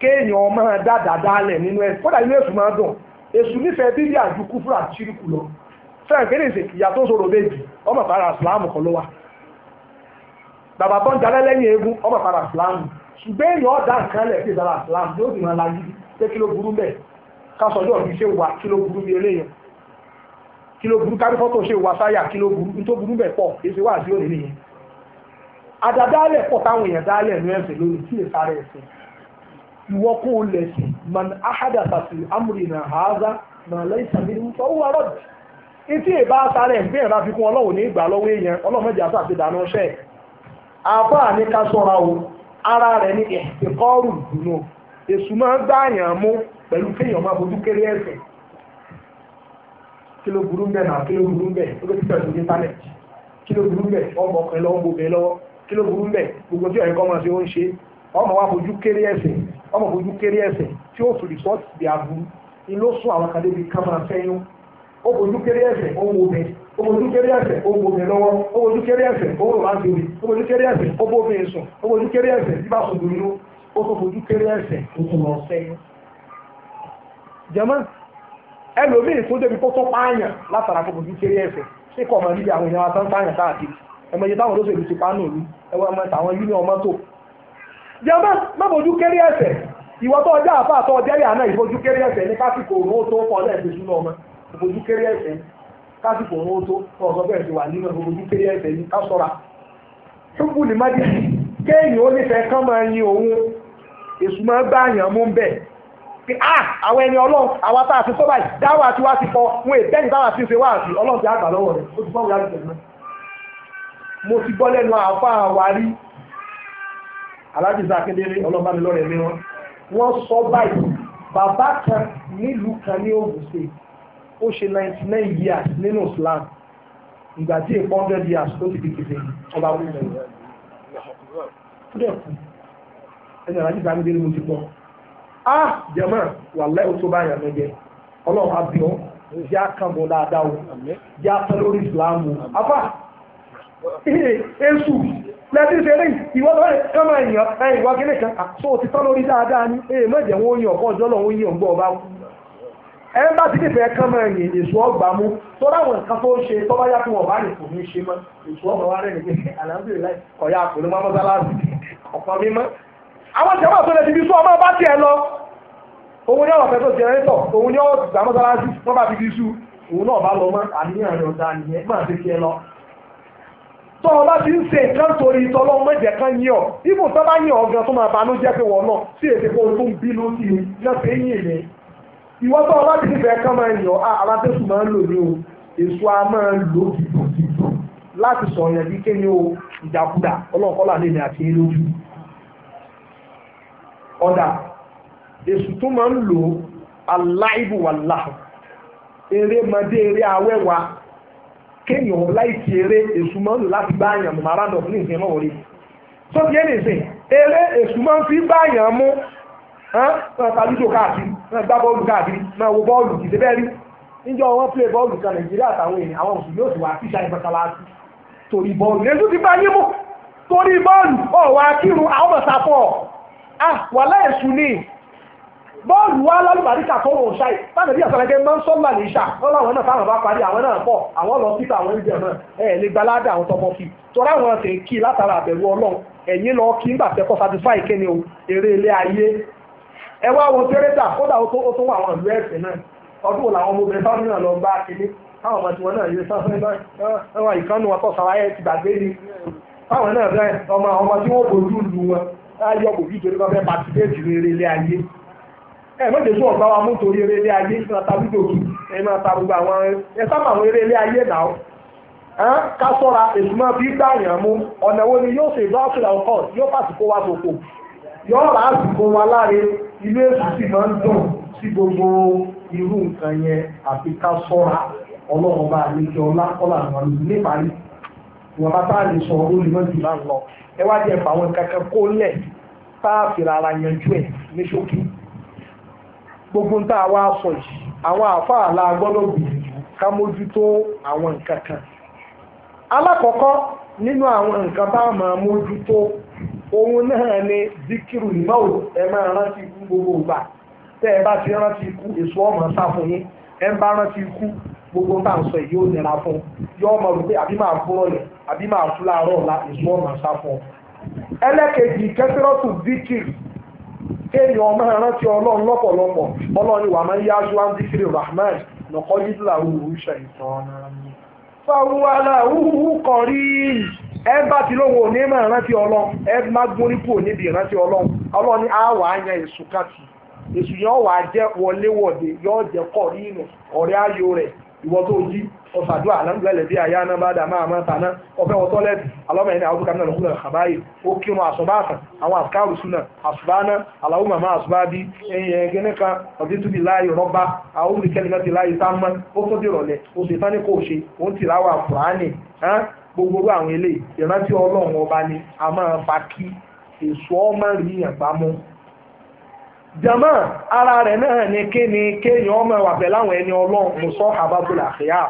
kéèyàn máa dáadáadáalẹ̀ nínú ẹ̀ kódà inú esu máa dùn èso nífẹ̀ẹ́ bíbí àjùkú fúra tìrìkù lọ fẹ́ẹ̀ kéde tó méjì ọmọ fara islam kan lọ wa ọmọ islam èèyàn nǹkan islam yóò kí ló burú kárí fọ́tò ṣe wà sáyà kí burú tó burú bẹ̀ pọ̀ èsì wà sí òní nìyẹn àdàdálẹ̀ pọ̀ táwọn èèyàn dálẹ̀ ní ẹ̀sìn lónìí tí èsà rẹ̀ ẹ̀sìn ìwọ kún un lẹ̀sìn man ahada sàfì amúrì nà áza nà lẹ́yìn sàmì ní sọ wúwa rọ̀dì etí èbá sáré ní ìgbà lọ́wọ́ èèyàn kí ló burú bẹ́ẹ̀ náà kí ló burú bẹ́ẹ̀ ó ti pẹ̀lú íńtánẹ́ẹ̀tì kí ló burú bẹ́ẹ̀ ọmọ ọkùnrin lọ́wọ́ gbogbo ẹ lọ́wọ́ kí ló burú bẹ́ẹ̀ gbogbo tí ọ̀yẹ́kọ́ máa ṣe ó ń ṣe ọmọ wa fojú kéré ẹsẹ̀ ọmọ fojú kéré ẹsẹ̀ tí ó fi rìsọ́ọ̀tì bí aburú ni ló sún àwọn kan débi ká máa fẹ́yún ó fojú kéré ẹsẹ̀ ó ń wo bẹ́ẹ̀ ó fojú kéré ẹsẹ̀ ó ń wo bẹ́ẹ̀ lọ́wọ́ ó fojú kéré ẹsẹ̀ ó ń rò láti omi ó fojú kéré ẹsẹ̀ ó bó mi sùn ó fojú kéré ẹsẹ̀ bí bá sùn dùn ó fojú kéré ẹsẹ̀ ó tún lọ fẹ́yún. jẹ́mọ́ ẹlòmíì tó débi kó tó pààyàn látara kó bójú kéré ẹ̀fẹ̀ ṣé kọ́ ọmọ níbi àwọn èèyàn wa tán pààyàn káàkiri ẹmọ iye táwọn olóṣèlú ti pa náà rí ẹwọ ọmọ tàwọn yúní ọmọ tó. jẹ́wọ́n má bójú kéré ẹ̀fẹ̀ ìwọ tó ọjà àfa àtọ́ ọjẹ́rì àná ìbójú kéré ẹ̀fẹ̀ ní kásìkò òun ó tó kọ́ lẹ́ẹ̀dẹ́sùn ọmọ ìbójú kéré ẹ̀fẹ̀ kásìkò òun ó tó kọ́ ọ̀sọ́ bẹ́ẹ̀ ti wà nínú ìbójú kéré ẹ̀fẹ̀ ní kásọ̀ra. túbù ní má kéèyàn ó nífẹ̀ẹ́ kán máa yin òun èṣù máa gbá àyàn mú bẹ́ẹ̀ pé á ah, àwọn ẹni ọlọ́run àwọn tá a ti sọ́bà dáwọ́ àti wá ti pọ̀ wọn è bẹ́ẹ̀ ni táwọn àti ń ṣe wá àti ọlọ́run ti àgbà lọ́wọ́ rẹ̀ ó ti bọ́ wíwá lùtẹ̀ náà. mo ti gbọ́ lẹ́nu àfa àwárí alájìsá akédèrè ọlọ́bánilọ́rẹ̀ mi wọn wọ́n sọ báyìí bàbá kan nílùú kan ní Ògùn State ó ṣe ninety nine years nínú Islam ìgbà tí èèpọ̀ hundred years ló ti di kìtì ọba wíwẹ̀ rẹ̀ ó dẹ̀ kú ẹ̀sìn alájìsá akédèrè mo ti gbọ́ ah jẹ̀mọ́ wàlẹ́ o tó bá yàn lẹ́jẹ̀ ọlọ́run á bí wọn jẹ́ àkànbọ̀ dáadáa o jẹ́ àtọ́ lórí ìsìláàmù apá èṣù lẹ́tí ìṣeré ìwọ́n tó báyìí wá kan ah, lórí dáadáa ni wọn ọba ẹ bá ti ọgbà ọba kò ní ṣe mọ́ ọgbà wa rẹ̀ nìyẹn àwọn jàmáà tó lè ti fi sú ọmọ bá tiẹ̀ lọ òun ní ọ̀rọ̀ fẹ́ tó jẹrẹ́tọ̀ òun ní ọ̀rọ̀ ìgbà mọ́sálásí tó bá fi fi sú òun náà bá lọ mọ́ àníyàn rẹ̀ ọ̀dà nìyẹn máa fi kí ẹ lọ. tó o bá ti ń ṣe nǹkan torí tọ́lọ́ mẹ́jẹ̀ kan yín ọ ibù tó bá yín ọ̀gán tó máa banú jẹ́ pé wọ́n náà sí èdè kó o tó ń bí lókì náà fẹ́ yín èlé ìwọ́ tó o bá ti nífẹ̀ẹ́ kán máa yàn á alátẹ́sù máa ń lò ní o èso a máa ń lò dìbò dìbò ọ̀dà èsù tó máa ń lò aláìbù wà láhùn eré mọdé eré awẹ́wà kéèyàn láìsí eré èsù máa ń lò láti bá àyàn mọ̀ máa rádọ̀ ní ìsìn náà rí tó fi ẹni sìn eré èsù máa ń fi bá àyàn mú máa ta lúdò káàkiri máa gbá bọ́ọ̀lù káàkiri máa wo bọ́ọ̀lù kìí ṣe bẹ́ẹ̀ rí níjọ́ wọn pílẹ̀ bọ́ọ̀lù kan nàìjíríà àtàwọn èèyàn àwọn mùsùlùmí òsì wà tíṣà ìfọ̀kàlásì torí bọ́ọ̀lù èso ti bá yín mú torí bọ́ọ̀lù ọ̀wà kírun àwọn mọ̀sáfọ́ ah wà láìsù ní bọ́ọ̀lù wa lálùbáríkà tó rò ṣáì táwọn ẹbí àtàlẹ́gẹ́ máa ń sọ́là ní ìṣà wọ́n láwọn náà táwọn bá parí àwọn náà pọ̀ àwọn lọ síta àwọn ìjẹ náà ẹ̀ lè gba ládà àwọn tọmọ kì tọ́lá àwọn ọ̀sẹ̀ kì látara àbẹ̀wò ọlọ́run ẹ̀yìn lọ kí nígbà tẹ́kọ̀ satisfy kẹ́ni o eré ilé ayé ẹ wá wo tẹ́rẹ́tà kódà ó tó wà àwọn ìlú ẹ̀sìn náà ọdún wo làwọn ọmọbìnrin sáwọn náà lọ bá kiri táwọn ọmọ tiwọn náà yẹ sáwọn náà ẹwà ìkànnì wọn kọ sàwáyé ti gbàgbé ni táwọn náà rẹ ọmọ ọmọ tí wọn bójú lu wọn ayọ̀ bòjú torí wọ́n fẹ́ patisẹ́ẹ̀tì rere ilé ayé ẹ mọ̀jẹ̀ sún ọ̀gá wa mú torí eré ilé ayé ìfúnra ta bídò kù ẹ máa ta gbogbo àwọn ẹ sábà àwọn eré ilé ayé náà hàn ká sọ́ra èsì máa fi gbà yàn mú ọ̀nà wo ni yóò ṣe ìdọ́sílẹ̀ ọkọ̀ yóò pàṣípò wa sòfò yóò rà á sì kó wa láre ilé èsì sì máa ń dùn sí gbogbo irú nǹkan yẹn àfi ká sọ́ra ọlọ́run bá àlejò ọlá kọ́lá àwọn níparí ìwọ̀n bá táà lè sọ ọ̀rọ̀ lè mọ́jú bá ń lọ ẹ wá jẹ́ ìfà àwọn kankan kó lẹ̀ táàfì rárá yanjú ẹ̀ ní ṣókí gbogbo ń táà wá sọ yìí àwọn àáfàá gbọ́dọ̀ gbìyànjú ká mójútó àwọn nǹkan kan alákọ̀ọ́kọ́ nínú àwọn nǹkan tá a máa mójútó òun náà ni zikiru ìmọ̀wò ẹ máa rántí ikú gbogbo ìgbà tẹ́ ẹ bá ti rántí ikú èso ọmọ sáfún yín ẹ ń bá rántí ikú gbogbo tá à ń sọ èyí ò nira fún yọ ọmọ rò pé àbí máa fún àbí máa fún èso ọ. ẹlẹ́kejì kẹsìrọ́tù díkìrì kéèyàn ọmọ rántí ọlọ́run lọ́pọ̀lọpọ̀ ọlọ́run máa ń yá rahman òwúrú ẹ bá ti lóhùn òní máa ọlọ́run ẹ má ìrántí ọlọ́run ọlọ́run ni á wà á yan èṣù káàtì èṣù yẹn wà á jẹ́ wọléwọ̀de ìwọ tó jí ọ̀sàdúrà alámúlẹ̀lẹ̀ bí ayá náà bá dà máa máa tàná ọ̀fẹ́ wọn tọ́lẹ̀tì alọ́mọ ẹni àwọn kàmínà lọ́kùnrin àbáyé ó kírun àsọ̀báàtà àwọn àfikàrù súnà àsùbáná aláwọ̀ màmá àsùbá bí ẹyìn ẹgbẹ́ nìkan ọ̀dẹ́ tóbi láàyè rọ́bà àwọn olùkẹ́lẹ̀ mẹ́tì láàyè sámọ́ ó tó dé ìrọ̀lẹ́ ó sì tán ní kí jama ara rẹ náà ni kéne kéèyàn ọmọ ẹwà pẹ̀lú ẹni ọlọ́run mùsọ́ àbábọ̀lá àfẹ́yà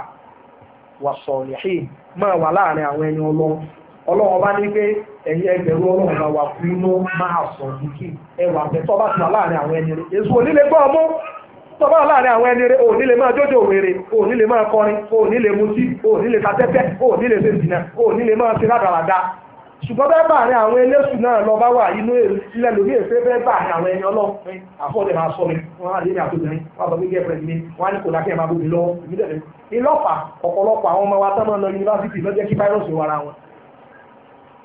wà sọ̀rìhì máa wà láàrin àwọn ẹni ọlọ́run ọlọ́run bá ní pé ẹ̀yin ẹgbẹ̀rún ọlọ́run wà fún inú máa sọ ẹwà wà láàrin àwọn ẹni èso onílé ẹni òní lè máa jójó wèrè òní lè máa kọrin òní lè mutí òní lè tatẹ́tẹ́ òní lè òní lè máa ṣùgbọ́n bẹ́ẹ̀ bá rìn àwọn eléṣù náà lọ bá wà inú ilẹ̀ lórí èfé bẹ́ẹ̀ bá rìn àwọn ẹni ọlọ́pìn àfọ́dẹ̀ máa sọ mi wọ́n á lé ní àtòbìnrin wọ́n á bọ̀ gbígbé ẹ̀fẹ̀ mi wọ́n á ní kò lákẹ́ máa bóbi lọ́wọ́ ìbílẹ̀ mi ìlọ́pàá ọ̀pọ̀lọpọ̀ àwọn ọmọ wa tán máa lọ yunifásitì lọ́jẹ́ kí fáírọ́ọ̀sì wara wọn.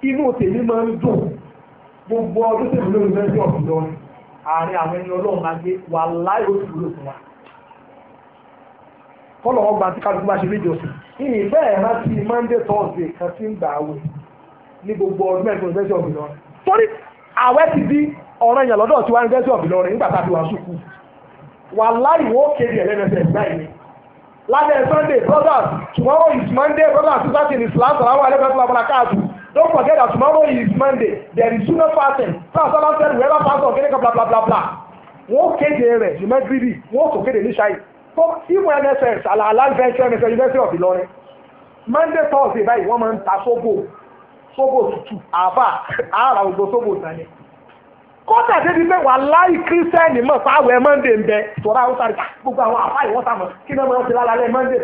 inú tèmi máa ń dùn gbogbo ọdún tèmi lórí mẹ́sì ọ̀sùn lọ àárín àwọn ẹni ọlọ́run máa gbé wà láì ó sì wúlò fún wa. kọ́lọ̀ wọn gba tí kálukú bá ṣe méjì ọ̀sùn ìyìn bẹ́ẹ̀ rántí monday thursday kan tí ń gbà á wò ní gbogbo ọdún ẹ̀kọ́ university of Ilorin torí àwẹ́ ti di ọ̀rọ̀ èèyàn lọ́dọ̀ tí wá university of Ilorin nígbà tá a fi wà sùkú wà láì wọ́n kéde ẹ̀lẹ́mẹsẹ̀ báyìí lábẹ́ Sunday brothers tomorrow is Monday brothers two thirty in Islam salamu alaykum wa rahmatulahi don't forget that tomorrow is Monday there is sooner fasting sáà sábà ń sẹ́nu wẹ́rẹ́ pásọ̀ kéde kan bla bla bla bla wọ́n kéde rẹ̀ jùmẹ́gírì wọ́n kò kéde níṣàyè fún ìmọ̀ NSS àlàálá ìfẹ́ ṣẹ́ NSS University of Ilorin Monday Thursday báyìí wọ́n máa ń ta sóbò sóbò tútù àbá àrà ògbó sóbò tani kọ́tà débi pé wà láì kírísítẹ́nì mọ̀ ń gbogbo àwọn àfá ìwọ́ta mọ̀ kí náà máa ń monday lálẹ́ mọ́ndé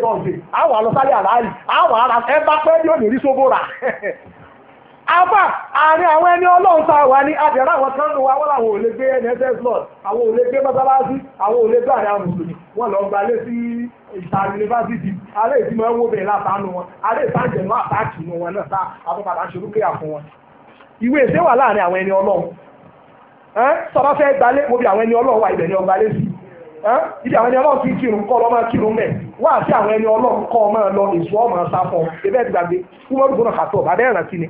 àwọn àlọ́sálẹ̀ àlàálì àwọn ará ẹ bá pẹ́ yóò ní rí rà. àbá àárín àwọn ẹni ọlọ́run tá a wà ní àjẹrà àwọn kan wá wọ́n làwọn ò lè gbé nss àwọn ò lè gbé mọ́sálásí àwọn ò lè gbé àrẹ àwọn ìta yunifásitì alẹ́ ìdímọ̀ ẹ̀wọ́ bẹ̀rẹ̀ látàánú wọn alẹ́ ìbàjẹ́nu àtàkì nu wọn náà tá àtọ́padà ń ṣerúkẹ́yà fún wọn. ìwé ìṣe wà láàrin àwọn ẹni ọlọ́run sọba fẹ́ gbalé mo bí àwọn ẹni ọlọ́run wà ibẹ̀ ni ọgbà lé sí ibi àwọn ẹni ọlọ́run ti kírun kọ́ lọ́mọ kírun mẹ́ wá sí àwọn ẹni ọlọ́run kọ́ ọmọ lọ èso ọmọ sáfọ́ ẹbẹ́ ti gbàgbé kúmọ́rù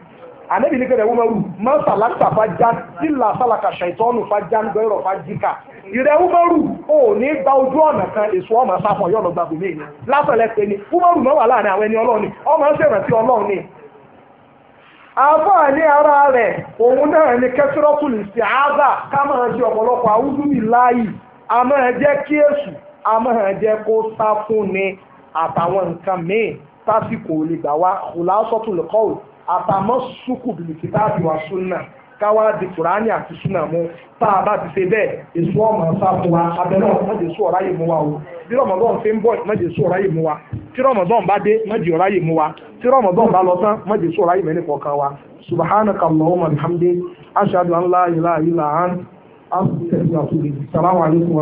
ànábì ní kẹrẹ wúmẹrù má sàlákà fàjà sílà sàlákà ṣàìtọ́nù fàjà gbẹrọ fàjìkà ìrẹ wúmẹrù ò ní gba ojú ọ̀nà kan èso ọmọ sáfọ yọ lọ gbàgbé mi lásọlẹ pé ni wúmẹrù náà wà láàrin àwọn ẹni ọlọ́ọ̀ni ọmọ ń ṣèrántí ọlọ́ọ̀ni. àbá ní ara rẹ̀ òun náà ni kẹsìrọ́tùlù sí àbá ká máa ṣe ọ̀pọ̀lọpọ̀ àwùjúbì láàyè àmọ́ ẹ jẹ́ kí èṣù àmọ́ ẹ jẹ́ kó sá fún ni àtàwọn nǹkan míì tásìkò lè gbà wá kò lásọ̀tùlù kọ́ọ̀lù àtàmọ́ sùkù bìlìkìtà àti wà súnà káwá di kùránì àti súnà mú tá a bá ti ṣe bẹ́ẹ̀ èso ọmọ sáfù wa abẹ́rẹ́ ọ̀hún mọ̀jẹ̀ sọ ọ̀rá yìí mú wa o bí rọmọdọ́n fi ń bọ̀ mọ̀jẹ̀ sọ ọ̀rá yìí mú wa tí rọmọdọ́n bá dé mọ̀jẹ̀ ọ̀rá yìí mú wa tí rọmọdọ́n bá lọ tán mọ̀jẹ̀ sọ ọ̀rá yìí mẹ́rin kọ̀ọ̀kan wa subhanaka allahumma alhamdi